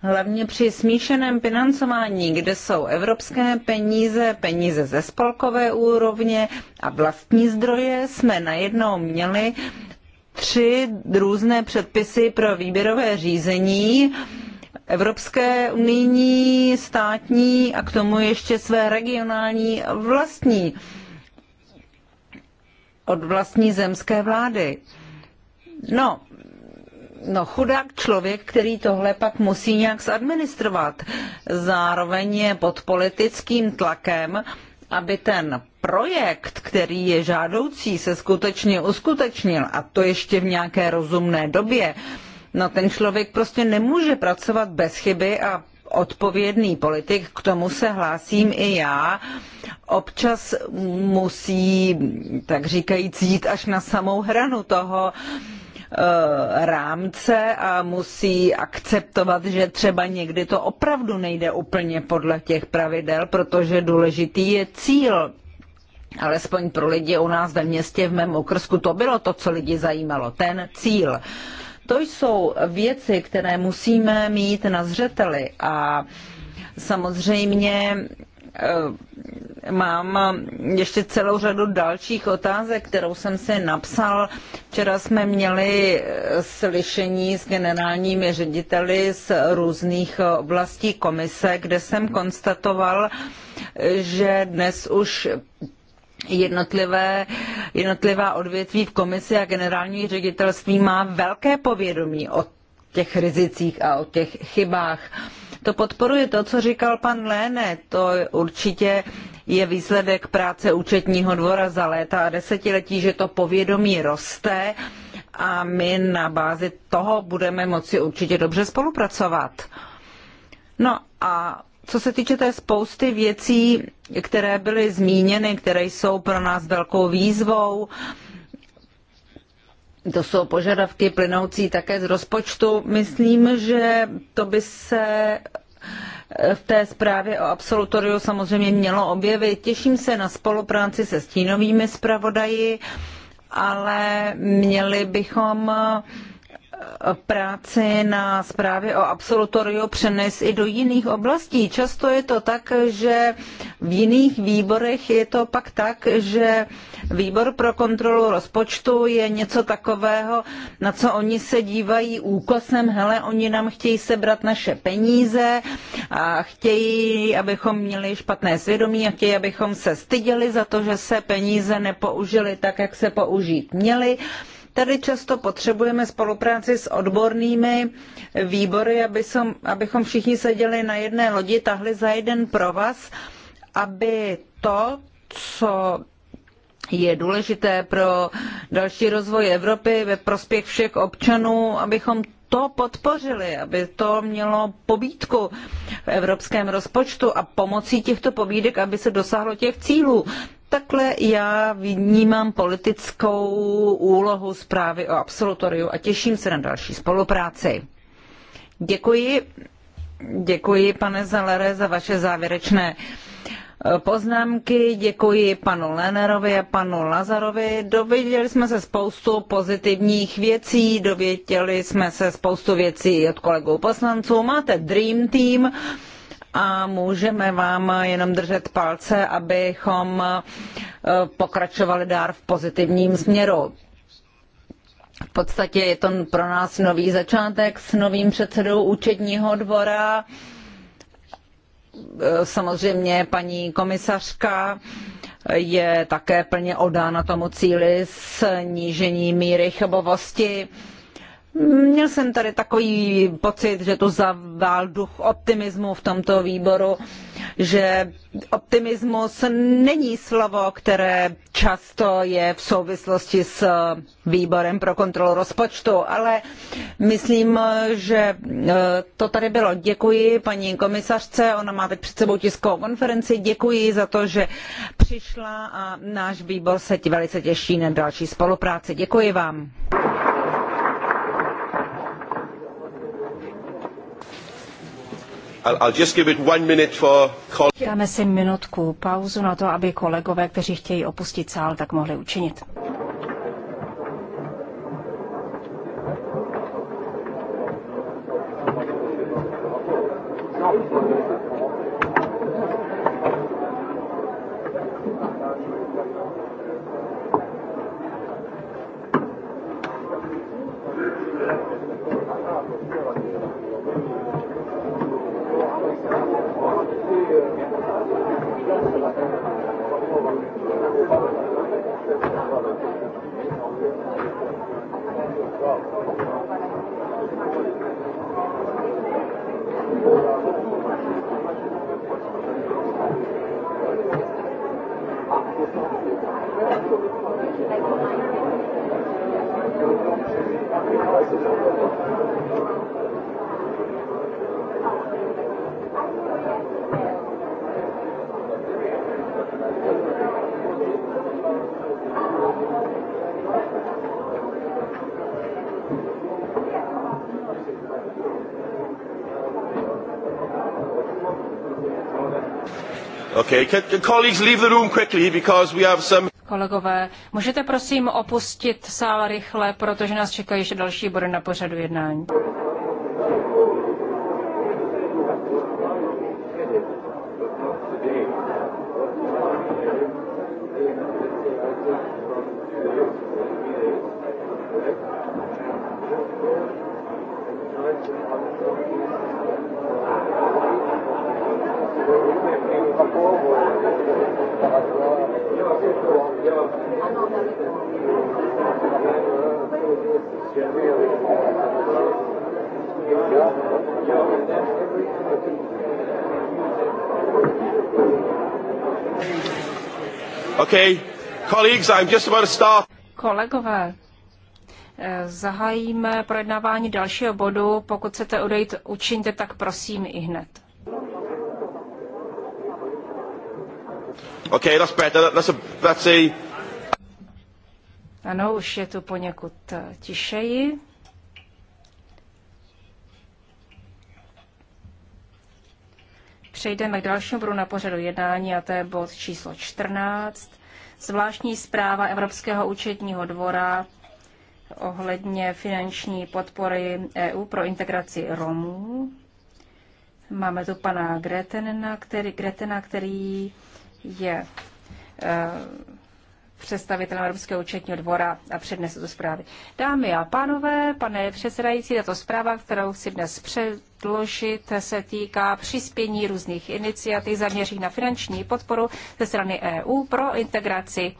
hlavně při smíšeném financování, kde jsou evropské peníze, peníze ze spolkové úrovně a vlastní zdroje, jsme najednou měli tři různé předpisy pro výběrové řízení, evropské, unijní, státní a k tomu ještě své regionální vlastní od vlastní zemské vlády. No, no, chudák člověk, který tohle pak musí nějak zadministrovat. Zároveň je pod politickým tlakem, aby ten projekt, který je žádoucí, se skutečně uskutečnil a to ještě v nějaké rozumné době. No ten člověk prostě nemůže pracovat bez chyby a odpovědný politik, k tomu se hlásím i já, občas musí, tak říkajíc, jít až na samou hranu toho, Eh, rámce a musí akceptovat, že třeba někdy to opravdu nejde úplně podle těch pravidel, protože důležitý je cíl. Alespoň pro lidi u nás ve městě, v mém okrsku, to bylo to, co lidi zajímalo, ten cíl. To jsou věci, které musíme mít na zřeteli a samozřejmě Eh, mám eh, ještě celou řadu dalších otázek, kterou jsem si napsal. Včera jsme měli eh, slyšení s generálními řediteli z různých oblastí komise, kde jsem konstatoval, že dnes už jednotlivé, jednotlivá odvětví v komisi a generální ředitelství má velké povědomí o těch rizicích a o těch chybách. To podporuje to, co říkal pan Léne. To určitě je výsledek práce účetního dvora za léta a desetiletí, že to povědomí roste a my na bázi toho budeme moci určitě dobře spolupracovat. No a co se týče té spousty věcí, které byly zmíněny, které jsou pro nás velkou výzvou, to jsou požadavky plynoucí také z rozpočtu. Myslím, že to by se eh, v té zprávě o absolutoriu samozřejmě mělo objevit. Těším se na spolupráci se stínovými zpravodaji, ale měli bychom uh, práci na zprávě o absolutoriu přenes i do jiných oblastí. Často je to tak, že v jiných výborech je to pak tak, že výbor pro kontrolu rozpočtu je něco takového, na co oni se dívají úkosem, hele, oni nám chtějí sebrat naše peníze a chtějí, abychom měli špatné svědomí a chtějí, abychom se styděli za to, že se peníze nepoužily tak, jak se použít měli. Tady často potřebujeme spolupráci s odbornými výbory, aby som, abychom všichni seděli na jedné lodi, tahli za jeden provaz, aby to, co je důležité pro další rozvoj Evropy ve prospěch všech občanů, abychom to podpořili, aby to mělo pobídku v evropském rozpočtu a pomocí těchto pobídek, aby se dosáhlo těch cílů. Takhle já vnímám politickou úlohu zprávy o absolutoriu a těším se na další spolupráci. Děkuji. Děkuji, pane Zalere, za vaše závěrečné eh, poznámky. Děkuji panu Lenerovi a panu Lazarovi. Dověděli jsme se spoustu pozitivních věcí, dověděli jsme se spoustu věcí od kolegů poslanců. Máte Dream Team, a můžeme vám jenom držet palce, abychom e, pokračovali dár v pozitivním směru. V podstatě je to pro nás nový začátek s novým předsedou účetního dvora. E, samozřejmě paní komisařka je také plně odána tomu cíli snížení míry chybovosti. Měl jsem tady takový pocit, že tu zavál duch optimismu v tomto výboru, že optimismus není slovo, které často je v souvislosti s výborem pro kontrolu rozpočtu, ale myslím, že e, to tady bylo. Děkuji paní komisařce, ona má teď před sebou tiskovou konferenci. Děkuji za to, že přišla a náš výbor se velice těší na další spolupráci. Děkuji vám. Dáme si minutku pauzu na to, aby kolegové, kteří chtějí opustit sál, tak mohli učinit. Thank you. Okay, can, colleagues leave the room quickly because we have some... Kolegové, můžete prosím opustit sál rychle, protože nás čekají ještě další body na pořadu jednání. Okay. Colleagues, I'm just about to Kolegové, eh, zahájíme projednávání dalšího bodu. Pokud chcete odejít, učiňte tak prosím i hned. Okay, that's better. That's a, that's a... Ano, už je tu poněkud eh, tišeji. Přejdeme k dalšímu bodu na pořadu jednání a to je bod číslo 14 zvláštní zpráva Evropského účetního dvora ohledně finanční podpory EU pro integraci Romů. Máme tu pana Gretena, který, Gretena, který je eh, představitelem Evropského účetního dvora a přednesu tu zprávy. Dámy a pánové, pane předsedající, tato zpráva, kterou chci dnes předložit, se týká přispění různých iniciativ zaměřených na finanční podporu ze strany EU pro integraci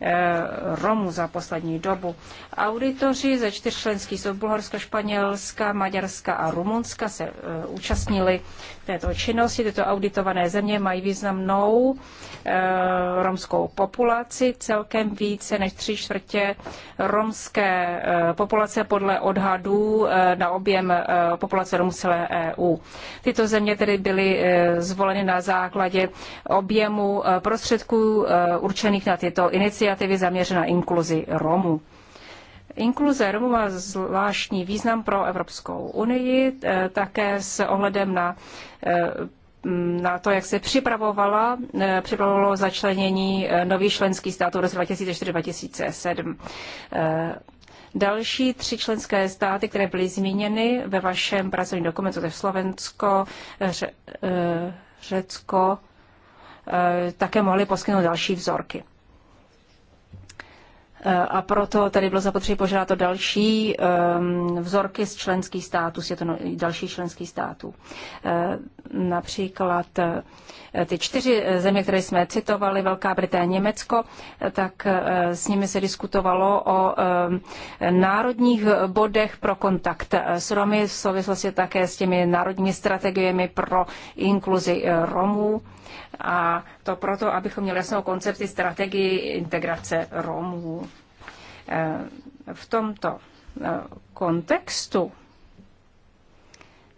Eh, Romů za poslední dobu. Auditoři ze čtyř členských z Bulharska, Španělska, Maďarska a Rumunska se eh, účastnili této činnosti. Tyto auditované země mají významnou eh, romskou populaci, celkem více než tři čtvrtě romské populace podle odhadů na objem populace Romů celé EU. Tyto země tedy byly zvoleny na základě objemu prostředků určených na tyto iniciativy iniciativy zaměřené na inkluzi Romů. Inkluze Romů má zvláštní význam pro Evropskou unii, eh, také s ohledem na eh, na to, jak se připravovala, eh, připravovalo začlenění nových členských států v roce 2004-2007. Další tři členské státy, které byly zmíněny ve vašem pracovním dokumentu, to je Slovensko, Řecko, také mohly poskytnout další vzorky. Eh, a proto tady bylo zapotřebí požádat o další ehm, vzorky z členských států, z no, dalších členských států. Eh, například eh, ty čtyři země, které jsme citovali, Velká Británie, Německo, tak s nimi se diskutovalo o ehm, národních bodech pro kontakt s Romy v souvislosti také s těmi národními strategiemi pro inkluzi Romů a to proto, abychom měli jasnou koncepci strategii integrace Romů. E, v tomto e, kontextu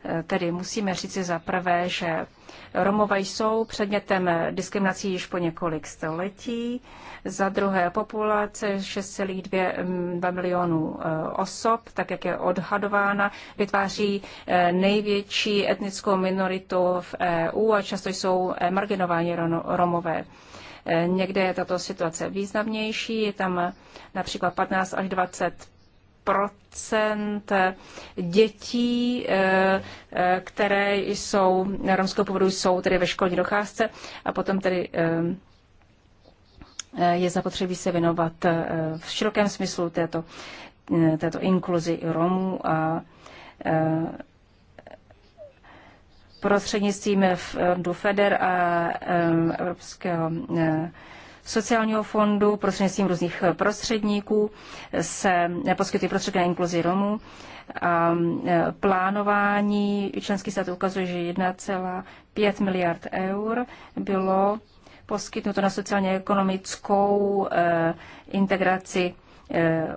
e, tedy musíme říci zaprvé, že Romové jsou předmětem diskriminací již po několik století. Za druhé populace 6,2 mm, milionů eh, osob, tak jak je odhadována, vytváří eh, největší etnickou minoritu v EU a často jsou eh, marginováni Romové. Někde je tato situace významnější, je tam například 15 až 20 procent dětí, eh, eh, které jsou romského původu, jsou tedy ve školní docházce a potom tedy eh, je zapotřebí se věnovat v širokém smyslu této, této inkluzi Romů a prostřednictvím fondu FEDER a Evropského sociálního fondu prostřednictvím různých eh, prostředníků se poskytují prostředky na inkluzi Romů. A eh, plánování členský stát ukazuje, že 1,5 miliard eur bylo poskytnuto na sociálně-ekonomickou eh, integraci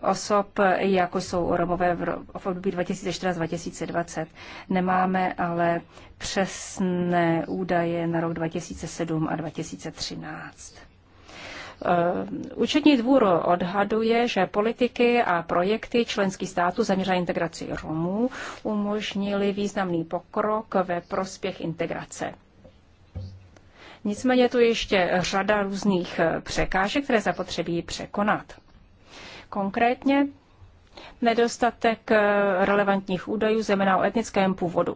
osob, jako jsou Romové v období 2014-2020. Nemáme ale přesné údaje na rok 2007 a 2013. Eh, účetní dvůr odhaduje, že politiky a projekty členských států zaměřené integraci Romů umožnili významný pokrok ve prospěch integrace. Nicméně je tu ještě řada různých eh, překážek, které zapotřebí překonat. Konkrétně nedostatek eh, relevantních údajů, zejména o etnickém původu.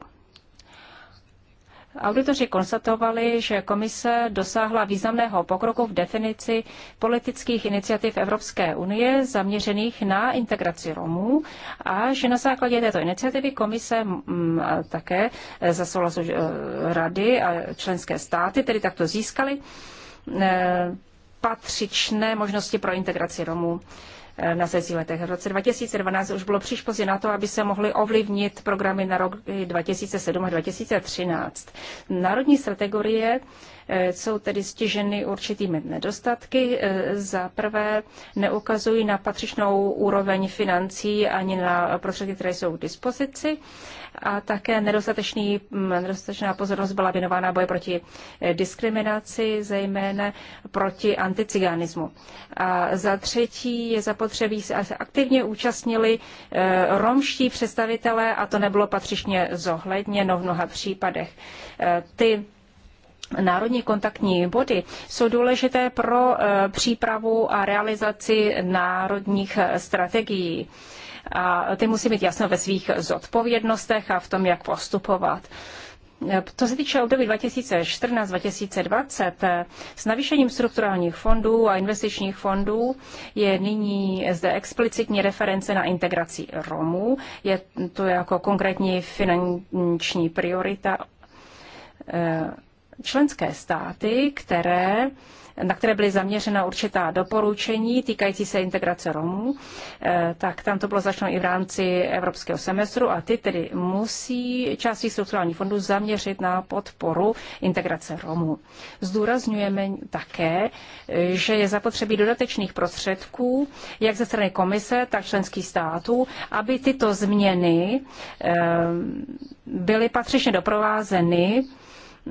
Auditoři konstatovali, že komise dosáhla významného pokroku v definici politických iniciativ Evropské unie zaměřených na integraci Romů a že na základě této iniciativy komise m, mm, také za souhlasu eh, rady a členské státy tedy takto získaly eh, patřičné možnosti pro integraci Romů. Eh, na sezí letech. V roce 2012 už bylo příliš pozdě na to, aby se mohly ovlivnit programy na rok 2007 a 2013. Národní strategie eh, jsou tedy stiženy určitými nedostatky. Eh, za prvé neukazují na patřičnou úroveň financí ani na prostředky, které jsou k dispozici a také nedostatečný, mm, nedostatečná pozornost byla věnována boje proti eh, diskriminaci, zejména proti anticiganismu. A za třetí je zapotřebí se aktivně účastnili eh, romští představitelé a to nebylo patřičně zohledněno v mnoha případech. Eh, ty Národní kontaktní body jsou důležité pro přípravu a realizaci národních strategií a ty musí mít jasno ve svých zodpovědnostech a v tom, jak postupovat. To se týče období 2014-2020, s navýšením strukturálních fondů a investičních fondů je nyní zde explicitní reference na integraci Romů. Je to jako konkrétní finanční priorita. Eh, členské státy, které na které byly zaměřena určitá doporučení týkající se integrace Romů, eh, tak tam to bylo začleno i v rámci evropského semestru a ty tedy musí části strukturální fondu zaměřit na podporu integrace Romů. Zdůrazňujeme také, eh, že je zapotřebí dodatečných prostředků, jak ze strany komise, tak členských států, aby tyto změny eh, byly patřičně doprovázeny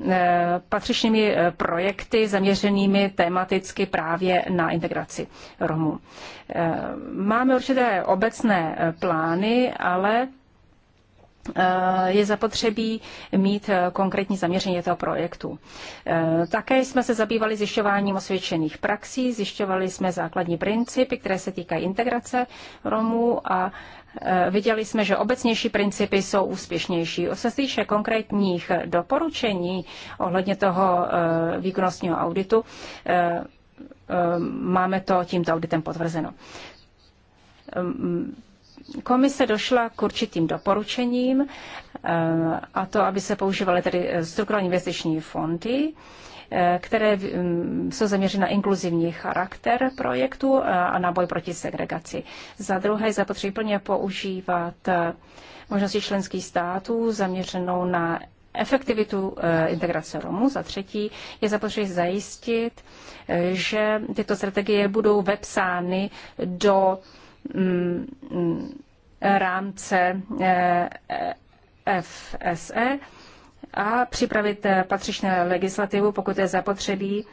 E, patřičnými e, projekty zaměřenými tematicky právě na integraci Romů. E, máme určité obecné plány, ale Eh, je zapotřebí mít eh, konkrétní zaměření toho projektu. Eh, také jsme se zabývali zjišťováním osvědčených praxí, zjišťovali jsme základní principy, které se týkají integrace Romů a viděli jsme, že obecnější principy jsou úspěšnější. O se týče konkrétních doporučení ohledně toho výkonnostního auditu, máme to tímto auditem potvrzeno ehm, Komise došla k určitým doporučením, eh, a to, aby se používaly tedy eh, strukturální investiční fondy, eh, které mm, jsou zaměřeny na inkluzivní charakter projektu a na boj proti segregaci. Za druhé zapotřebí plně používat možnosti členských států zaměřenou na efektivitu integrace Romů. Za třetí je zapotřebí zajistit, že tyto strategie budou vepsány do Mm, mm, rámce eh, eh, FSE a připravit eh, patřičné legislativu, pokud je zapotřebí,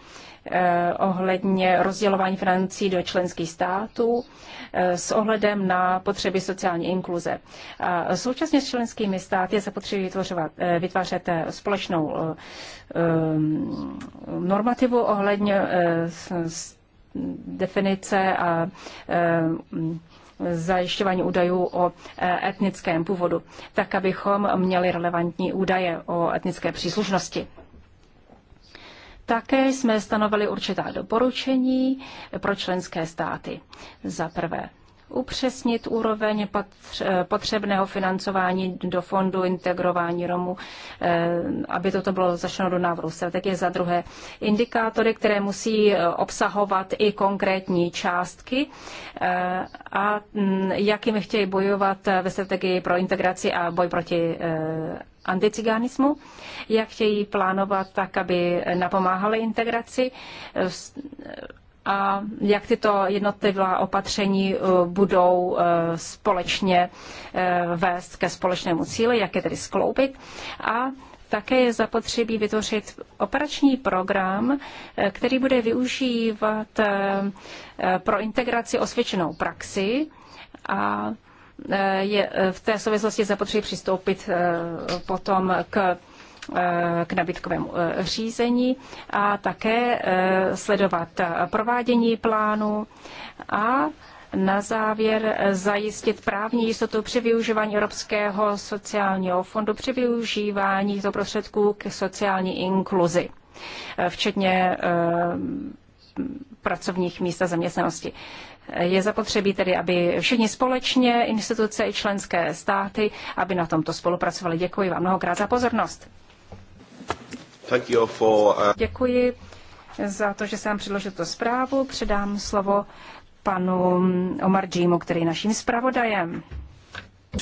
ohledně rozdělování financí do členských států s ohledem na potřeby sociální inkluze. A současně s členskými státy je zapotřebí vytvořovat, vytvářet společnou normativu ohledně definice a eh, zajišťování údajů o eh, etnickém původu, tak abychom měli relevantní údaje o etnické příslušnosti. Také jsme stanovili určitá doporučení pro členské státy. Za prvé, upřesnit úroveň eh, potřebného financování do fondu integrování Romů, eh, aby toto bylo začleno do návrhu strategie. Za druhé, indikátory, které musí eh, obsahovat i konkrétní částky a mm, jakými chtějí bojovat ve strategii pro integraci a boj proti anticigánismu, jak chtějí plánovat tak, aby napomáhali integraci a jak tyto jednotlivá opatření eh, budou eh, společně eh, vést ke společnému cíli, jak je tedy skloubit. A také je zapotřebí vytvořit operační program, který bude využívat pro integraci osvědčenou praxi a je v té souvislosti zapotřebí přistoupit potom k Eh, k nabídkovému eh, řízení a také eh, sledovat provádění plánu a na závěr zajistit právní jistotu při využívání Evropského sociálního fondu, při využívání těchto prostředků k sociální inkluzi, včetně pracovních míst a zaměstnanosti. Je zapotřebí tedy, aby všichni společně, instituce i členské státy, aby na tomto spolupracovali. Děkuji vám mnohokrát za pozornost. Uh, děkuji za to, že jsem předložil tu zprávu. Předám slovo panu mm, Omar Džimu, který je naším zpravodajem.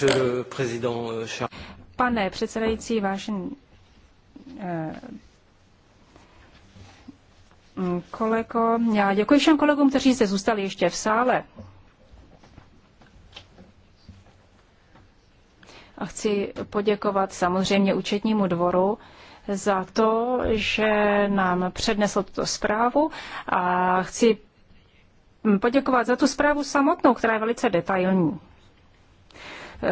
Euh, Pane předsedající, vážený eh, mm, kolego, já děkuji všem kolegům, kteří se zůstali ještě v sále. A chci poděkovat samozřejmě účetnímu dvoru, za to, že nám přednesl tuto zprávu a chci poděkovat za tu zprávu samotnou, která je velice detailní.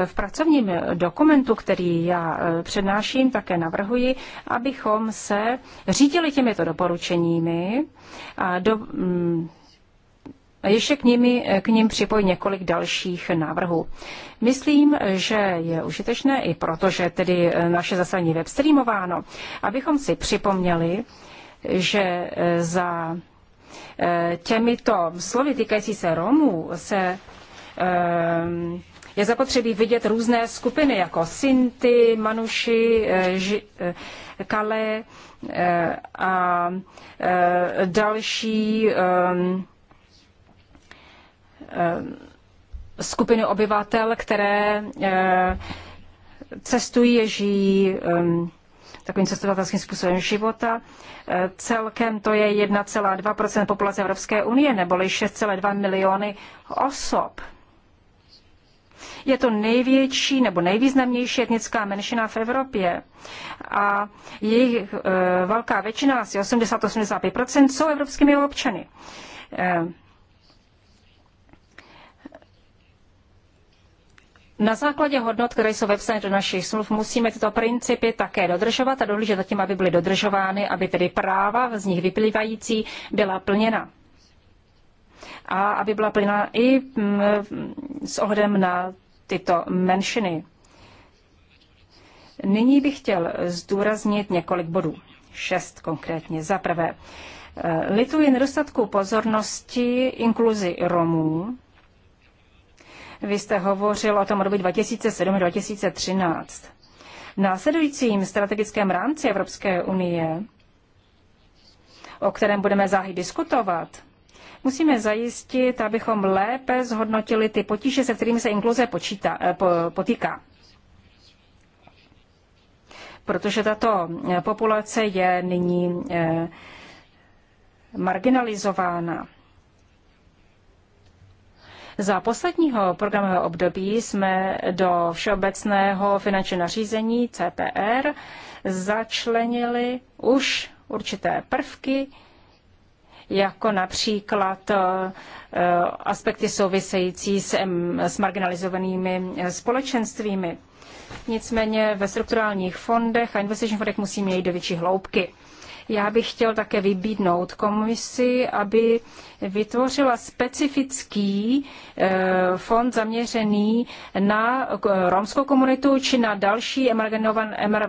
V pracovním dokumentu, který já e, přednáším, také navrhuji, abychom se řídili těmito doporučeními a do, mm, a ještě k, nimi, eh, k ním připojí několik dalších návrhů. Myslím, že je užitečné i proto, že tedy eh, naše zasedání web streamováno, abychom si připomněli, že eh, za těmito slovy týkající se Romů se je zapotřebí vidět různé skupiny, jako Sinty, Manuši, Ži, Kale a další Eh, skupiny obyvatel, které eh, cestují, žijí eh, takovým cestovatelským způsobem života. Celkem to je 1,2 populace Evropské unie, neboli 6,2 miliony osob. Je to největší nebo nejvýznamnější etnická menšina v Evropě. A jejich velká většina, asi 80-85%, jsou evropskými občany. E, Na základě hodnot, které jsou vepsány do našich smluv, musíme tyto principy také dodržovat a dohlížet tím, aby byly dodržovány, aby tedy práva z nich vyplývající byla plněna. A aby byla plněna i mm, s ohledem na tyto menšiny. Nyní bych chtěl zdůraznit několik bodů. Šest konkrétně. Za prvé, eh, lituji nedostatku pozornosti inkluzi Romů vy jste hovořil o tom roce 2007-2013. následujícím strategickém rámci Evropské unie, o kterém budeme záhy diskutovat, musíme zajistit, abychom lépe zhodnotili ty potíže, se kterými se inkluze počítá, eh, potýká protože tato eh, populace je nyní eh, marginalizována. Za posledního programového období jsme do všeobecného finančního nařízení CPR začlenili už určité prvky, jako například eh, aspekty související s, s marginalizovanými eh, společenstvími. Nicméně ve strukturálních fondech a investičních fondech musíme jít do větší hloubky. Já bych chtěl také vybídnout komisi, aby vytvořila specifický eh, fond zaměřený na eh, romskou komunitu či na další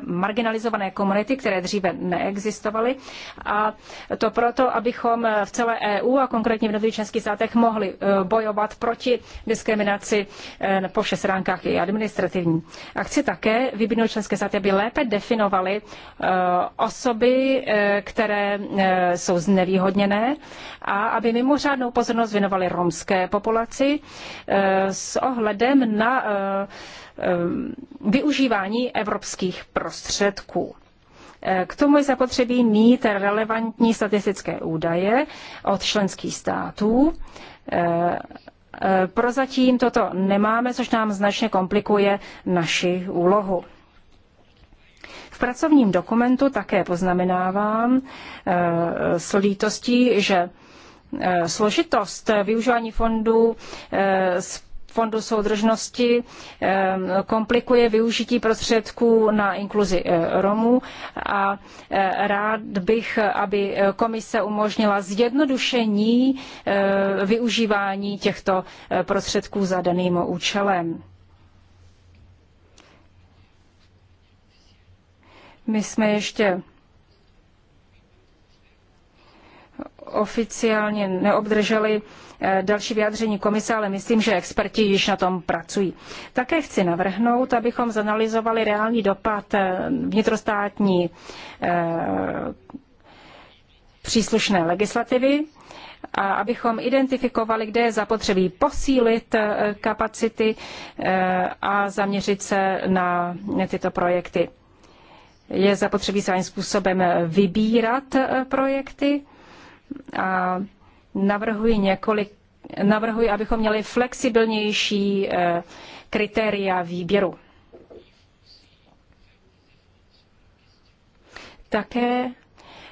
marginalizované komunity, které dříve neexistovaly. A to proto, abychom eh, v celé EU a konkrétně v nových českých státech mohli bojovat proti diskriminaci po všech stránkách i administrativní. A chci také vybídnout české státy, aby lépe definovaly osoby, které jsou znevýhodněné a aby mimořádnou pozornost věnovali romské populaci eh, s ohledem na eh, eh, využívání evropských prostředků. K tomu je zapotřebí mít relevantní statistické údaje od členských států. Prozatím toto nemáme, což nám značně komplikuje naši úlohu. V pracovním dokumentu také poznamenávám s lítostí, že Eh, složitost využívání fondů eh, z fondu soudržnosti eh, komplikuje využití prostředků na inkluzi Romů a rád bych, aby komise umožnila zjednodušení využívání těchto prostředků za daným účelem. My jsme ještě oficiálně neobdrželi eh, další vyjádření komise, ale myslím, že experti již na tom pracují. Také chci navrhnout, abychom zanalizovali reálný dopad eh, vnitrostátní eh, příslušné legislativy a abychom identifikovali, kde je zapotřebí posílit kapacity a zaměřit se na tyto projekty. Je zapotřebí svým způsobem vybírat projekty a navrhuji několik navrhuji, abychom měli flexibilnější eh, kritéria výběru. Také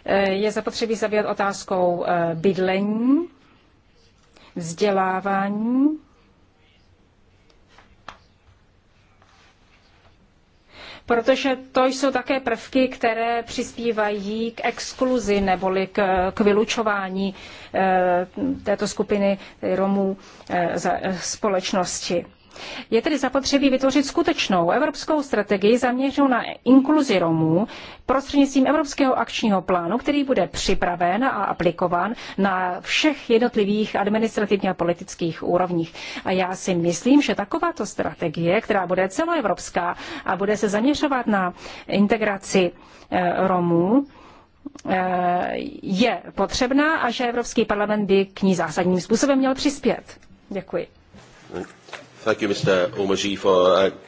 eh, je zapotřebí zabývat otázkou eh, bydlení, vzdělávání protože to jsou také prvky, které přispívají k exkluzi neboli k, k vylučování eh, této skupiny Romů eh, ze eh, společnosti. Je tedy zapotřebí vytvořit skutečnou evropskou strategii zaměřenou na inkluzi Romů prostřednictvím Evropského akčního plánu, který bude připraven a aplikován na všech jednotlivých administrativních a politických úrovních. A já si myslím, že takováto strategie, která bude celoevropská a bude se zaměřovat na integraci eh, Romů, eh, je potřebná a že Evropský parlament by k ní zásadním způsobem měl přispět. Děkuji. Uh,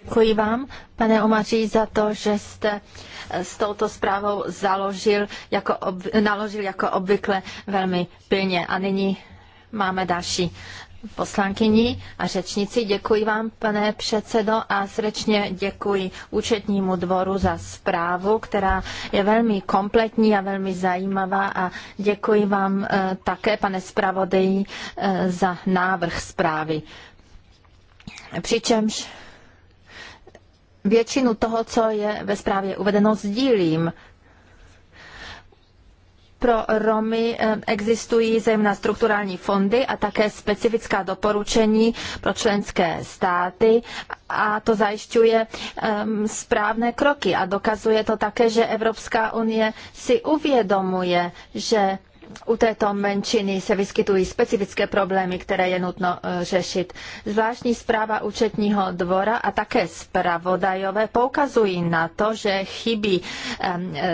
děkuji vám, pane Omaří, za to, že jste eh, s touto zprávou založil jako ob, naložil jako obvykle velmi pilně. A nyní máme další poslankyni a řečnici. Děkuji vám, pane předsedo, a srdečně děkuji účetnímu dvoru za zprávu, která je velmi kompletní a velmi zajímavá a děkuji vám eh, také, pane zpravodaji, eh, za návrh zprávy. Přičemž většinu toho, co je ve zprávě uvedeno, sdílím. Pro Romy eh, existují zejména strukturální fondy a také specifická doporučení pro členské státy a to zajišťuje um, správné kroky a dokazuje to také, že Evropská unie si uvědomuje, že u této menšiny se vyskytují specifické problémy, které je nutno e, řešit. Zvláštní zpráva účetního dvora a také zpravodajové poukazují na to, že chybí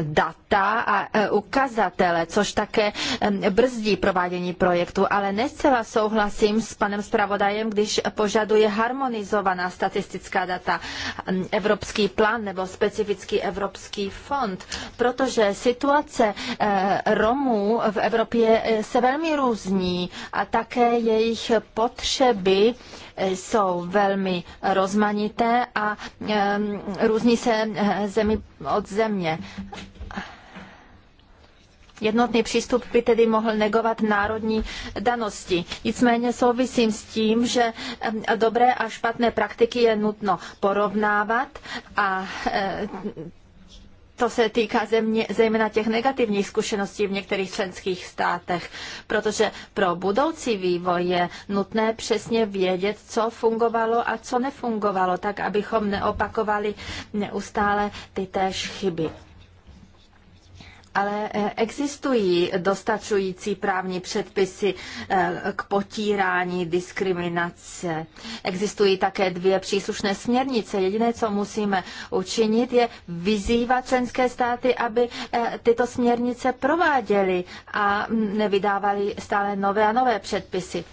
data a e, ukazatele, což také brzdí provádění projektu, ale nescela souhlasím s panem zpravodajem, když požaduje harmonizovaná statistická data, evropský plán nebo specifický evropský fond, protože situace e, Romů v Evropě eh, se velmi různí a také jejich potřeby eh, jsou velmi rozmanité a eh, různí se zemi od země. Jednotný přístup by tedy mohl negovat národní danosti. Nicméně souvisím s tím, že dobré a špatné praktiky je nutno porovnávat a to se týká země, zejména těch negativních zkušeností v některých členských státech, protože pro budoucí vývoj je nutné přesně vědět, co fungovalo a co nefungovalo, tak abychom neopakovali neustále ty též chyby ale eh, existují dostačující právní předpisy eh, k potírání diskriminace. Existují také dvě příslušné směrnice. Jediné, co musíme učinit, je vyzývat členské státy, aby eh, tyto směrnice prováděly a mm, nevydávali stále nové a nové předpisy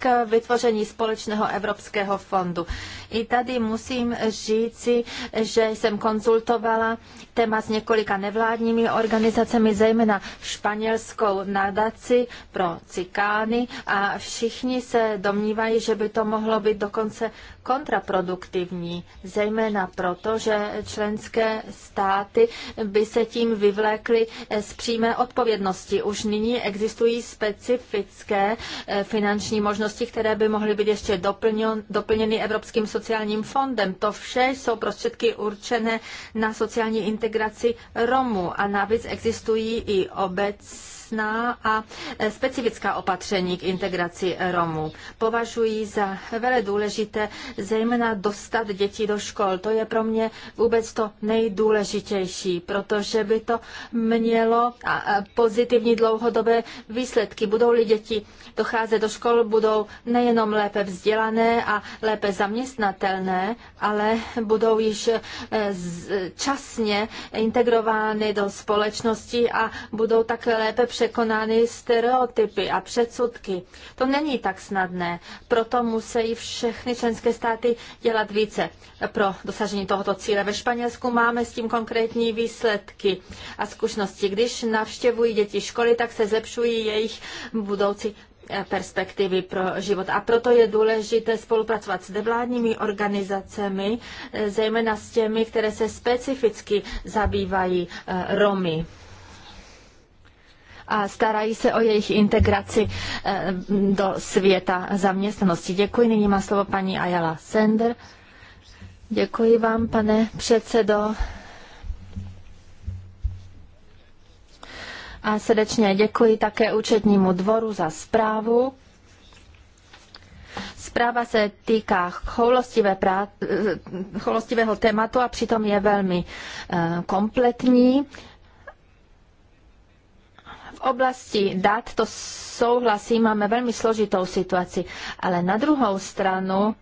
k vytvoření společného Evropského fondu. I tady musím říci, že jsem konzultovala téma s několika nevládními organizacemi, zejména španělskou nadaci pro cikány a všichni se domnívají, že by to mohlo být dokonce kontraproduktivní, zejména proto, že členské státy by se tím vyvlékly z přímé odpovědnosti. Už nyní existují specifické eh, finanční možnosti, které by mohly být ještě doplněny Evropským sociálním fondem. To vše jsou prostředky určené na sociální integraci Romů a navíc existují i obec jasná a specifická opatření k integraci Romů. Považuji za velmi důležité zejména dostat děti do škol. To je pro mě vůbec to nejdůležitější, protože by to mělo pozitivní dlouhodobé výsledky. Budou-li děti docházet do škol, budou nejenom lépe vzdělané a lépe zaměstnatelné, ale budou již e, časně integrovány do společnosti a budou tak lépe překonány stereotypy a předsudky. To není tak snadné, proto musí všechny členské státy dělat více pro dosažení tohoto cíle. Ve Španělsku máme s tím konkrétní výsledky a zkušenosti. Když navštěvují děti školy, tak se zlepšují jejich budoucí eh, perspektivy pro život. A proto je důležité spolupracovat s nevládními organizacemi, eh, zejména s těmi, které se specificky zabývají eh, Romy a starají se o jejich integraci eh, do světa zaměstnanosti. Děkuji. Nyní má slovo paní Ayala Sender. Děkuji vám, pane předsedo. A srdečně děkuji také účetnímu dvoru za zprávu. Zpráva se týká choulostivé prá- eh, choulostivého tématu a přitom je velmi eh, kompletní oblasti dat to souhlasí, máme velmi složitou situaci, ale na druhou stranu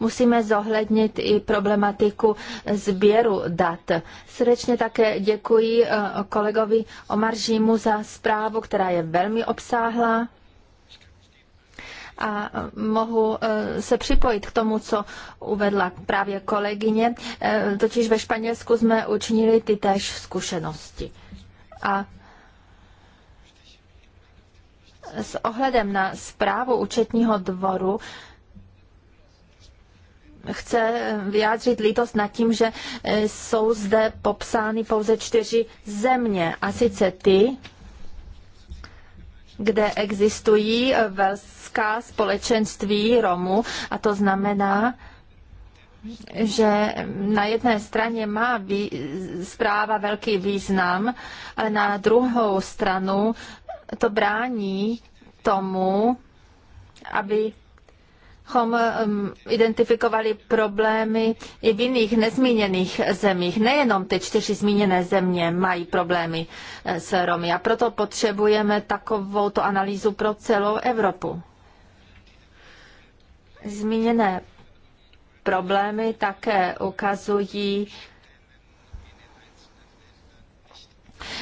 musíme zohlednit i problematiku sběru dat. Srdečně také děkuji eh, kolegovi Omaržímu za zprávu, která je velmi obsáhlá a eh, mohu eh, se připojit k tomu, co uvedla právě kolegyně. Totiž ve Španělsku jsme učinili ty též zkušenosti. A s ohledem na zprávu účetního dvoru chce vyjádřit lítost nad tím, že e, jsou zde popsány pouze čtyři země, a sice ty, kde existují e, velská společenství Romů, a to znamená, že na jedné straně má zpráva velký význam, ale na druhou stranu to brání tomu, aby abychom um, identifikovali problémy i v jiných nezmíněných zemích. Nejenom ty čtyři zmíněné země mají problémy eh, s Romy a proto potřebujeme takovou to analýzu pro celou Evropu. Zmíněné problémy také ukazují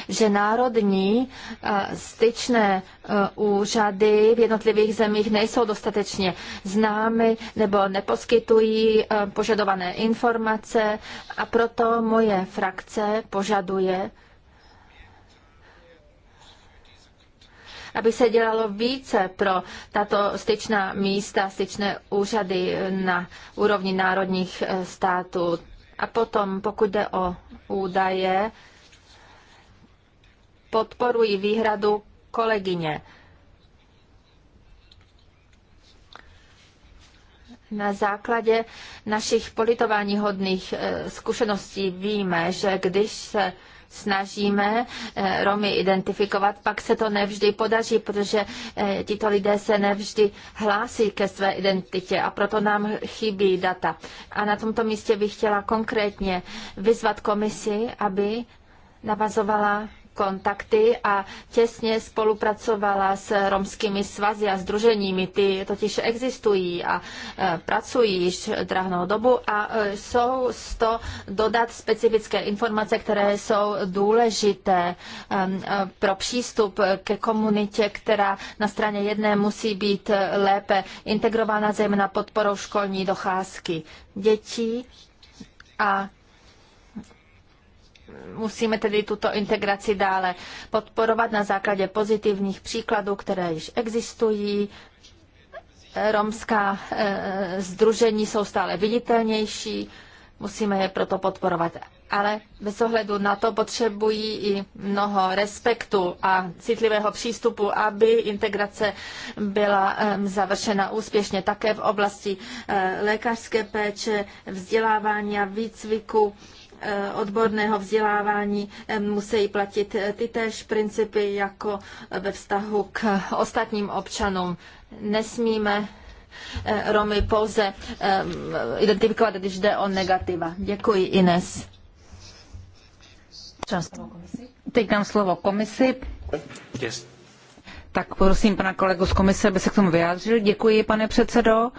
že národní eh, styčné eh, úřady v jednotlivých zemích nejsou dostatečně známy nebo neposkytují eh, požadované informace a proto moje frakce požaduje, aby se dělalo více pro tato styčná místa, styčné úřady na úrovni národních států. A potom, pokud jde o údaje, podporuji výhradu kolegyně. Na základě našich politováníhodných eh, zkušeností víme, že když se snažíme eh, Romy identifikovat, pak se to nevždy podaří, protože eh, tito lidé se nevždy hlásí ke své identitě a proto nám chybí data. A na tomto místě bych chtěla konkrétně vyzvat komisi, aby navazovala kontakty a těsně spolupracovala s romskými svazy a združeními. Ty totiž existují a e, pracují již drahnou dobu a e, jsou z to dodat specifické informace, které jsou důležité e, pro přístup ke komunitě, která na straně jedné musí být lépe integrována, zejména podporou školní docházky dětí a musíme tedy tuto integraci dále podporovat na základě pozitivních příkladů, které již existují. Romská združení eh, jsou stále viditelnější, musíme je proto podporovat. Ale bez ohledu na to potřebují i mnoho respektu a citlivého přístupu, aby integrace byla završena úspěšně také v oblasti eh, lékařské péče, vzdělávání a výcviku Eh, odborného vzdělávání eh, musí platit ty též principy jako ve vztahu k ostatním občanům. Nesmíme eh, Romy pouze identifikovat, když jde o negativa. Děkuji, Ines. Teď dám slovo komisi. Yes. Tak prosím pana kolegu z komise, aby se k tomu vyjádřil. Děkuji, pane předsedo. Uh,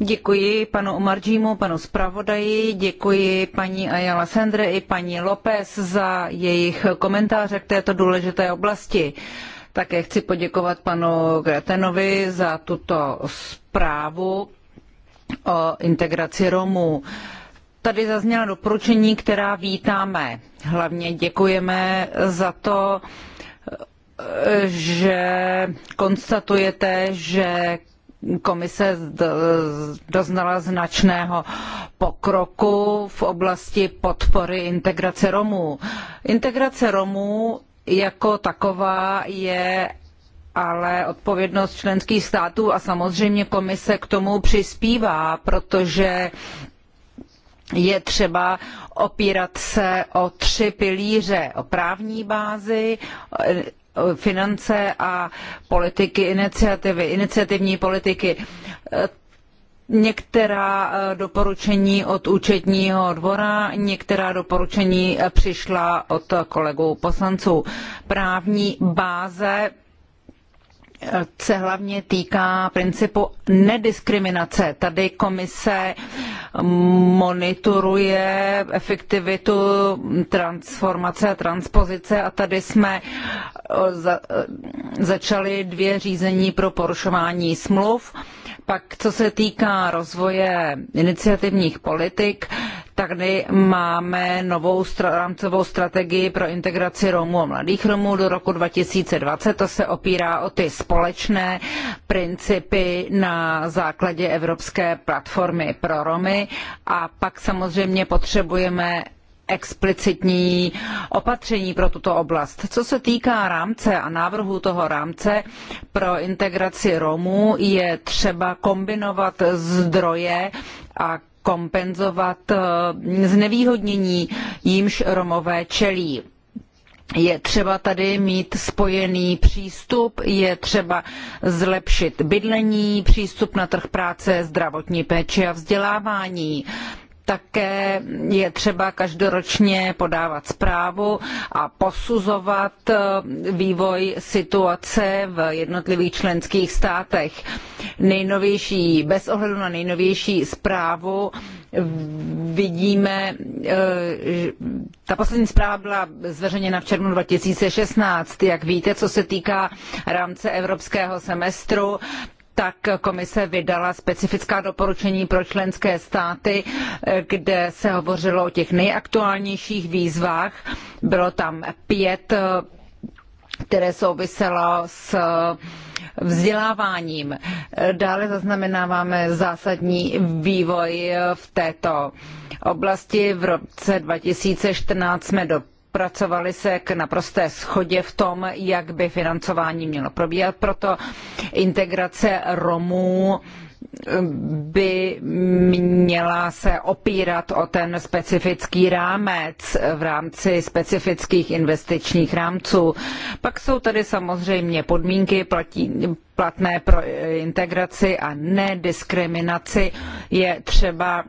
Děkuji panu Omarjimu, panu zpravodaji, děkuji paní Ayala Sendre i paní López za jejich komentáře k této důležité oblasti. Také chci poděkovat panu Gretenovi za tuto zprávu o integraci Romů. Tady zazněla doporučení, která vítáme. Hlavně děkujeme za to, že konstatujete, že komise doznala značného pokroku v oblasti podpory integrace Romů. Integrace Romů jako taková je ale odpovědnost členských států a samozřejmě komise k tomu přispívá, protože je třeba opírat se o tři pilíře, o právní bázi, finance a politiky iniciativy, iniciativní politiky. Některá eh, doporučení od účetního dvora, některá doporučení eh, přišla od kolegů poslanců. Právní báze se hlavně týká principu nediskriminace. Tady komise monitoruje efektivitu transformace a transpozice a tady jsme za, začali dvě řízení pro porušování smluv. Pak, co se týká rozvoje iniciativních politik, Tady máme novou rámcovou strategii pro integraci Romů a mladých Romů do roku 2020. To se opírá o ty společné principy na základě Evropské platformy pro Romy. A pak samozřejmě potřebujeme explicitní opatření pro tuto oblast. Co se týká rámce a návrhu toho rámce pro integraci Romů, je třeba kombinovat zdroje a kompenzovat eh, znevýhodnění, jímž Romové čelí. Je třeba tady mít spojený přístup, je třeba zlepšit bydlení, přístup na trh práce, zdravotní péče a vzdělávání. Také je třeba každoročně podávat zprávu a posuzovat eh, vývoj situace v jednotlivých členských státech. Nejnovější, bez ohledu na nejnovější zprávu, vidíme, eh, ta poslední zpráva byla zveřejněna v červnu 2016. Jak víte, co se týká rámce evropského semestru, tak komise vydala specifická doporučení pro členské státy, kde se hovořilo o těch nejaktuálnějších výzvách. Bylo tam pět které souviselo s vzděláváním. Dále zaznamenáváme zásadní vývoj v této oblasti. V roce 2014 jsme do dopracovali se k naprosté schodě v tom, jak by financování mělo probíhat. Proto integrace Romů by měla se opírat o ten specifický rámec v rámci specifických investičních rámců. Pak jsou tady samozřejmě podmínky platí, platné pro integraci a nediskriminaci. Je třeba,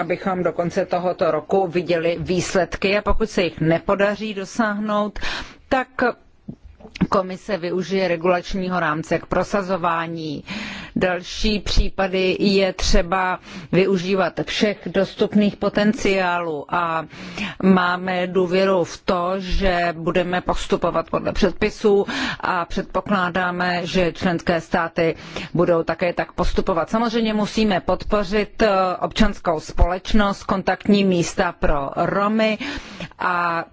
abychom do konce tohoto roku viděli výsledky a pokud se jich nepodaří dosáhnout, tak komise využije regulačního rámce k prosazování. Další případy je třeba využívat všech dostupných potenciálů a máme důvěru v to, že budeme postupovat podle předpisů a předpokládáme, že členské státy budou také tak postupovat. Samozřejmě musíme podpořit eh, občanskou společnost, kontaktní místa pro Romy a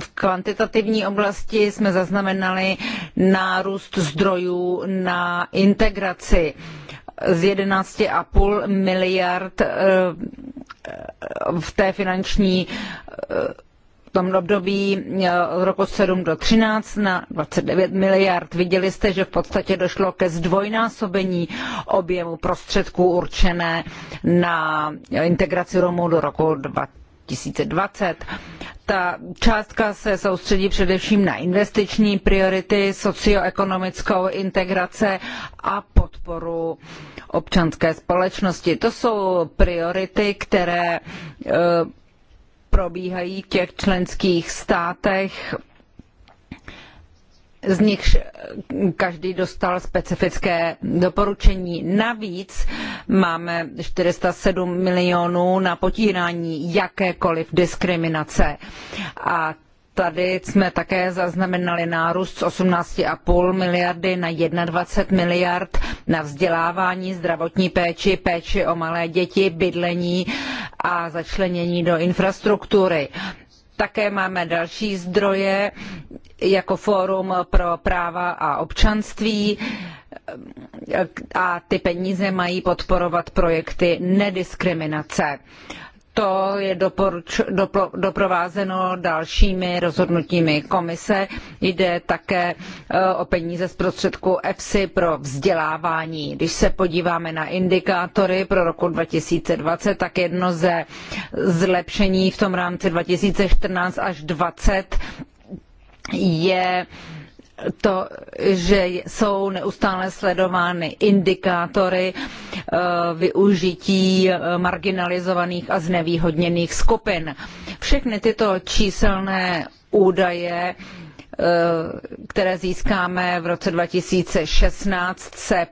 v kvantitativní oblasti jsme zaznamenali nárůst zdrojů na integraci z 11,5 miliard eh, v té finanční eh, v tom období od eh, roku 7 do 13 na 29 miliard. Viděli jste, že v podstatě došlo ke zdvojnásobení objemu prostředků určené na integraci Romů do roku 20 2020. Ta částka se soustředí především na investiční priority, socioekonomickou integraci a podporu občanské společnosti. To jsou priority, které eh, probíhají v těch členských státech z nichž každý dostal specifické doporučení. Navíc máme 407 milionů na potírání jakékoliv diskriminace. A tady jsme také zaznamenali nárůst z 18,5 miliardy na 21 miliard na vzdělávání, zdravotní péči, péči o malé děti, bydlení a začlenění do infrastruktury. Také máme další zdroje, jako Fórum pro práva a občanství a ty peníze mají podporovat projekty nediskriminace to je doporuč, dopro, doprovázeno dalšími rozhodnutími komise. Jde také e, o peníze z prostředku EFSI pro vzdělávání. Když se podíváme na indikátory pro roku 2020, tak jedno ze zlepšení v tom rámci 2014 až 2020 je to, že jsou neustále sledovány indikátory eh, využití eh, marginalizovaných a znevýhodněných skupin. Všechny tyto číselné údaje eh, které získáme v roce 2016, se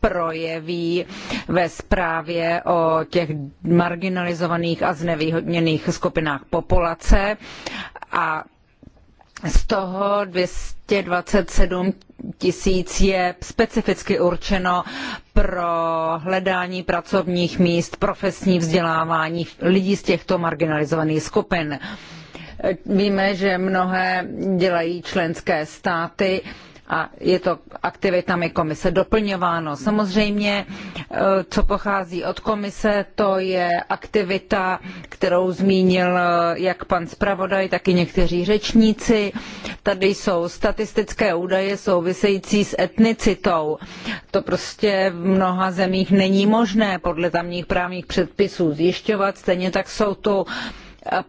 projeví ve zprávě o těch marginalizovaných a znevýhodněných skupinách populace a z toho 227 tisíc je specificky určeno pro hledání pracovních míst, profesní vzdělávání lidí z těchto marginalizovaných skupin. Víme, že mnohé dělají členské státy a je to aktivitami komise doplňováno. Samozřejmě, eh, co pochází od komise, to je aktivita, kterou zmínil eh, jak pan zpravodaj, tak i někteří řečníci. Tady jsou statistické údaje související s etnicitou. To prostě v mnoha zemích není možné podle tamních právních předpisů zjišťovat. Stejně tak jsou tu to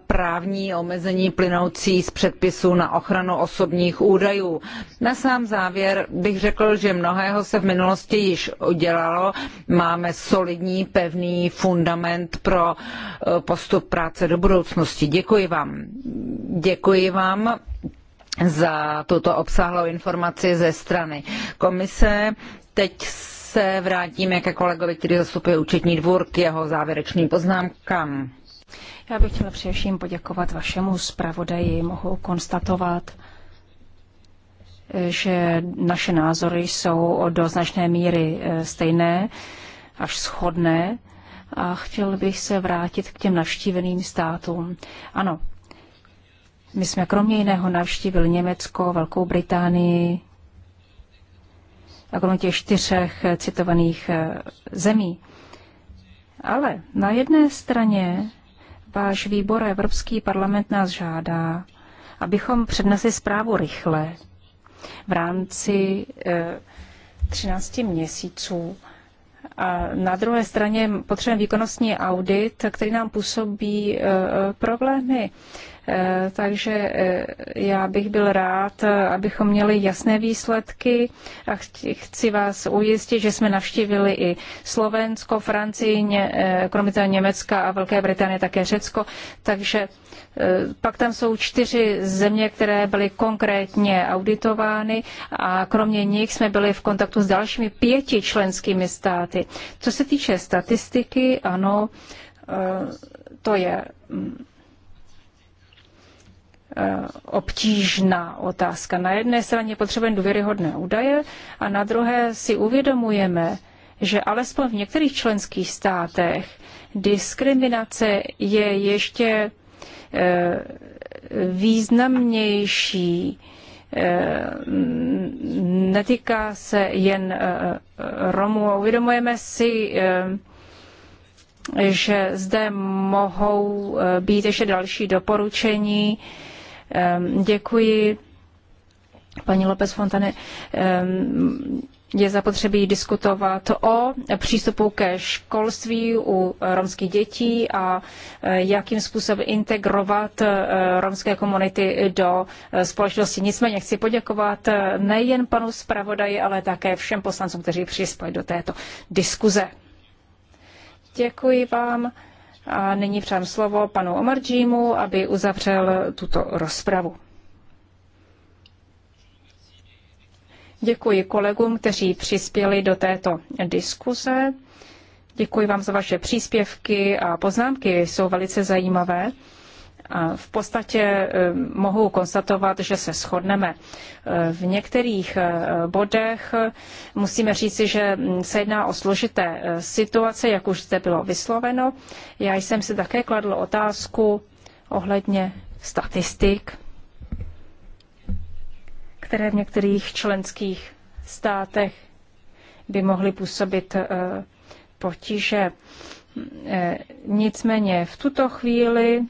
právní omezení plynoucí z předpisů na ochranu osobních údajů. Na sám závěr bych řekl, že mnohého se v minulosti již udělalo. Máme solidní, pevný fundament pro eh, postup práce do budoucnosti. Děkuji vám. Děkuji vám za tuto obsáhlou informaci ze strany komise. Teď se vrátíme ke kolegovi, který zastupuje účetní dvůr, k jeho závěrečným poznámkám. Já bych chtěla především poděkovat vašemu zpravodaji. Mohu konstatovat, že naše názory jsou do značné míry e, stejné, až shodné. A chtěl bych se vrátit k těm navštíveným státům. Ano, my jsme kromě jiného navštívili Německo, Velkou Británii a kromě těch čtyřech e, citovaných e, zemí. Ale na jedné straně Váš výbor Evropský parlament nás žádá, abychom přednesli zprávu rychle v rámci e, eh, 13 měsíců. A na druhé straně potřebujeme výkonnostní audit, který nám působí e, problémy. E, Eh, takže eh, já bych byl rád, abychom měli jasné výsledky a chci vás ujistit, že jsme navštívili i Slovensko, Francii, eh, kromě toho Německa a Velké Británie také Řecko. Takže pak tam jsou čtyři země, které byly konkrétně auditovány a kromě nich jsme byli v kontaktu s dalšími pěti členskými státy. Co se týče statistiky, ano, to je mm, Eh, obtížná otázka. Na jedné straně potřebujeme důvěryhodné údaje a na druhé si uvědomujeme, že alespoň v některých členských státech diskriminace je ještě eh, významnější. Eh, netýká se jen Romů. Uvědomujeme si, že zde mohou být ještě další doporučení, Ehm, děkuji, paní López Fontane. Ehm, je zapotřebí diskutovat o přístupu ke školství u romských dětí a eh, jakým způsobem integrovat eh, romské komunity do eh, společnosti. Nicméně chci poděkovat nejen panu zpravodaji, ale také všem poslancům, kteří přispěli do této diskuze. Děkuji vám. A nyní přám slovo panu Omarjimu, aby uzavřel tuto rozpravu. Děkuji kolegům, kteří přispěli do této diskuze. Děkuji vám za vaše příspěvky a poznámky, jsou velice zajímavé v podstatě eh, mohu konstatovat, že se shodneme. Eh, v některých eh, bodech musíme říci, že mm, se jedná o složité situace, jak už zde bylo vysloveno. Já jsem si také kladl otázku ohledně statistik, které v některých členských státech by mohly působit potíže. Nicméně v tuto chvíli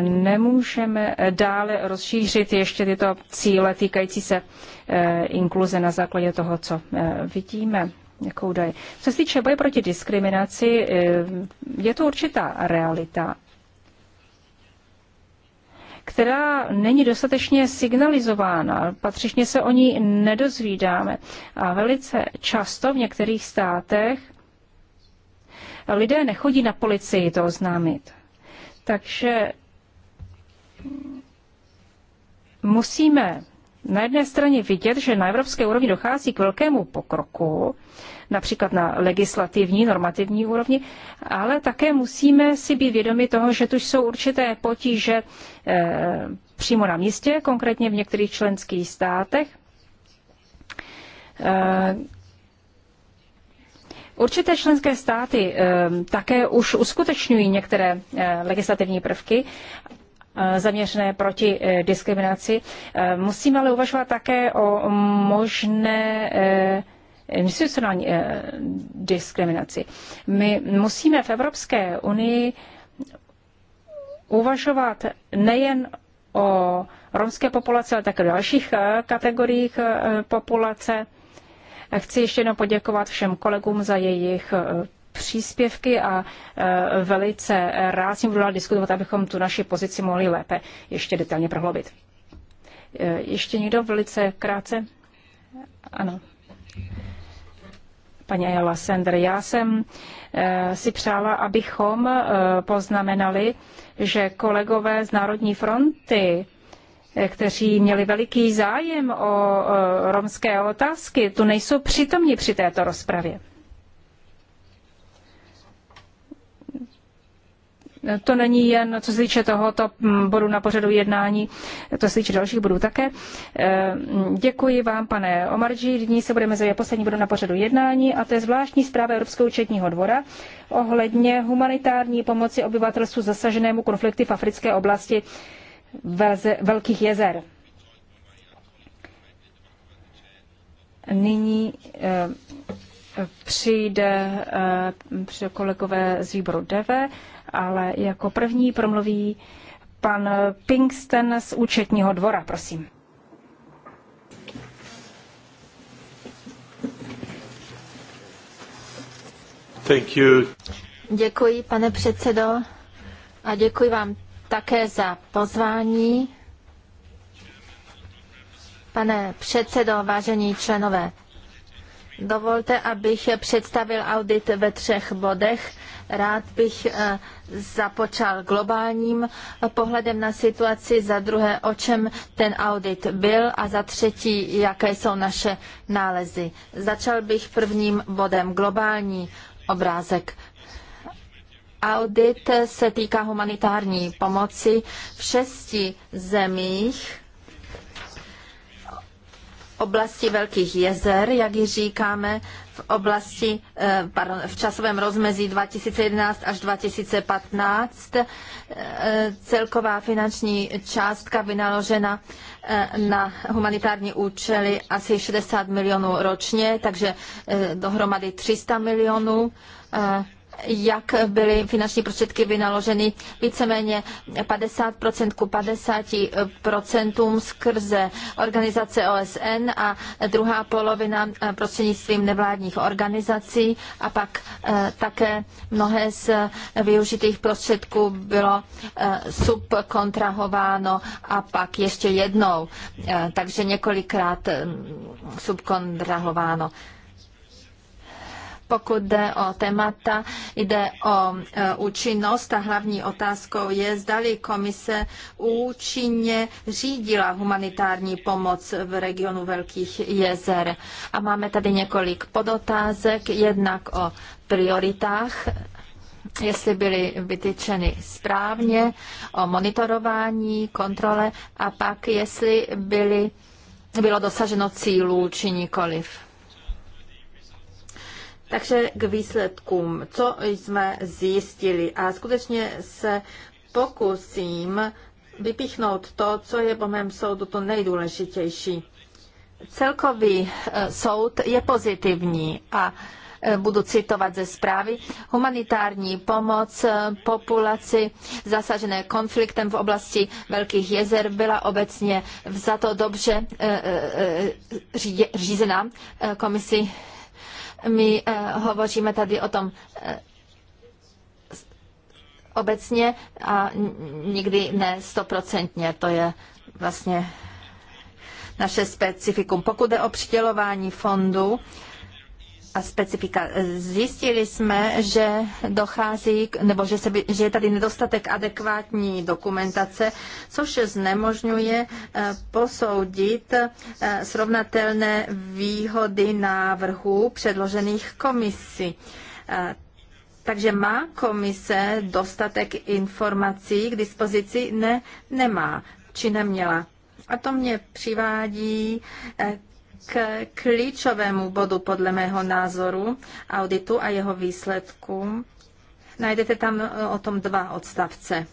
nemůžeme dále rozšířit ještě tyto cíle týkající se eh, inkluze na základě toho, co eh, vidíme jako údaje. Co se týče boje proti diskriminaci, eh, je to určitá realita, která není dostatečně signalizována, patřičně se o ní nedozvídáme. A velice často v některých státech lidé nechodí na policii to oznámit. Takže musíme na jedné straně vidět, že na evropské úrovni dochází k velkému pokroku, například na legislativní, normativní úrovni, ale také musíme si být vědomi toho, že tu jsou určité potíže e, přímo na místě, konkrétně v některých členských státech. E, Určité členské státy e, také už uskutečňují některé e, legislativní prvky Eh, zaměřené proti eh, diskriminaci. Eh, musíme ale uvažovat také o možné institucionální diskriminaci. My musíme v Evropské unii uvažovat nejen o romské populaci, ale také o dalších kategoriích populace. Chci ještě jednou poděkovat všem kolegům za jejich příspěvky a e, velice rád s ním budu diskutovat, abychom tu naši pozici mohli lépe ještě detailně prohloubit. E, ještě někdo velice krátce? Ano. Paní Ayala Sender, já jsem e, si přála, abychom poznamenali, že kolegové z Národní fronty kteří měli veliký zájem o romské otázky, tu nejsou přítomni při této rozpravě. to není jen, co se týče tohoto bodu na pořadu jednání, to se týče dalších bodů také. Ehm, děkuji vám, pane Omarji. Nyní se budeme zajímat poslední bodu na pořadu jednání a to je zvláštní zpráva Evropského účetního dvora ohledně humanitární pomoci obyvatelstvu zasaženému konflikty v africké oblasti Velkých jezer. Nyní ehm, přijde, ehm, přijde kolegové z výboru DV ale jako první promluví pan Pinkston z účetního dvora, prosím. Thank you. Děkuji, pane předsedo, a děkuji vám také za pozvání. Pane předsedo, vážení členové Dovolte, abych představil audit ve třech bodech. Rád bych eh, započal globálním eh, pohledem na situaci, za druhé, o čem ten audit byl a za třetí, jaké jsou naše nálezy. Začal bych prvním bodem, globální obrázek. Audit se týká humanitární pomoci v šesti zemích oblasti Velkých jezer, jak ji říkáme, v oblasti, eh, pardon, v časovém rozmezí 2011 až 2015 eh, celková finanční částka vynaložena eh, na humanitární účely asi 60 milionů ročně, takže dohromady 300 milionů jak byly finanční prostředky vynaloženy víceméně 50% ku 50% skrze organizace OSN a druhá polovina eh, prostřednictvím nevládních organizací a pak eh, také mnohé z využitých prostředků bylo eh, subkontrahováno a pak ještě jednou, takže několikrát subkontrahováno. Pokud jde o témata, jde o e, účinnost a hlavní otázkou je, zdali komise účinně řídila humanitární pomoc v regionu Velkých jezer. A máme tady několik podotázek, jednak o prioritách jestli byly vytyčeny správně, o monitorování, kontrole a pak jestli byly, bylo dosaženo cílů či nikoliv. Takže k výsledkům, co jsme zjistili a skutečně se pokusím vypíchnout to, co je po mém soudu to nejdůležitější. Celkový eh, soud je pozitivní a eh, budu citovat ze zprávy, humanitární pomoc eh, populaci zasažené konfliktem v oblasti Velkých jezer byla obecně za to dobře řízená komisi my eh, hovoříme tady o tom eh, obecně a nikdy ne stoprocentně. To je vlastně naše specifikum. Pokud je o přidělování fondů, a specifika. Zjistili jsme, že dochází, nebo že, se, že je tady nedostatek adekvátní dokumentace, což znemožňuje eh, posoudit eh, srovnatelné výhody návrhů předložených komisí. Eh, takže má komise dostatek informací k dispozici? Ne, nemá, či neměla. A to mě přivádí k klíčovému bodu podle mého názoru auditu a jeho výsledku. Najdete tam e, o tom dva odstavce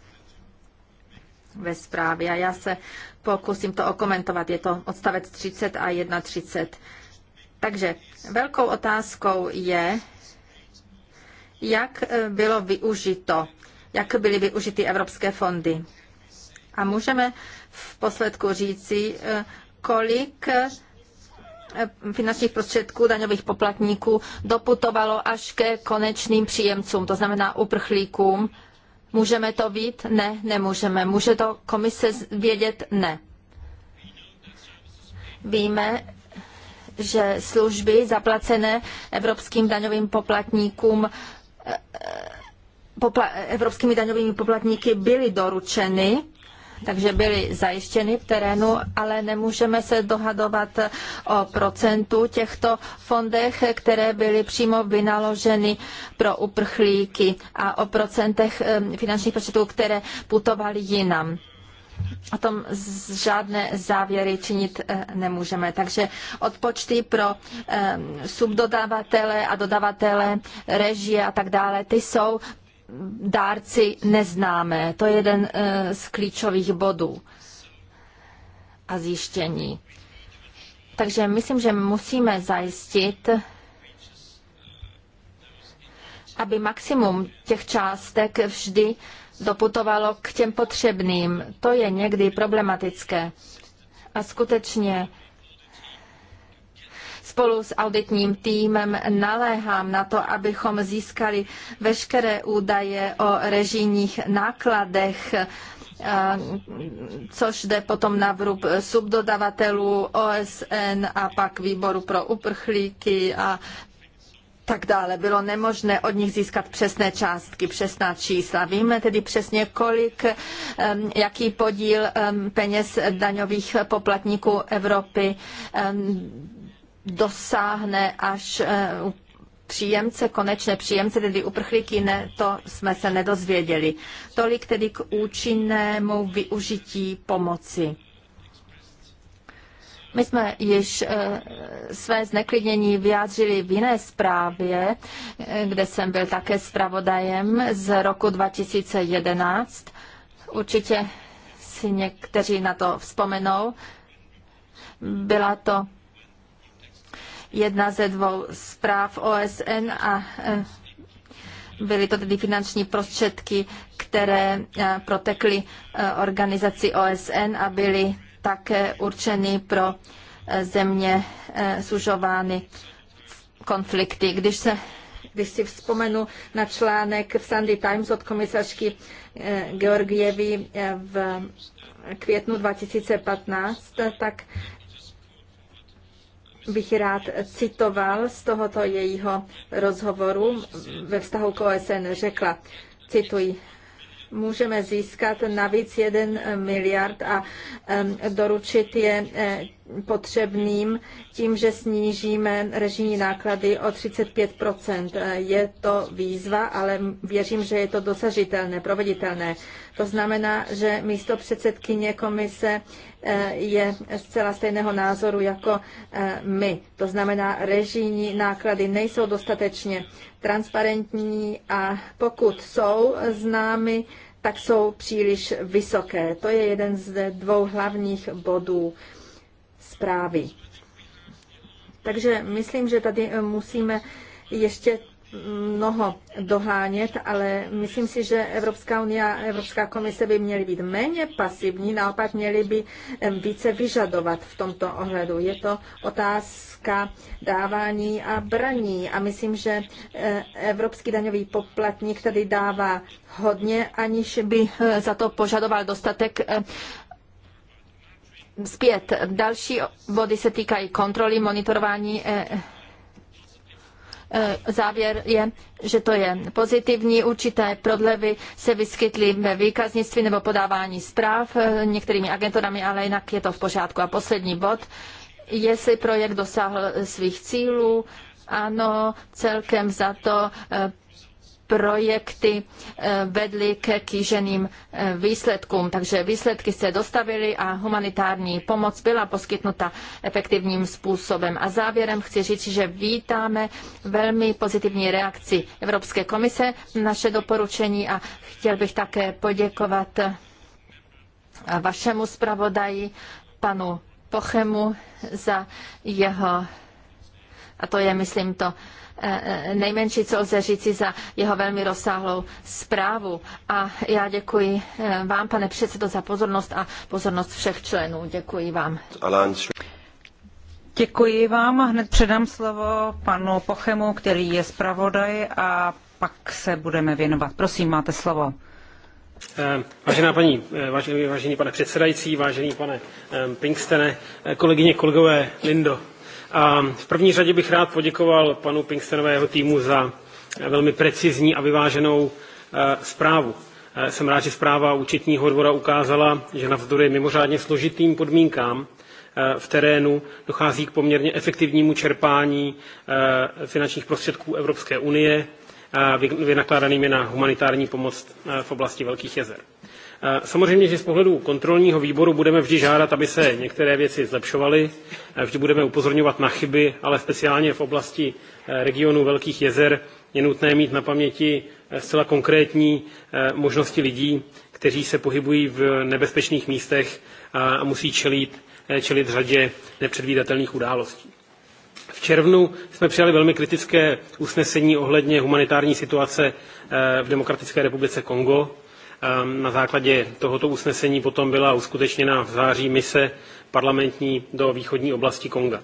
ve zprávě a já se pokusím to okomentovat. Je to odstavec 30 a 31. Takže velkou otázkou je, jak e, bylo využito, jak byly využity evropské fondy. A můžeme v posledku říci, e, kolik Eh, finančních prostředků daňových poplatníků doputovalo až ke konečným příjemcům, to znamená uprchlíkům. Můžeme to vít? Ne, nemůžeme. Může to komise vědět? Ne. Víme, že služby zaplacené evropským daňovým poplatníkům eh, eh, evropskými daňovými poplatníky byly doručeny takže byly zajištěny v terénu, ale nemůžeme se dohadovat o procentu těchto fondech, které byly přímo vynaloženy pro uprchlíky a o procentech finančních prostředků, které putovaly jinam. O tom žádné závěry činit eh, nemůžeme. Takže odpočty pro subdodavatele a dodavatele, režie a tak dále, ty jsou dárci neznáme. To je jeden eh, z klíčových bodů a zjištění. Takže myslím, že musíme zajistit, aby maximum těch částek vždy doputovalo k těm potřebným. To je někdy problematické. A skutečně Spolu s auditním týmem naléhám na to, abychom získali veškeré údaje o režijních nákladech eh, což jde potom na vrub subdodavatelů OSN a pak výboru pro uprchlíky a tak dále. Bylo nemožné od nich získat přesné částky, přesná čísla. Víme tedy přesně, kolik, jaký podíl peněz daňových poplatníků Evropy dosáhne až eh, příjemce, konečné příjemce, tedy uprchlíky, ne, to jsme se nedozvěděli. Tolik tedy k účinnému využití pomoci. My jsme již eh, své zneklidnění vyjádřili v jiné zprávě, eh, kde jsem byl také zpravodajem z roku 2011. Určitě si někteří na to vzpomenou. Byla to jedna ze dvou zpráv OSN a e, byly to tedy finanční prostředky, které e, protekly e, organizaci OSN a byly také určeny pro země sužovány konflikty. Když se když si vzpomenu na článek v Sunday Times od komisařky Georgievy v květnu 2015, tak bych rád citoval z tohoto jejího rozhovoru ve vztahu k OSN. Řekla, cituji, můžeme získat navíc jeden miliard a doručit je e, potřebným tím, že snížíme režijní náklady o 35 e, Je to výzva, ale věřím, že je to dosažitelné, proveditelné. To znamená, že místo předsedkyně komise Eh, je zcela stejného názoru jako eh, my. To znamená, režijní náklady nejsou dostatečně transparentní a pokud jsou známy, tak jsou příliš vysoké. To je jeden z dvou hlavních bodů zprávy. Takže myslím, že tady musíme ještě mnoho dohánět, ale myslím si, že Evropská unie a Evropská komise by měly být méně pasivní, naopak měly by více vyžadovat v tomto ohledu. Je to otázka dávání a braní a myslím, že e, evropský daňový poplatník tady dává hodně, aniž by e, za to požadoval dostatek e, zpět. Další body se týkají kontroly, monitorování Eh, závěr je, že to je pozitivní. Určité prodlevy se vyskytly ve výkaznictví nebo podávání zpráv eh, některými agenturami, ale jinak je to v pořádku. A poslední bod, jestli projekt dosáhl svých cílů, ano, celkem za to eh, projekty eh, vedly ke kýženým eh, výsledkům. Takže výsledky se dostavily a humanitární pomoc byla poskytnuta efektivním způsobem. A závěrem chci říct, že vítáme velmi pozitivní reakci Evropské komise na naše doporučení a chtěl bych také poděkovat eh, vašemu zpravodaji, panu Pochemu, za jeho, a to je, myslím, to Eh, eh, nejmenší, co lze říci za jeho velmi rozsáhlou zprávu. A já děkuji eh, vám, pane předsedo, za pozornost a pozornost všech členů. Děkuji vám. Děkuji vám. Hned předám slovo panu Pochemu, který je zpravodaj a pak se budeme věnovat. Prosím, máte slovo. Vážená paní, vážený, vážený pane předsedající, vážený pane Pinkstene, kolegyně, kolegové, Lindo, Ehm, v první řadě bych rád poděkoval panu Pinkstonovi jeho týmu za eh, velmi precizní a vyváženou eh, zprávu. Eh, jsem rád, že zpráva účetního dvora ukázala, že navzdory mimořádně složitým podmínkám v terénu dochází k poměrně efektivnímu čerpání finančních prostředků Evropské unie vynakládanými na humanitární pomoc v oblasti Velkých jezer. Samozřejmě, že z pohledu kontrolního výboru budeme vždy žádat, aby se některé věci zlepšovaly. Vždy budeme upozorňovat na chyby, ale speciálně v oblasti eh, regionu Velkých jezer je nutné mít na paměti eh, zcela konkrétní eh, možnosti lidí, kteří se pohybují v nebezpečných místech a musí čelit, čelit řadě nepředvídatelných událostí. V červnu jsme přijali velmi kritické usnesení ohledně humanitární situace v Demokratické republice Kongo Ehm, na základě tohoto usnesení potom byla uskutečněna v září mise parlamentní do východní oblasti Konga.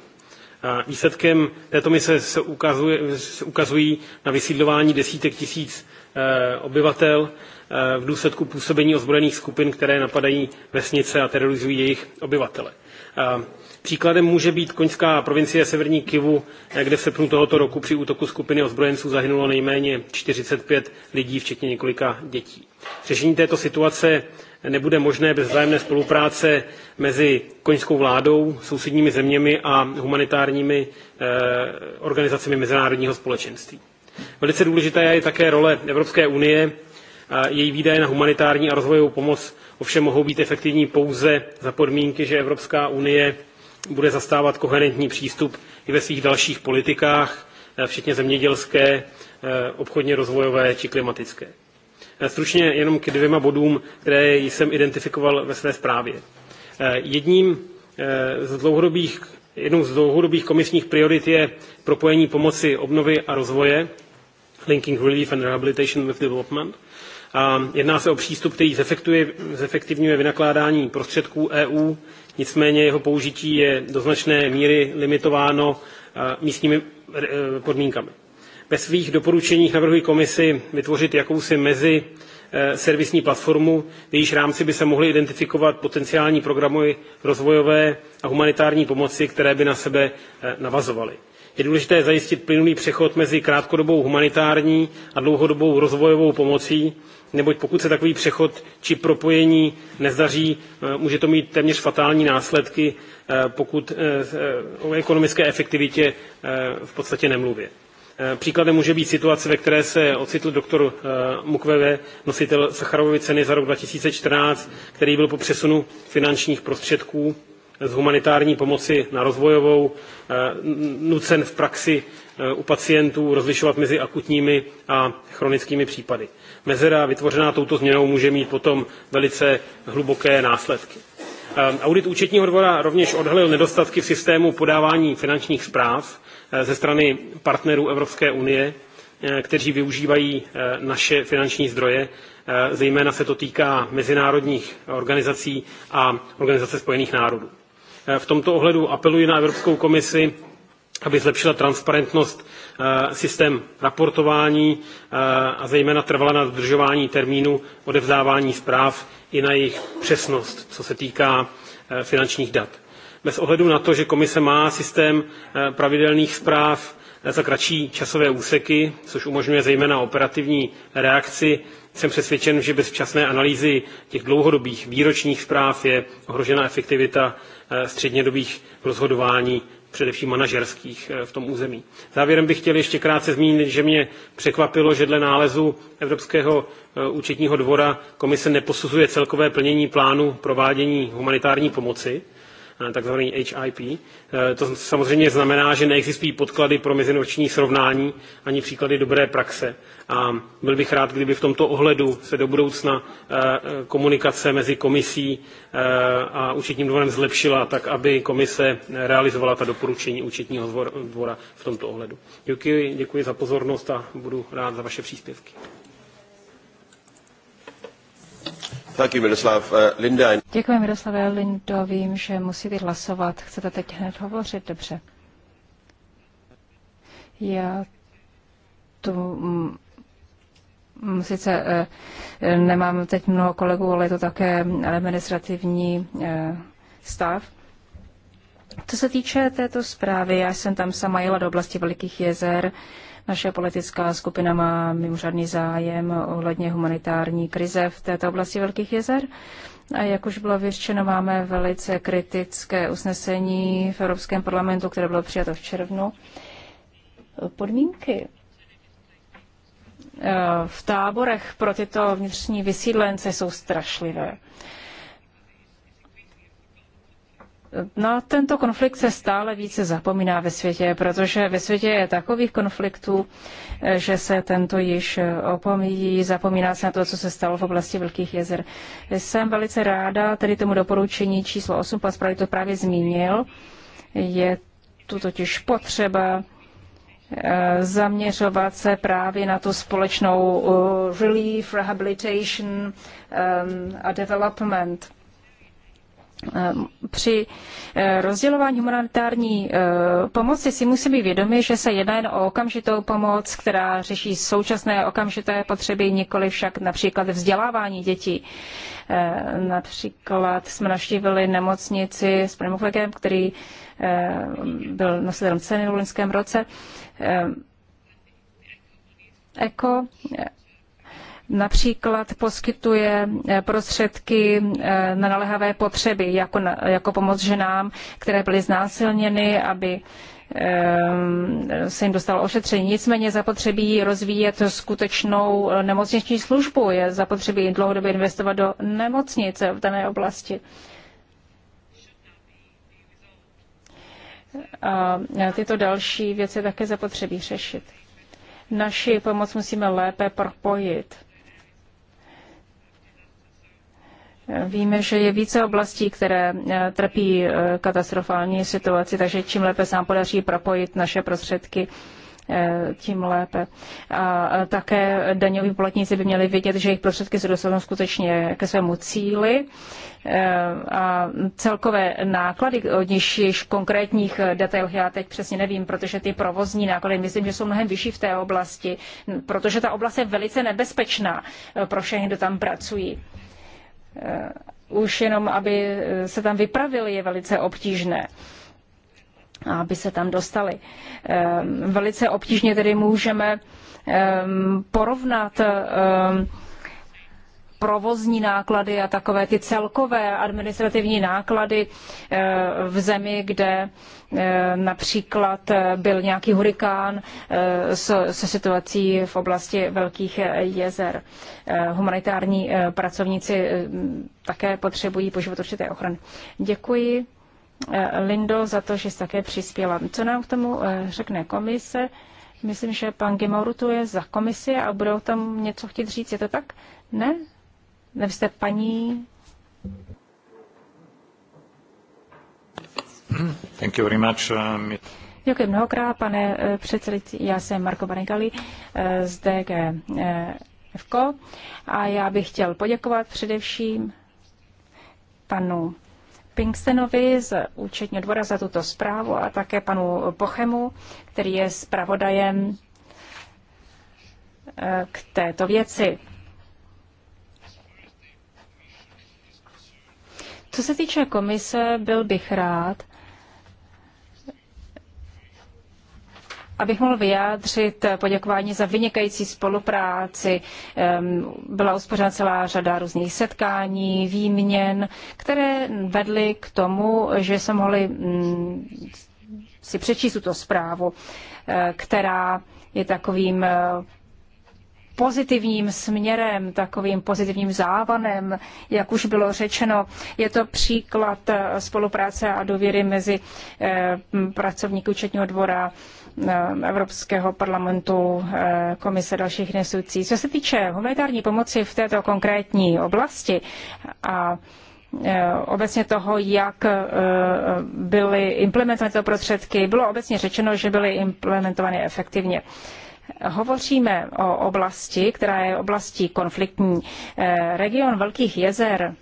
Výsledkem této mise se, ukazuje, se ukazují na vysídlování desítek tisíc eh, obyvatel eh, v důsledku působení ozbrojených skupin, které napadají vesnice a terorizují jejich obyvatele. Příkladem může být koňská provincie Severní Kivu, kde v srpnu tohoto roku při útoku skupiny ozbrojenců zahynulo nejméně 45 lidí, včetně několika dětí. Řešení této situace nebude možné bez vzájemné spolupráce mezi koňskou vládou, sousedními zeměmi a humanitárními eh, organizacemi mezinárodního společenství. Velice důležitá je také role Evropské unie. Její výdaje na humanitární a rozvojovou pomoc ovšem mohou být efektivní pouze za podmínky, že Evropská unie bude zastávat koherentní přístup i ve svých dalších politikách, eh, včetně zemědělské, eh, obchodně rozvojové či klimatické. Eh, stručně jenom k dvěma bodům, které jsem identifikoval ve své zprávě. Jedním z dlouhodobých, jednou z dlouhodobých komisních priorit je propojení pomoci obnovy a rozvoje, linking relief and rehabilitation with development. A jedná se o přístup, který zefektivňuje vynakládání prostředků EU Nicméně jeho použití je do značné míry limitováno eh, místními eh, podmínkami. Ve svých doporučeních navrhuji komisi vytvořit jakousi mezi eh, servisní platformu, v jejíž rámci by se mohly identifikovat potenciální programy rozvojové a humanitární pomoci, které by na sebe navazovaly. Je důležité zajistit plynulý přechod mezi krátkodobou humanitární a dlouhodobou rozvojovou pomocí, neboť pokud se takový přechod či propojení nezdaří, eh, může to mít téměř fatální následky, eh, pokud eh, o ekonomické efektivitě v podstatě nemluvě. Příkladem může být situace, ve které se ocitl doktor Mukwege, nositel Sacharovovy ceny za rok 2014, který byl po přesunu finančních prostředků z humanitární pomoci na rozvojovou nucen v praxi Eh, u pacientů rozlišovat mezi akutními a chronickými případy. Mezera vytvořená touto změnou může mít potom velice hluboké následky. Ehm, audit účetního dvora rovněž odhalil nedostatky v systému podávání finančních zpráv eh, ze strany partnerů Evropské unie, eh, kteří využívají naše finanční zdroje. Zejména se to týká mezinárodních organizací a Organizace spojených národů. V tomto ohledu apeluji na Evropskou komisi, aby zlepšila transparentnost eh, systém raportování eh, a zejména trvala na dodržování termínu odevzdávání zpráv i na jejich přesnost, co se týká eh, finančních dat. Bez ohledu na to, že komise má systém pravidelných zpráv za kratší časové úseky, což umožňuje zejména operativní reakci, jsem přesvědčen, že bez včasné analýzy těch dlouhodobých výročních zpráv je ohrožena efektivita střednědobých rozhodování především manažerských eh, v tom území. Závěrem bych chtěl ještě krátce zmínit, že mě překvapilo, že dle nálezu Evropského eh, účetního dvora komise neposuzuje celkové plnění plánu provádění humanitární pomoci Eh, takzvaný HIP. Eh, to samozřejmě znamená, že neexistují podklady pro mezinoční srovnání ani příklady dobré praxe. A byl bych rád, kdyby v tomto ohledu se do budoucna eh, komunikace mezi komisí a účetním dvorem zlepšila, tak aby komise realizovala ta doporučení účetního dvora v tomto ohledu. Děkuji, děkuji za pozornost a budu rád za vaše příspěvky. Taky Miroslav uh, Linda. Děkuji Miroslavě Lindo, vím, že musíte hlasovat. Chcete teď hned hovořit? Dobře. Já tu mm, sice eh, nemám teď mnoho kolegů, ale je to také administrativní eh, stav. Co se týče této zprávy, já jsem tam sama jela do oblasti Velikých jezer naše politická skupina má mimořádný zájem ohledně humanitární krize v této oblasti Velkých jezer. A jak už bylo vyřčeno, máme velice kritické usnesení v Evropském parlamentu, které bylo přijato v červnu. Podmínky eh, v táborech pro tyto vnitřní vysídlence jsou strašlivé. Na tento konflikt se stále více zapomíná ve světě, protože ve světě je takových konfliktů, eh, že se tento již eh, opomíjí, zapomíná se na to, co se stalo v oblasti Velkých jezer. Jsem velice ráda, tedy tomu doporučení číslo 8, pan Spravy to právě zmínil, je tu totiž potřeba eh, zaměřovat se právě na tu společnou relief, rehabilitation ehm, a development Eh, při eh, rozdělování humanitární eh, pomoci si musíme být vědomi, že se jedná jen o okamžitou pomoc, která řeší současné okamžité potřeby, nikoli však například vzdělávání dětí. Například jsme navštívili nemocnici s Primoflegem, který byl nositelem ceny v loňském roce. Eko například poskytuje eh, prostředky eh, na naléhavé potřeby, jako, jako pomoc ženám, které byly znásilněny, aby eh, se jim dostalo ošetření. Nicméně zapotřebí rozvíjet skutečnou nemocniční službu, je zapotřebí dlouhodobě investovat do nemocnice v dané oblasti. A tyto další věci také zapotřebí řešit. Naši pomoc musíme lépe propojit Víme, že je více oblastí, které eh, trpí eh, katastrofální situaci, takže čím lépe se nám podaří propojit naše prostředky, eh, tím lépe. A také daňoví poplatníci by měli vědět, že jejich prostředky se dostanou skutečně ke svému cíli a celkové náklady, od nižších konkrétních detailech já teď přesně nevím, protože ty provozní náklady myslím, že jsou mnohem vyšší v té oblasti, protože ta oblast je velice nebezpečná pro všechny, kdo tam pracují. Eh, už jenom, aby se tam vypravili, je velice obtížné aby se tam dostali. Eh, velice obtížně tedy můžeme eh, porovnat provozní náklady a takové ty celkové administrativní náklady eh, v zemi, kde eh, například eh, byl nějaký hurikán se situací v oblasti Velkých jezer. Humanitární pracovníci také potřebují poživot určité ochrany. Děkuji. Lindo za to, že jsi také přispěla. Co nám k tomu řekne komise? Myslím, že pan Gimauru tu je za komisi a budou tam něco chtít říct. Je to tak? Ne? Vy paní? Thank you very much. Uh, Děkuji mnohokrát, pane eh, předsedající. Já jsem Marko Banegali eh, z DGFK eh, a já bych chtěl poděkovat především panu Pinkstenovi z účetního dvora za tuto zprávu a také panu Pochemu, který je zpravodajem k této věci. Co se týče komise, byl bych rád, abych mohl vyjádřit poděkování za vynikající spolupráci. Byla uspořena celá řada různých setkání, výměn, které vedly k tomu, že jsme mohli mm, si přečíst tuto zprávu, eh, která je takovým eh, pozitivním směrem, takovým pozitivním závanem, jak už bylo řečeno. Je to příklad spolupráce a důvěry mezi eh, pracovníky Učetního dvora eh, Evropského parlamentu, eh, komise dalších institucí. Co se týče humanitární pomoci v této konkrétní oblasti a obecně toho, jak byly implementovány tyto prostředky, bylo obecně řečeno, že byly implementovány efektivně hovoříme o oblasti, která je oblastí konfliktní. Eh, region Velkých jezer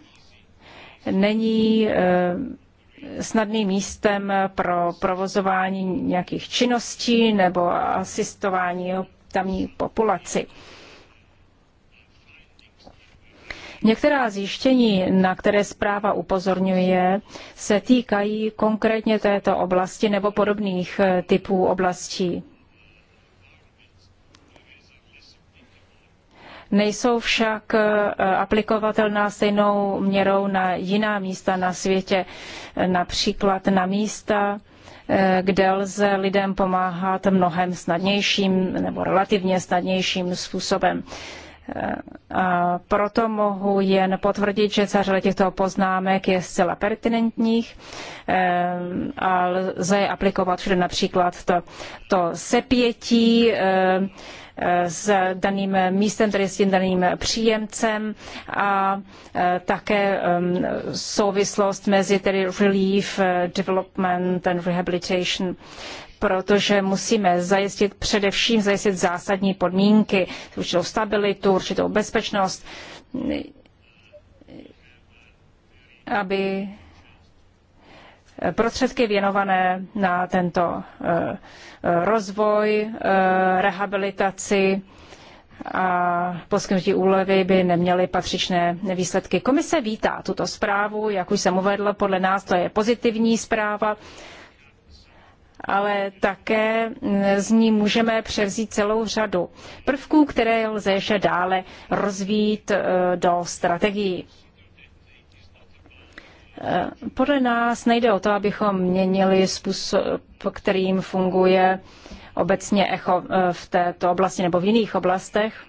není eh, snadným místem pro provozování nějakých činností nebo asistování tamní populaci. Některá zjištění, na které zpráva upozorňuje, se týkají konkrétně této oblasti nebo podobných eh, typů oblastí. Nejsou však eh, aplikovatelná stejnou měrou na jiná místa na světě, eh, například na místa, eh, kde lze lidem pomáhat mnohem snadnějším nebo relativně snadnějším způsobem. A proto mohu jen potvrdit, že celá řada těchto poznámek je zcela pertinentních a lze je aplikovat všude například to, to sepětí s daným místem, tedy s tím daným příjemcem a e, také souvislost mezi tedy relief, e, development and rehabilitation protože musíme zajistit především zajistit zásadní podmínky, určitou stabilitu, určitou bezpečnost, aby prostředky věnované na tento eh, rozvoj, eh, rehabilitaci a poskytnutí úlevy by neměly patřičné výsledky. Komise vítá tuto zprávu, jak už jsem uvedl, podle nás to je pozitivní zpráva, ale také mm, z ní můžeme převzít celou řadu prvků, které lze ještě dále rozvít eh, do strategií. Podle nás nejde o to, abychom měnili způsob, kterým funguje obecně echo v této oblasti nebo v jiných oblastech.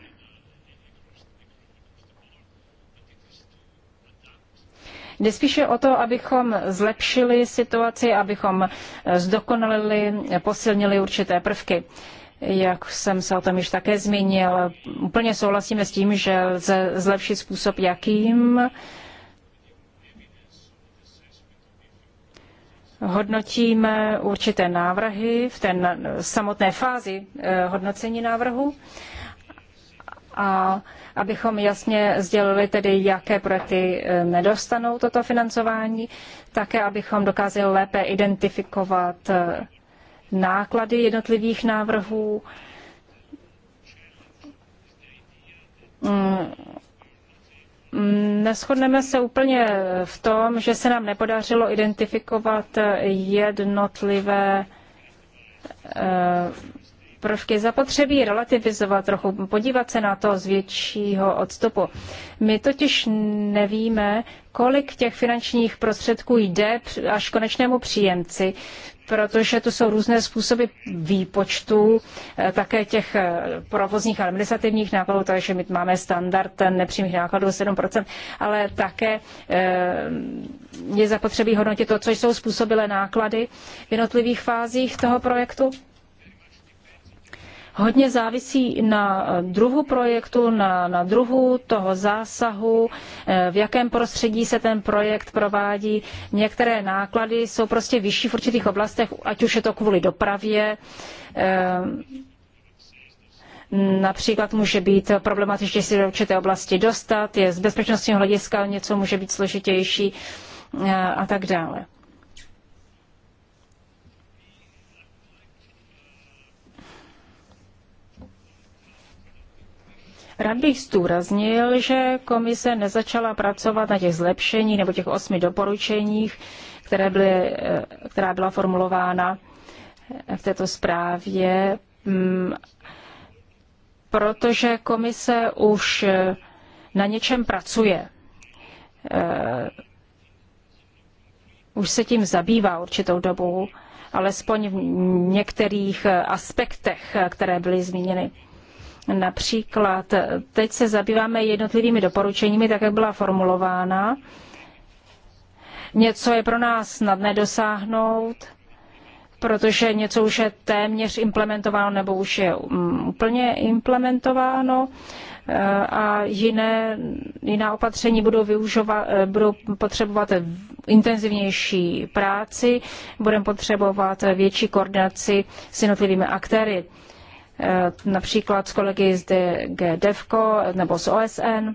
Jde spíše o to, abychom zlepšili situaci, abychom zdokonalili, posilnili určité prvky. Jak jsem se o tom již také zmínil, úplně souhlasíme s tím, že lze zlepšit způsob, jakým hodnotíme určité návrhy v té samotné fázi eh, hodnocení návrhu a abychom jasně sdělili tedy, jaké projekty eh, nedostanou toto financování, také abychom dokázali lépe identifikovat eh, náklady jednotlivých návrhů, mm, Mm, neschodneme se úplně v tom, že se nám nepodařilo identifikovat jednotlivé eh, prvky zapotřebí relativizovat trochu, podívat se na to z většího odstupu. My totiž nevíme, kolik těch finančních prostředků jde až konečnému příjemci, protože tu jsou různé způsoby výpočtu eh, také těch eh, provozních a administrativních nákladů, takže my máme standard nepřímých nákladů 7%, ale také eh, je zapotřebí hodnotit to, co jsou způsobilé náklady v jednotlivých fázích toho projektu hodně závisí na druhu projektu, na, na druhu toho zásahu, eh, v jakém prostředí se ten projekt provádí. Některé náklady jsou prostě vyšší v určitých oblastech, ať už je to kvůli dopravě, eh, Například může být problematičtě si do určité oblasti dostat, je z bezpečnostního hlediska něco může být složitější eh, a tak dále. Rád bych zdůraznil, že komise nezačala pracovat na těch zlepšení nebo těch osmi doporučeních, které byly, eh, která byla formulována eh, v této zprávě, mm, protože komise už eh, na něčem pracuje. Už se tím zabývá určitou dobu, alespoň v některých aspektech, které byly zmíněny. Například teď se zabýváme jednotlivými doporučeními, tak jak byla formulována. Něco je pro nás snadné dosáhnout, protože něco už je téměř implementováno nebo už je mm, úplně implementováno eh, a jiné, jiná opatření budou, využovat, eh, budou potřebovat intenzivnější práci, budeme potřebovat větší koordinaci s jednotlivými aktéry. Eh, například s kolegy z DEVCO nebo z OSN.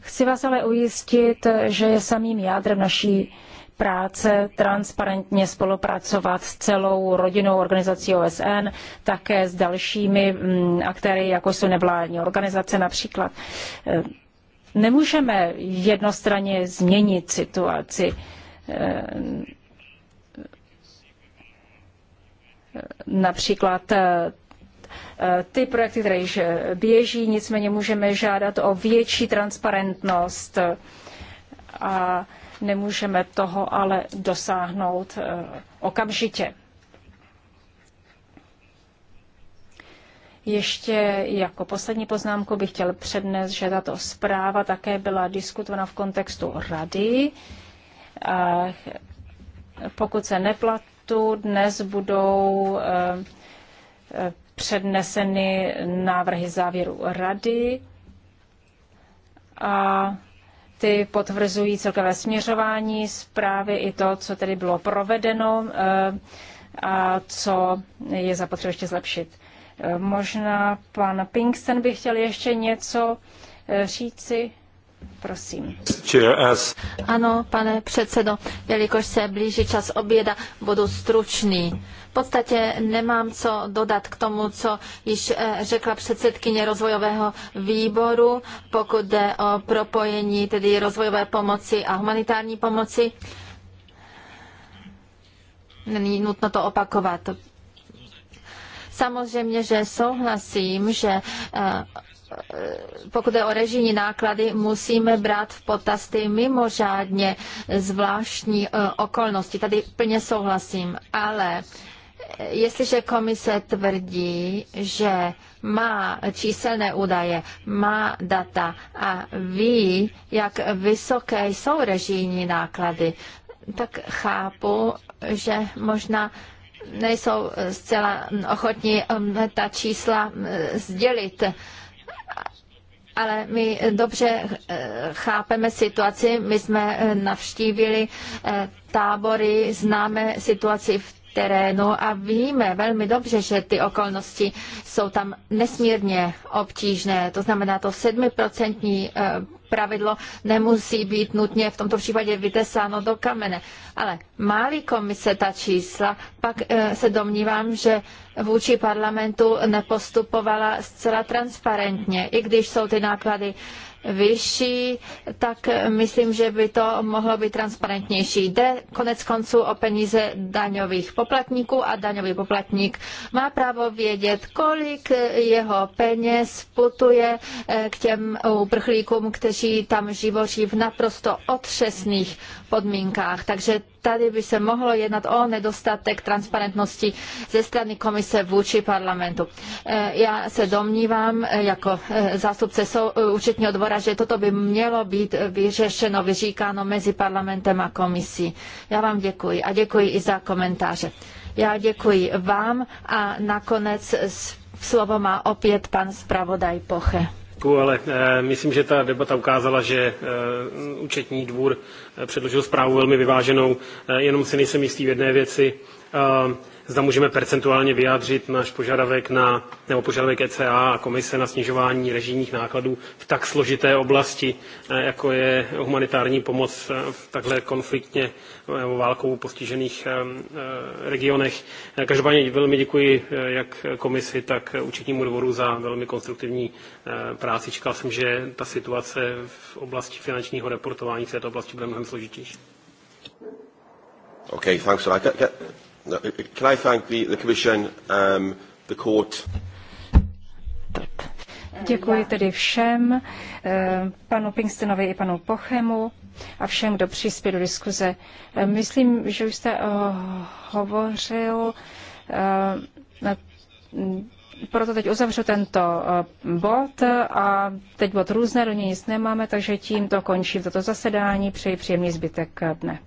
Chci vás ale ujistit, že je samým jádrem naší práce transparentně spolupracovat s celou rodinou organizací OSN, také s dalšími mm, aktéry, jako jsou nevládní organizace například. Eh, nemůžeme jednostranně změnit situaci eh, například eh, eh, ty projekty, které již běží, nicméně můžeme žádat o větší transparentnost a nemůžeme toho ale dosáhnout eh, okamžitě. Ještě jako poslední poznámku bych chtěl přednést, že tato zpráva také byla diskutována v kontextu rady. A pokud se neplat, projektu dnes budou eh, eh, předneseny návrhy závěru rady a ty potvrzují celkové směřování zprávy i to, co tedy bylo provedeno eh, a co je zapotřebí ještě zlepšit. Možná pan Pinkston by chtěl ještě něco říci. Prosím. Ano, pane předsedo, jelikož se blíží čas oběda, budu stručný. V podstatě nemám co dodat k tomu, co již eh, řekla předsedkyně rozvojového výboru, pokud jde o propojení tedy rozvojové pomoci a humanitární pomoci. Není nutno to opakovat. Samozřejmě, že souhlasím, že eh, Eh, pokud je o režijní náklady, musíme brát v potaz ty mimořádně zvláštní eh, okolnosti. Tady plně souhlasím, ale eh, jestliže komise tvrdí, že má číselné údaje, má data a ví, jak vysoké jsou režijní náklady, tak chápu, že možná nejsou zcela ochotní ta čísla sdělit ale my dobře eh, chápeme situaci. My jsme eh, navštívili eh, tábory, známe situaci v terénu a víme velmi dobře, že ty okolnosti jsou tam nesmírně obtížné. To znamená to sedmiprocentní pravidlo nemusí být nutně v tomto případě vytesáno do kamene. Ale máli komise ta čísla, pak eh, se domnívám, že vůči parlamentu nepostupovala zcela transparentně, i když jsou ty náklady vyšší, tak myslím, že by to mohlo být transparentnější. Jde konec konců o peníze daňových poplatníků a daňový poplatník má právo vědět, kolik jeho peněz putuje eh, k těm uprchlíkům, kteří tam živoří v naprosto otřesných podmínkách. Takže tady by se mohlo jednat o nedostatek transparentnosti ze strany komise vůči parlamentu. Eh, já se domnívám eh, jako eh, zástupce účetního dvora, že toto by mělo být vyřešeno, vyříkáno mezi parlamentem a komisí. Já vám děkuji a děkuji i za komentáře. Já děkuji vám a nakonec slovo má opět pan zpravodaj Poche ale eh, myslím, že ta debata ukázala, že eh, účetní dvůr eh, předložil zprávu velmi vyváženou. Jenom si nejsem jistý v jedné věci, zda můžeme percentuálně vyjádřit náš požadavek na, nebo požadavek ECA a komise na snižování režijních nákladů v tak složité oblasti, jako je humanitární pomoc v takhle konfliktně nebo válkou postižených regionech. Každopádně velmi děkuji jak komisi, tak účetnímu dvoru za velmi konstruktivní práci. Čekal jsem, že ta situace v oblasti finančního reportování v této oblasti bude mnohem složitější. Okay, thanks. No, uh, uh, can I thank the, the Commission, um, the court? Děkuji tedy všem, eh, panu Pinkstonovi i panu Pochemu a všem, kdo přispěl do diskuze. Eh, myslím, že už jste eh, hovořil, proto teď uzavřu tento bod a teď bod různé, do něj nic nemáme, takže tím to končím toto zasedání. Přeji příjemný zbytek dne.